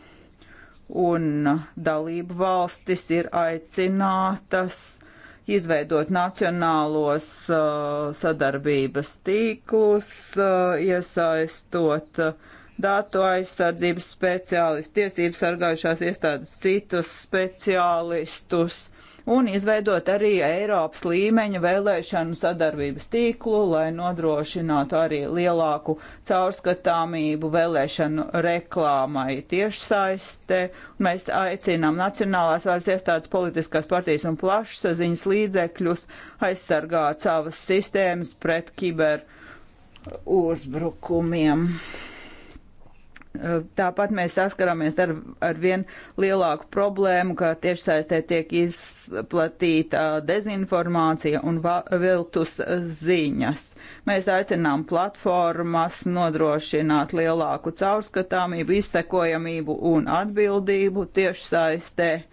Un dalību valstis ir aicinātas izveidot nacionālos sadarbības tīklus, iesaistot uh, datu aizsardzības speciālistus, tiesības sargājušās iestādes, citus speciālistus un izveidot arī Eiropas līmeņa vēlēšanu sadarbības tīklu, lai nodrošinātu arī lielāku caurskatāmību vēlēšanu reklāmai tiešsaistē. Mēs aicinām Nacionālās varas iestādes politiskās partijas un plašsaziņas līdzekļus aizsargāt savas sistēmas pret kiber uzbrukumiem. Eh, tāpat mēs saskaramies ar, ar vien lielāku problēmu, ka tiešsaistē tiek izplatīta dezinformācija un viltus ziņas. Mēs aicinām platformas nodrošināt lielāku caurskatāmību, izsekojamību un atbildību tiešsaistē. Uh,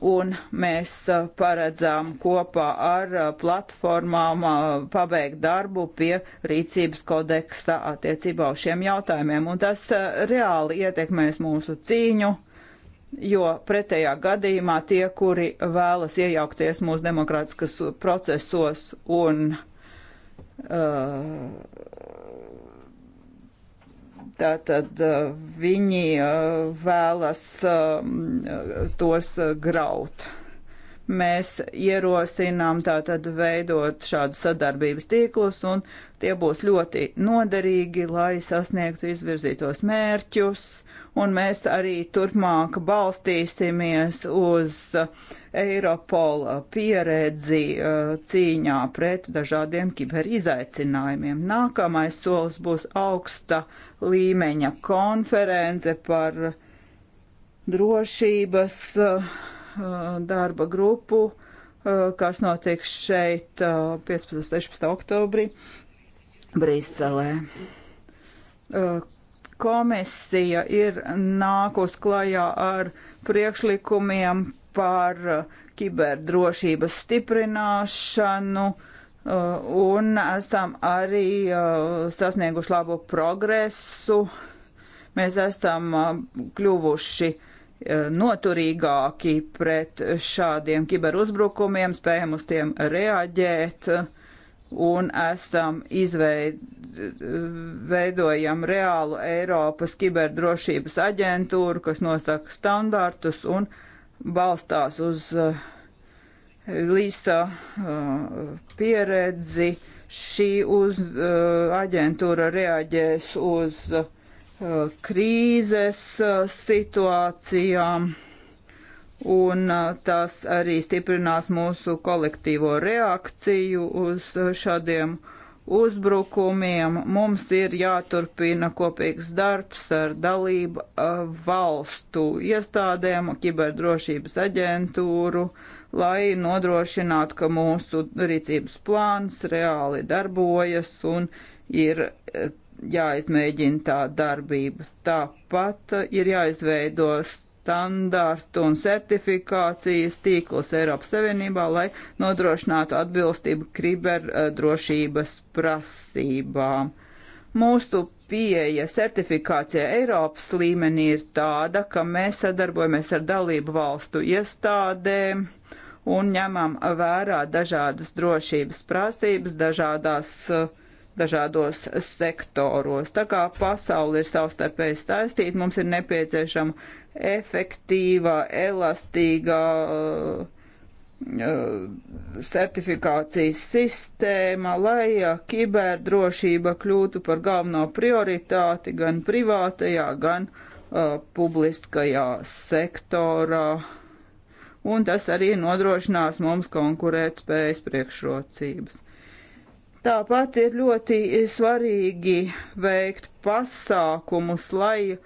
un mēs uh, paredzām kopā ar uh, platformām uh, pabeigt darbu pie rīcības kodeksa attiecībā uz šiem jautājumiem. Un tas reāli ietekmēs mūsu cīņu, jo pretējā gadījumā tie, kuri vēlas iejaukties mūsu demokrātiskas procesos un uh, tātad viņi vēlas tos graut mēs ierosinām tātad veidot šādu sadarbības tīklus, un tie būs ļoti noderīgi, lai sasniegtu izvirzītos mērķus, un mēs arī turpmāk balstīsimies uz Eiropola pieredzi cīņā pret dažādiem kiberizaicinājumiem. Nākamais solis būs augsta līmeņa konference par drošības uh, darba grupu, uh, kas notiek šeit 15. un 16. oktobrī Brīselē. Uh, komisija ir nākos klajā ar priekšlikumiem par kiberdrošības stiprināšanu, uh, Uh, un esam arī uh, sasnieguši labu progresu. Mēs esam uh, kļuvuši noturīgāki pret šādiem kiberuzbrukumiem, spējam uz tiem reaģēt un esam izveidojam reālu Eiropas kiberdrošības aģentūru, kas nosaka standartus un balstās uz uh, Līsa uh, pieredzi šī uz, uh, aģentūra reaģēs uz uh, krīzes situācijām, un tas arī stiprinās mūsu kolektīvo reakciju uz šādiem uzbrukumiem. Mums ir jāturpina kopīgs darbs ar dalību valstu iestādēm, kiberdrošības aģentūru, uh, lai nodrošinātu, ka mūsu rīcības plāns reāli darbojas un ir eh, jāizmēģina tā darbība. Tāpat eh, ir jāizveido standārtu un certifikācijas tīklus Eiropas Savienībā, lai nodrošinātu atbilstību kiberdrošības eh, prasībām. Mūsu pieeja certifikācijai Eiropas līmenī ir tāda, ka mēs sadarbojamies ar dalību valstu iestādēm, uh, un ņemam vērā dažādas drošības prasības dažādās, dažādos sektoros. Tā kā pasauli ir savstarpēji saistīta, mums ir nepieciešama efektīva, elastīga uh, uh, certifikācijas sistēma, lai uh, kiberdrošība kļūtu par galveno prioritāti gan privātajā, gan uh, publiskajā sektorā. Uh, un tas arī nodrošinās mums konkurēt spējas priekšrocības. Tāpat ir ļoti svarīgi veikt pasākumus, lai uh,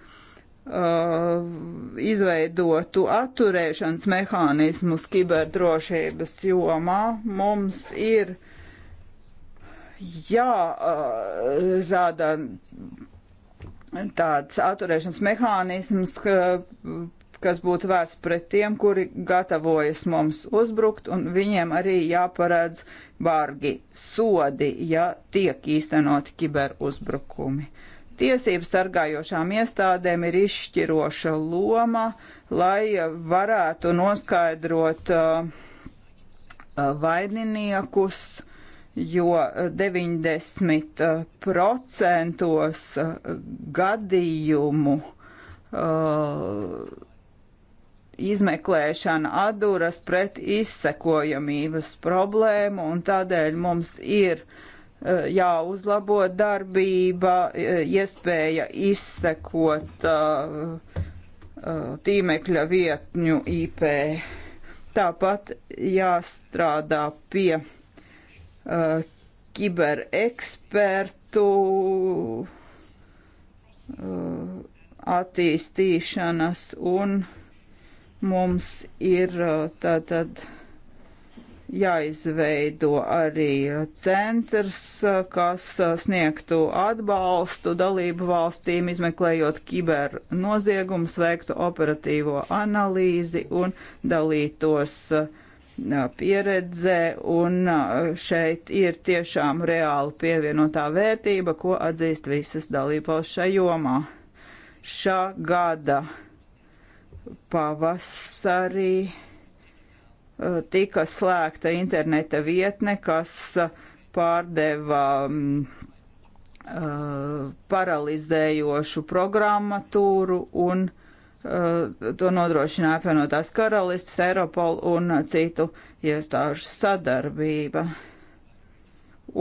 izveidotu atturēšanas mehānismus kiberdrošības jomā. Mums ir jārada uh, tāds atturēšanas mehānisms, ka kas būtu vērsts pret tiem, kuri gatavojas mums uzbrukt, un viņiem arī jāparādz bargi sodi, ja tiek īstenoti kiberuzbrukumi. Tiesības sargājošām iestādēm ir izšķiroša loma, lai varētu noskaidrot uh, uh vaininiekus, jo 90% uh, gadījumu uh, izmeklēšana atduras pret izsekojamības problēmu, un tādēļ mums ir uh, jāuzlabo darbība, e, iespēja izsekot uh, tīmekļa vietņu IP. Tāpat jāstrādā pie uh, kiberekspertu uh, attīstīšanas un uh, Mums ir uh, tātad jāizveido arī uh, centrs, uh, kas sniegtu atbalstu dalību valstīm, izmeklējot kibernoziegumus, veiktu operatīvo analīzi un dalītos uh, pieredze, un šeit ir tiešām reāli pievienotā vērtība, ko atzīst visas dalībvalsts šajā jomā. Šā gada pavasarī eh, tika slēgta interneta vietne, kas eh, pārdeva mm, eh, paralizējošu programmatūru un to nodrošināja apvienotās karalistes, Eiropol un citu iestāžu sadarbība.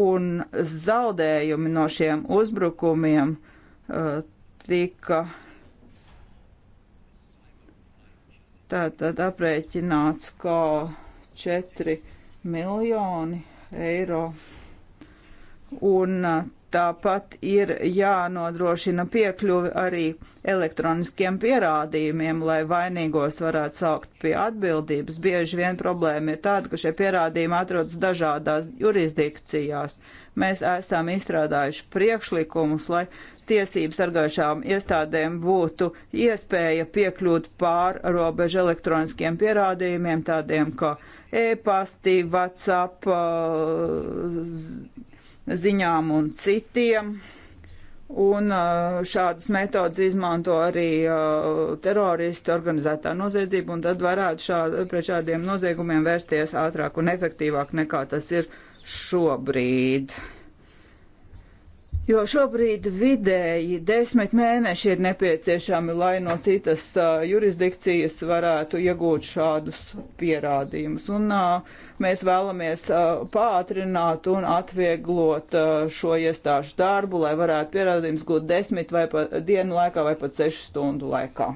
Un zaudējumi no šiem uzbrukumiem tika uh, tātad aprēķināts kā 4 miljoni eiro. Un tāpat ir jānodrošina piekļuvi arī elektroniskiem pierādījumiem, lai vainīgos varētu saukt pie atbildības. Bieži vien problēma ir tāda, ka šie pierādījumi atrodas dažādās jurisdikcijās. Mēs esam izstrādājuši priekšlikumus, lai tiesības sargājušām iestādēm būtu iespēja piekļūt pārrobežu elektroniskiem pierādījumiem, tādiem kā e-pasti, WhatsApp uh, ziņām un citiem. Un uh, šādas metodas izmanto arī uh, teroristi, organizētā noziedzība, un tad varētu šād, pret šādiem noziegumiem vērsties ātrāk un efektīvāk nekā tas ir šobrīd. Jo šobrīd vidēji desmit mēneši ir nepieciešami, lai no citas uh, jurisdikcijas varētu iegūt šādus pierādījumus. Un uh, mēs vēlamies uh, pātrināt un atvieglot uh, šo iestāžu darbu, lai varētu pierādījumus gūt desmit vai pat dienu laikā vai pat sešu stundu laikā.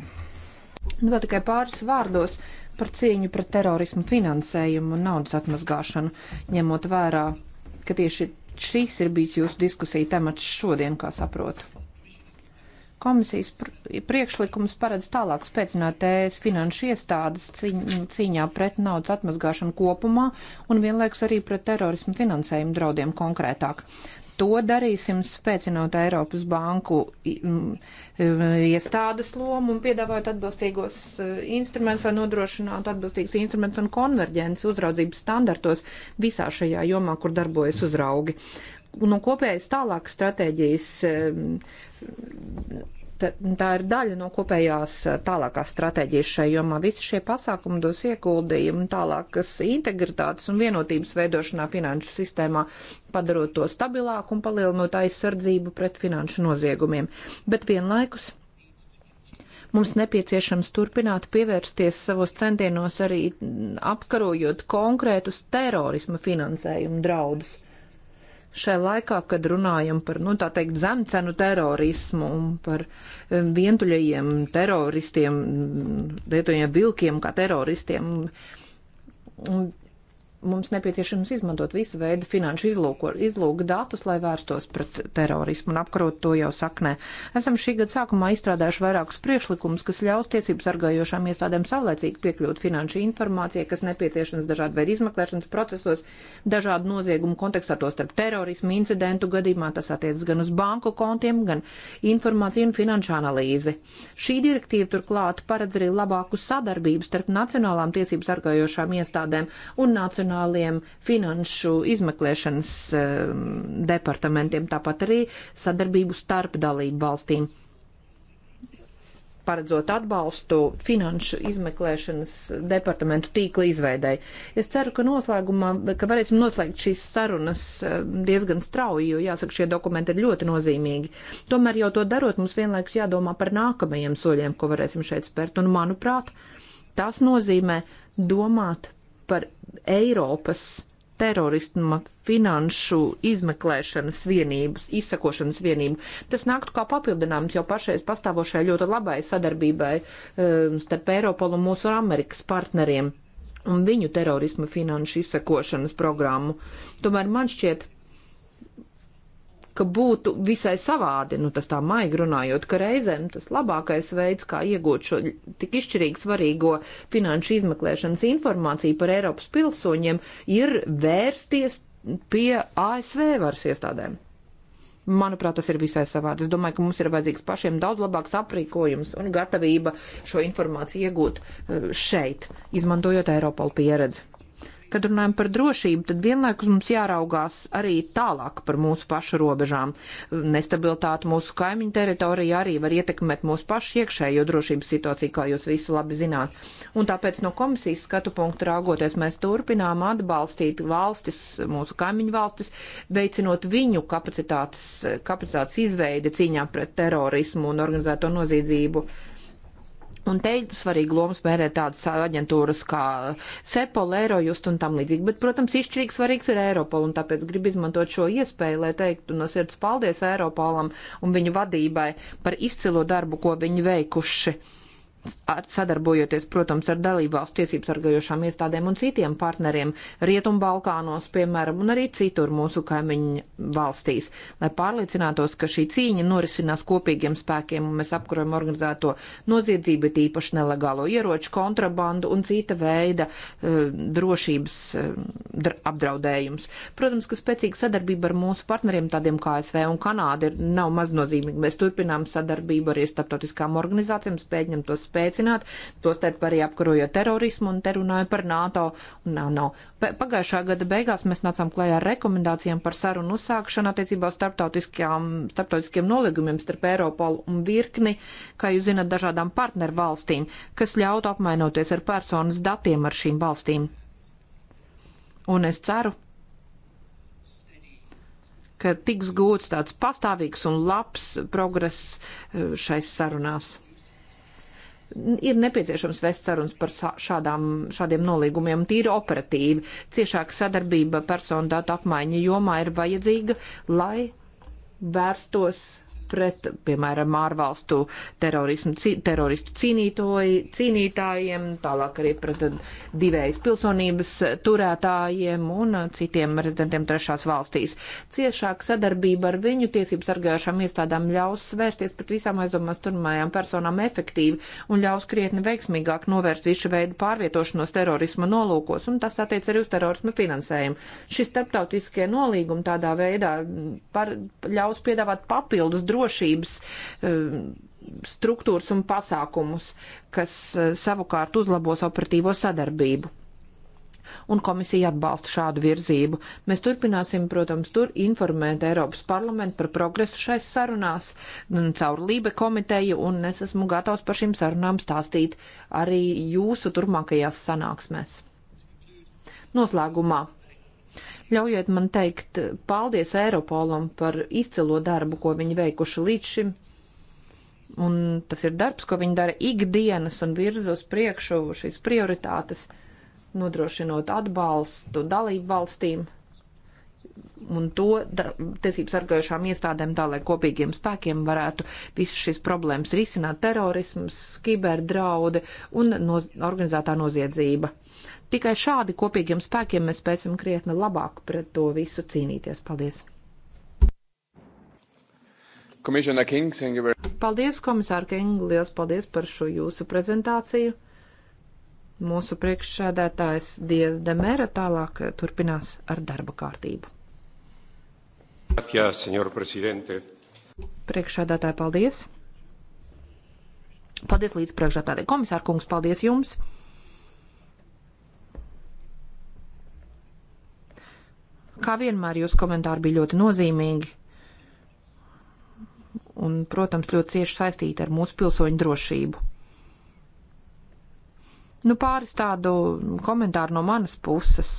Nu, vēl tikai pāris vārdos par cīņu pret terorismu finansējumu un naudas atmazgāšanu, ņemot vērā, ka tieši Šīs ir bijis jūsu diskusija temats šodien, kā saprotu. Komisijas priekšlikums paredz tālāk spēcināt ES finanšu iestādes cīņā pret naudas atmazgāšanu kopumā un vienlaikus arī pret terorismu finansējumu draudiem konkrētāk. To darīsim spēcinot Eiropas banku Um, iestādes lomu un piedāvājot atbilstīgos uh, instrumentus, lai nodrošinātu atbilstīgus instrumentus un konverģences uzraudzības standartos visā šajā jomā, kur darbojas uzraugi. Un no kopējas tālākas stratēģijas um, tā ir daļa no kopējās eh, tālākās stratēģijas šai jomā. Visi šie pasākumi dos ieguldījumu tālākas integritātes un vienotības veidošanā finanšu sistēmā, padarot to stabilāku un palielinot aizsardzību pret finanšu noziegumiem. Bet vienlaikus mums nepieciešams turpināt pievērsties savos centienos arī apkarojot konkrētus terorisma finansējumu draudus šai laikā, kad runājam par, nu, tā teikt, zemcenu terorismu un par eh, vientuļajiem teroristiem, lietojiem mm, vilkiem kā teroristiem. Un mums nepieciešams izmantot visu veidu finanšu izlūku, izlūku datus, lai vērstos pret terorismu un apkarot to jau saknē. Esam šī gada sākumā izstrādājuši vairākus priekšlikumus, kas ļaus tiesību sargājošām iestādēm saulēcīgi piekļūt finanšu informācijai, kas nepieciešams dažādu veidu izmeklēšanas procesos, dažādu noziegumu kontekstā, to starp terorismu incidentu gadījumā, tas attiecas gan uz banku kontiem, gan informāciju un finanšu analīzi. Šī direktīva turklāt paredz arī labāku sadarbību starp nacionālām tiesību sargājošām iestādēm un nacionālām nacionāliem finanšu izmeklēšanas um, departamentiem, tāpat arī sadarbību starp dalību valstīm, paredzot atbalstu finanšu izmeklēšanas departamentu tīkla izveidai. Es ceru, ka noslēgumā, ka varēsim noslēgt šīs sarunas ehm, diezgan strauji, jo jāsaka, šie dokumenti ir ļoti nozīmīgi. Tomēr jau to darot, mums vienlaikus jādomā par nākamajiem soļiem, ko varēsim šeit spērt, un manuprāt, tas nozīmē domāt par Eiropas terorisma finanšu izmeklēšanas vienības, izsakošanas vienību. Tas nāktu kā papildinājums jau pašreiz pastāvošai ļoti labai sadarbībai um, starp Eiropolu un mūsu Amerikas partneriem un viņu terorisma finanšu izsakošanas programmu. Tomēr man šķiet ka būtu visai savādi, nu tas tā maigi runājot, ka reizēm tas labākais veids, kā iegūt šo tik izšķirīgi svarīgo finanšu izmeklēšanas informāciju par Eiropas pilsoņiem, ir vērsties pie ASV varas iestādēm. Manuprāt, tas ir visai savādi. Es domāju, ka mums ir vajadzīgs pašiem daudz labāks aprīkojums un gatavība šo informāciju iegūt eh, šeit, izmantojot Eiropalu pieredzi. Kad runājam par drošību, tad vienlaikus mums jāraugās arī tālāk par mūsu pašu robežām. Nestabilitāte mūsu kaimiņu teritorijā arī var ietekmēt mūsu pašu iekšējo drošības situāciju, kā jūs visi labi zināt. Un tāpēc no komisijas skatu punktu raugoties mēs turpinām atbalstīt valstis, mūsu kaimiņu valstis, veicinot viņu kapacitātes, kapacitātes izveidi cīņā pret terorismu un organizēto noziedzību. Uh, Un te svarīgi lomu spēlē tādas aģentūras kā Sepol, Eurojust un tam līdzīgi. Bet, protams, izšķirīgi svarīgs ir Eiropola, un tāpēc gribu izmantot šo iespēju, lai teiktu no sirds paldies Eiropolam un viņu vadībai par izcilo darbu, ko viņi veikuši ar sadarbojoties, protams, ar dalībvalstu tiesību sargājošām iestādēm un citiem partneriem Rietumbalkānos, piemēram, un arī citur mūsu kaimiņu valstīs, lai pārliecinātos, ka šī cīņa norisinās kopīgiem spēkiem un mēs apkurojam organizēto noziedzību, tīpaši nelegālo ieroču kontrabandu un cita veida uh, drošības uh, apdraudējums. Protams, ka spēcīga sadarbība ar mūsu partneriem, tādiem kā ASV un Kanāda, ir, nav maznozīmīga. Mēs turpinām sadarbību arī ar starptautiskām organizācijām, spēļņam tos spēcināt, tostarp arī apkarojot terorismu un te runāju par NATO un ANO. Pagājušā gada beigās mēs nācām klajā ar rekomendācijām par sarunu uzsākšanu attiecībā uz starptautiskiem nolīgumiem starp Eiropolu un virkni, kā jūs zinat, dažādām partneru valstīm, kas ļautu apmainoties ar personas datiem ar šīm valstīm. Un es ceru, ka tiks gūts tāds pastāvīgs un labs progress eh, šais sarunās ir nepieciešams vest sarunas par šādām, šādiem nolīgumiem tīri operatīvi. Ciešāka sadarbība personu datu apmaiņa jomā ir vajadzīga, lai vērstos pret, piemēram, ārvalstu teroristu cīnītoji, cīnītājiem, tālāk arī pret divējas pilsonības turētājiem un citiem rezidentiem trešās valstīs. Ciešāk sadarbība ar viņu tiesību sargājušām iestādām ļaus svērsties pret visām aizdomās turmājām personām efektīvi un ļaus krietni veiksmīgāk novērst visu veidu pārvietošanos terorisma nolūkos, un tas attiec arī uz terorisma finansējumu. Šis starptautiskie nolīgumi tādā veidā par, ļaus piedāvāt papildus drošību drošības eh, struktūras un pasākumus, kas eh, savukārt uzlabos operatīvo sadarbību un komisija atbalsta šādu virzību. Mēs turpināsim, protams, tur informēt Eiropas parlamentu par progresu šais sarunās mm, caur Lībe komiteju, un es esmu gatavs par šīm sarunām stāstīt arī jūsu turmākajās sanāksmēs. Noslēgumā Ļaujiet man teikt paldies Eiropolam par izcilo darbu, ko viņi veikuši līdz šim. Un tas ir darbs, ko viņi dara ikdienas un virza uz priekšu šīs prioritātes, nodrošinot atbalstu dalību valstīm un to tiesību sargājušām iestādēm tā, lai kopīgiem spēkiem varētu visas šīs problēmas risināt - terorisms, kiberdraudi un noz organizētā noziedzība. Tikai šādi kopīgiem spēkiem mēs spēsim krietni labāk pret to visu cīnīties. Paldies! Paldies, komisāra King, liels paldies par šo jūsu prezentāciju. Mūsu priekšsēdētājs Dievs Demēra tālāk turpinās ar darba kārtību. Gracias, senor presidente. Priekšsēdētāji, paldies! Paldies līdz priekšsēdētājai. Komisāra kungs, paldies jums! kā vienmēr, jūsu komentāri bija ļoti nozīmīgi un, protams, ļoti cieši saistīti ar mūsu pilsoņu drošību. Nu, pāris tādu komentāru no manas puses.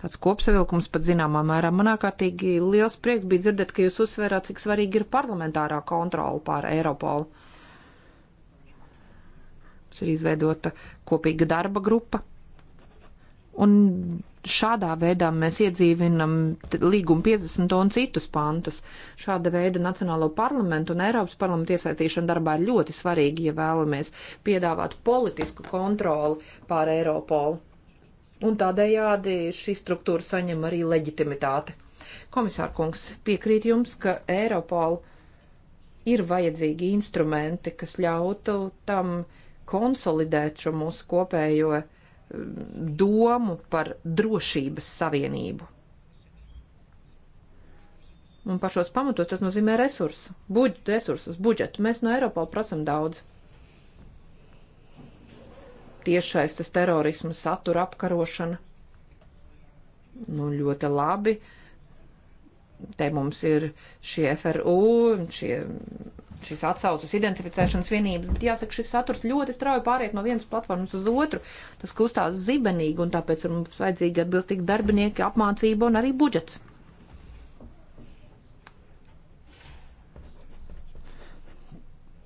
Tāds kopsavilkums pat zināmā mērā man ārkārtīgi liels prieks bija dzirdēt, ka jūs uzsvērāt, cik svarīgi ir parlamentārā kontrola pār Eiropolu. Mums ir izveidota kopīga darba grupa, Un šādā veidā mēs iedzīvinam līguma 50 un citus pantus. Šāda veida Nacionālo parlamentu un Eiropas parlamentu iesaistīšana darbā ir ļoti svarīga, ja vēlamies piedāvāt politisku kontroli pār Eiropolu. Un tādējādi šī struktūra saņem arī leģitimitāti. Komisārkungs, piekrīt jums, ka Eiropola ir vajadzīgi instrumenti, kas ļautu tam konsolidēt šo mūsu kopējo uh, domu par drošības savienību. Un par šos pamatos tas nozīmē resursu, buģ, resursus, budžetu. Mēs no Eiropā prasam daudz. Tiešais tas terorismu satura apkarošana. Nu, ļoti labi. Te mums ir šie FRU, šie šīs atsaucas identificēšanas vienības, bet jāsaka, šis saturs ļoti strauji pāriet no vienas platformas uz otru. Tas kustās zibenīgi, un tāpēc ir mums vajadzīgi atbilstīgi darbinieki, apmācība un arī budžets.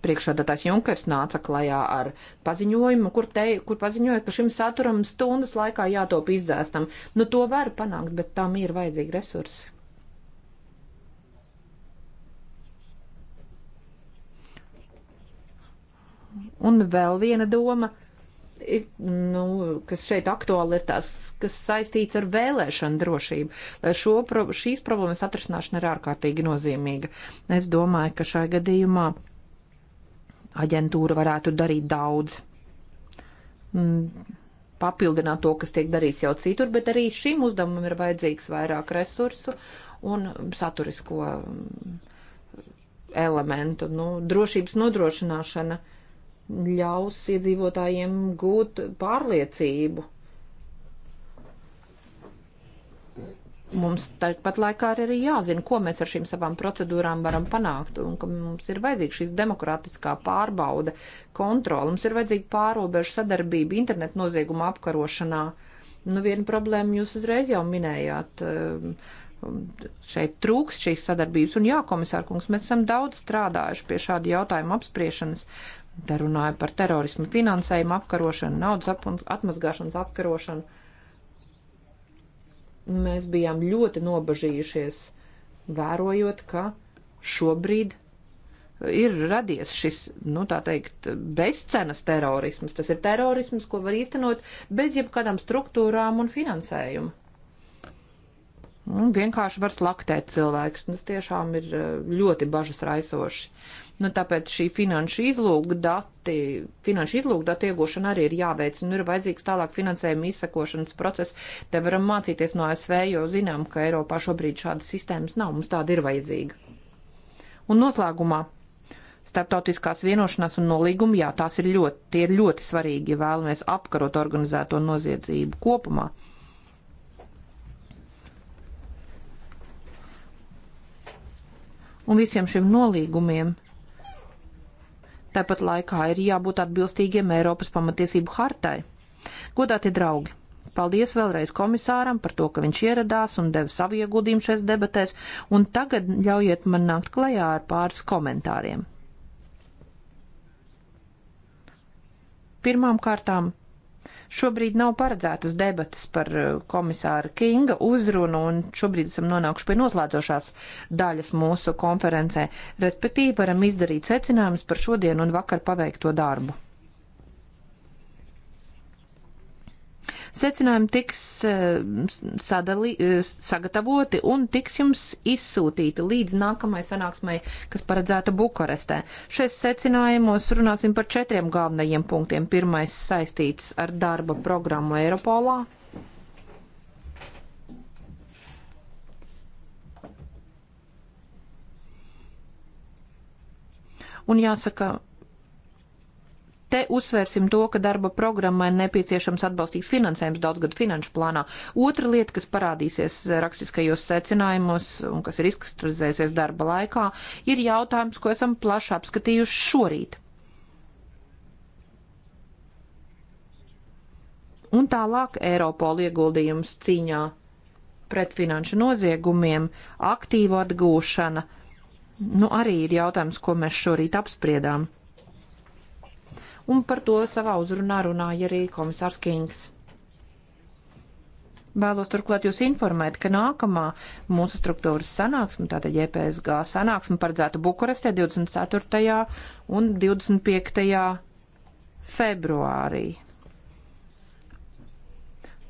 Priekšādātājs Junkers nāca klajā ar paziņojumu, kur, te, kur paziņoja, ka šim saturam stundas laikā jātop izdzēstam. Nu, to var panākt, bet tam ir vajadzīgi resursi. Un vēl viena doma, nu, kas šeit aktuāli ir tas, kas saistīts ar vēlēšanu drošību, lai šo, šīs problēmas atrisināšana ir ārkārtīgi nozīmīga. Es domāju, ka šajā gadījumā aģentūra varētu darīt daudz. Mm papildināt to, kas tiek darīts jau citur, bet arī šim uzdevumam ir vajadzīgs vairāk resursu un saturisko mm, elementu. Nu, drošības nodrošināšana uh, ļaus iedzīvotājiem gūt pārliecību. Mums tāpat laikā ir arī jāzina, ko mēs ar šīm savām procedūrām varam panākt, un ka mums ir vajadzīga šīs demokrātiskā pārbauda, kontrola, mums ir vajadzīga pārobežu sadarbība internetu nozieguma apkarošanā. Nu, vienu problēmu jūs uzreiz jau minējāt. Uh, šeit trūks šīs sadarbības. Un jā, komisārkungs, mēs esam daudz strādājuši pie šāda jautājuma apspriešanas. Te runāja par terorismu finansējumu apkarošanu, naudas atmazgāšanas apkarošanu. Mēs bijām ļoti nobažījušies, vērojot, ka šobrīd e, ir radies šis, nu tā teikt, bezcenas terorisms. Tas ir terorisms, ko var īstenot bez jebkādām struktūrām un finansējumu. Un vienkārši var slaktēt cilvēkus, un tas tiešām ir e, ļoti bažas raisoši. Nu, tāpēc šī finanšu izlūka dati, finanšu izlūka datu iegūšana arī ir jāveic, un ir vajadzīgs tālāk finansējuma izsakošanas process. Te varam mācīties no ASV, jo zinām, ka Eiropā šobrīd šādas sistēmas nav, mums tāda ir vajadzīga. Un noslēgumā Startautiskās vienošanās un nolīgumi, jā, tās ir ļoti, tie ir ļoti svarīgi, ja vēlamies apkarot organizēto noziedzību kopumā. Un visiem šiem nolīgumiem Tāpat laikā ir jābūt atbilstīgiem Eiropas pamatiesību hartai. Godātie draugi! Paldies vēlreiz komisāram par to, ka viņš ieradās un deva savu ieguldījumu šajās debatēs, un tagad ļaujiet man nākt klajā ar pāris komentāriem. Pirmām kārtām Šobrīd nav paredzētas debatas par eh, komisāra Kinga uzrunu, un šobrīd esam nonākuši pie noslēdzošās daļas mūsu konferencē, respektīvi varam izdarīt secinājumus par šodien un vakar paveikto darbu. Secinājumi tiks eh, sadali, eh, sagatavoti un tiks jums izsūtīti līdz nākamai sanāksmai, kas paredzēta Bukarestē. Šais secinājumos runāsim par četriem galvenajiem punktiem. Pirmais saistīts ar darba programmu Eiropolā. un jāsaka, Te uzsvērsim to, ka darba programmai nepieciešams atbalstīgs finansējums daudzgadu finanšu plānā. Otra lieta, kas parādīsies rakstiskajos secinājumos un kas ir izkristalizējusies darba laikā, ir jautājums, ko esam plaši apskatījuši šorīt. Un tālāk Eiropola ieguldījums cīņā pret finanšu noziegumiem, aktīvu atgūšana. Nu, arī ir jautājums, ko mēs šorīt apspriedām un par to savā uzrunā runāja arī komisārs Kings. Vēlos turklāt jūs informēt, ka nākamā mūsu struktūras sanāksme, tātad JPSG sanāksme, paredzēta Bukarestē 24. un 25. februārī.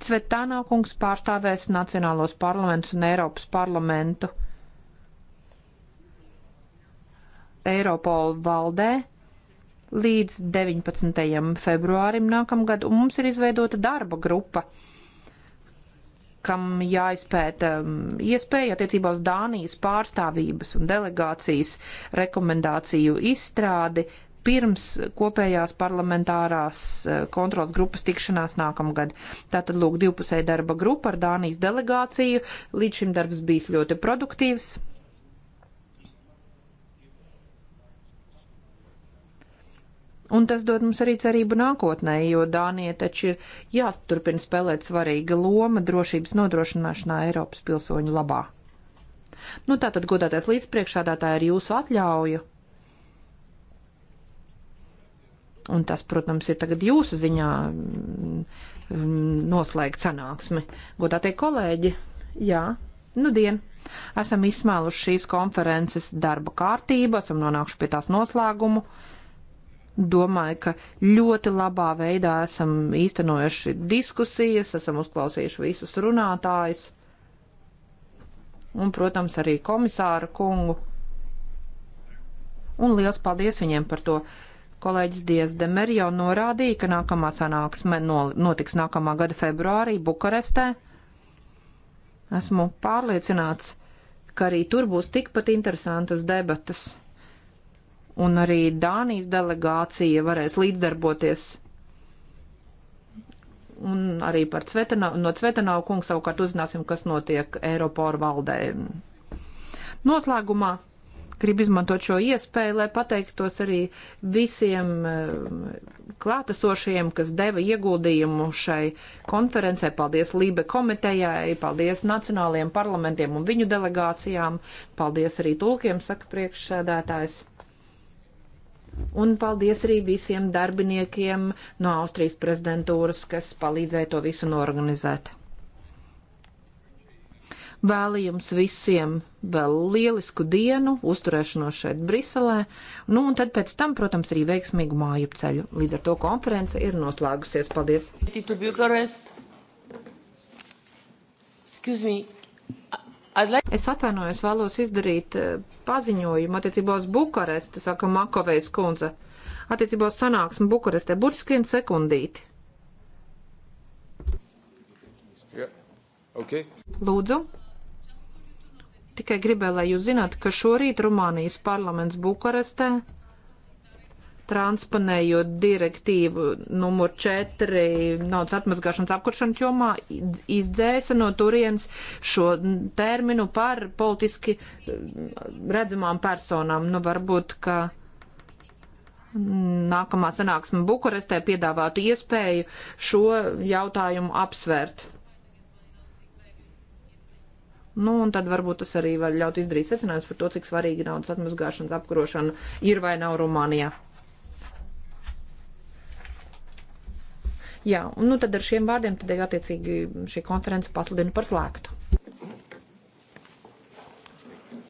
Cvetānā kungs pārstāvēs Nacionālos parlamentus un Eiropas parlamentu Eiropola valdē līdz 19. februārim nākamgad, un mums ir izveidota darba grupa, kam jāizpēta um, iespēja attiecībā uz Dānijas pārstāvības un delegācijas rekomendāciju izstrādi pirms kopējās parlamentārās uh, kontrols grupas tikšanās nākamgad. Tātad, lūk, divpusēja darba grupa ar Dānijas delegāciju. Līdz šim darbs bijis ļoti produktīvs. Un tas dod mums arī cerību nākotnē, jo Dānija taču ir jāsturpina spēlēt svarīga loma drošības nodrošināšanā Eiropas pilsoņu labā. Nu, tātad, godātais līdzpriekšādātāji, ar jūsu atļauju. Un tas, protams, ir tagad jūsu ziņā mm, mm, noslēgt sanāksmi. Godātie kolēģi, jā, nu dien! Esam izsmēluši šīs konferences darba kārtību, esam nonākuši pie tās noslēgumu. Domāju, ka ļoti labā veidā esam īstenojuši diskusijas, esam uzklausījuši visus runātājus un, protams, arī komisāra kungu. Un liels paldies viņiem par to. Kolēģis Dies Demer jau norādīja, ka nākamā sanāksme notiks nākamā gada februārī Bukarestē. Esmu pārliecināts, ka arī tur būs tikpat interesantas debatas un arī Dānijas delegācija varēs līdzdarboties. Un arī par Cvetanau, no Cvetanau kungu savukārt uzzināsim, kas notiek Eiroporu valdē. Noslēgumā gribu izmantot šo iespēju, lai pateiktos arī visiem eh, klātesošajiem, kas deva ieguldījumu šai konferencē. Paldies Lībe komitejai, paldies nacionālajiem parlamentiem un viņu delegācijām, paldies arī tulkiem, saka priekšsēdētājs. Un paldies arī visiem darbiniekiem no Austrijas prezidentūras, kas palīdzēja to visu norganizēt. Vēlu jums visiem vēl lielisku dienu, uzturēšanos šeit Briselē, nu un tad pēc tam, protams, arī veiksmīgu māju ceļu. Līdz ar to konference ir noslēgusies. Paldies! Excuse me. Es atvainojos, vēlos izdarīt eh, paziņojumu attiecībā uz Bukaresti, saka Makovejs kundze. Attiecībā uz sanāksmu Bukarestē burtiski vien sekundīti. Yeah. Okay. Lūdzu. Tikai gribēju, lai jūs zināt, ka šorīt Rumānijas parlaments Bukarestē transponējot direktīvu numur 4 naudas atmazgāšanas apkuršanas jomā, izdzēsa no turienes šo terminu par politiski eh, redzamām personām. Nu, varbūt, ka nākamā sanāksme Bukurestē piedāvātu iespēju šo jautājumu apsvērt. Nu, un tad varbūt tas arī var ļaut izdarīt secinājumus par to, cik svarīgi naudas atmazgāšanas apkarošana ir vai nav Rumānijā. Jā, un nu, tad ar šiem vārdiem tad jau attiecīgi šī konference pasludina par slēgtu.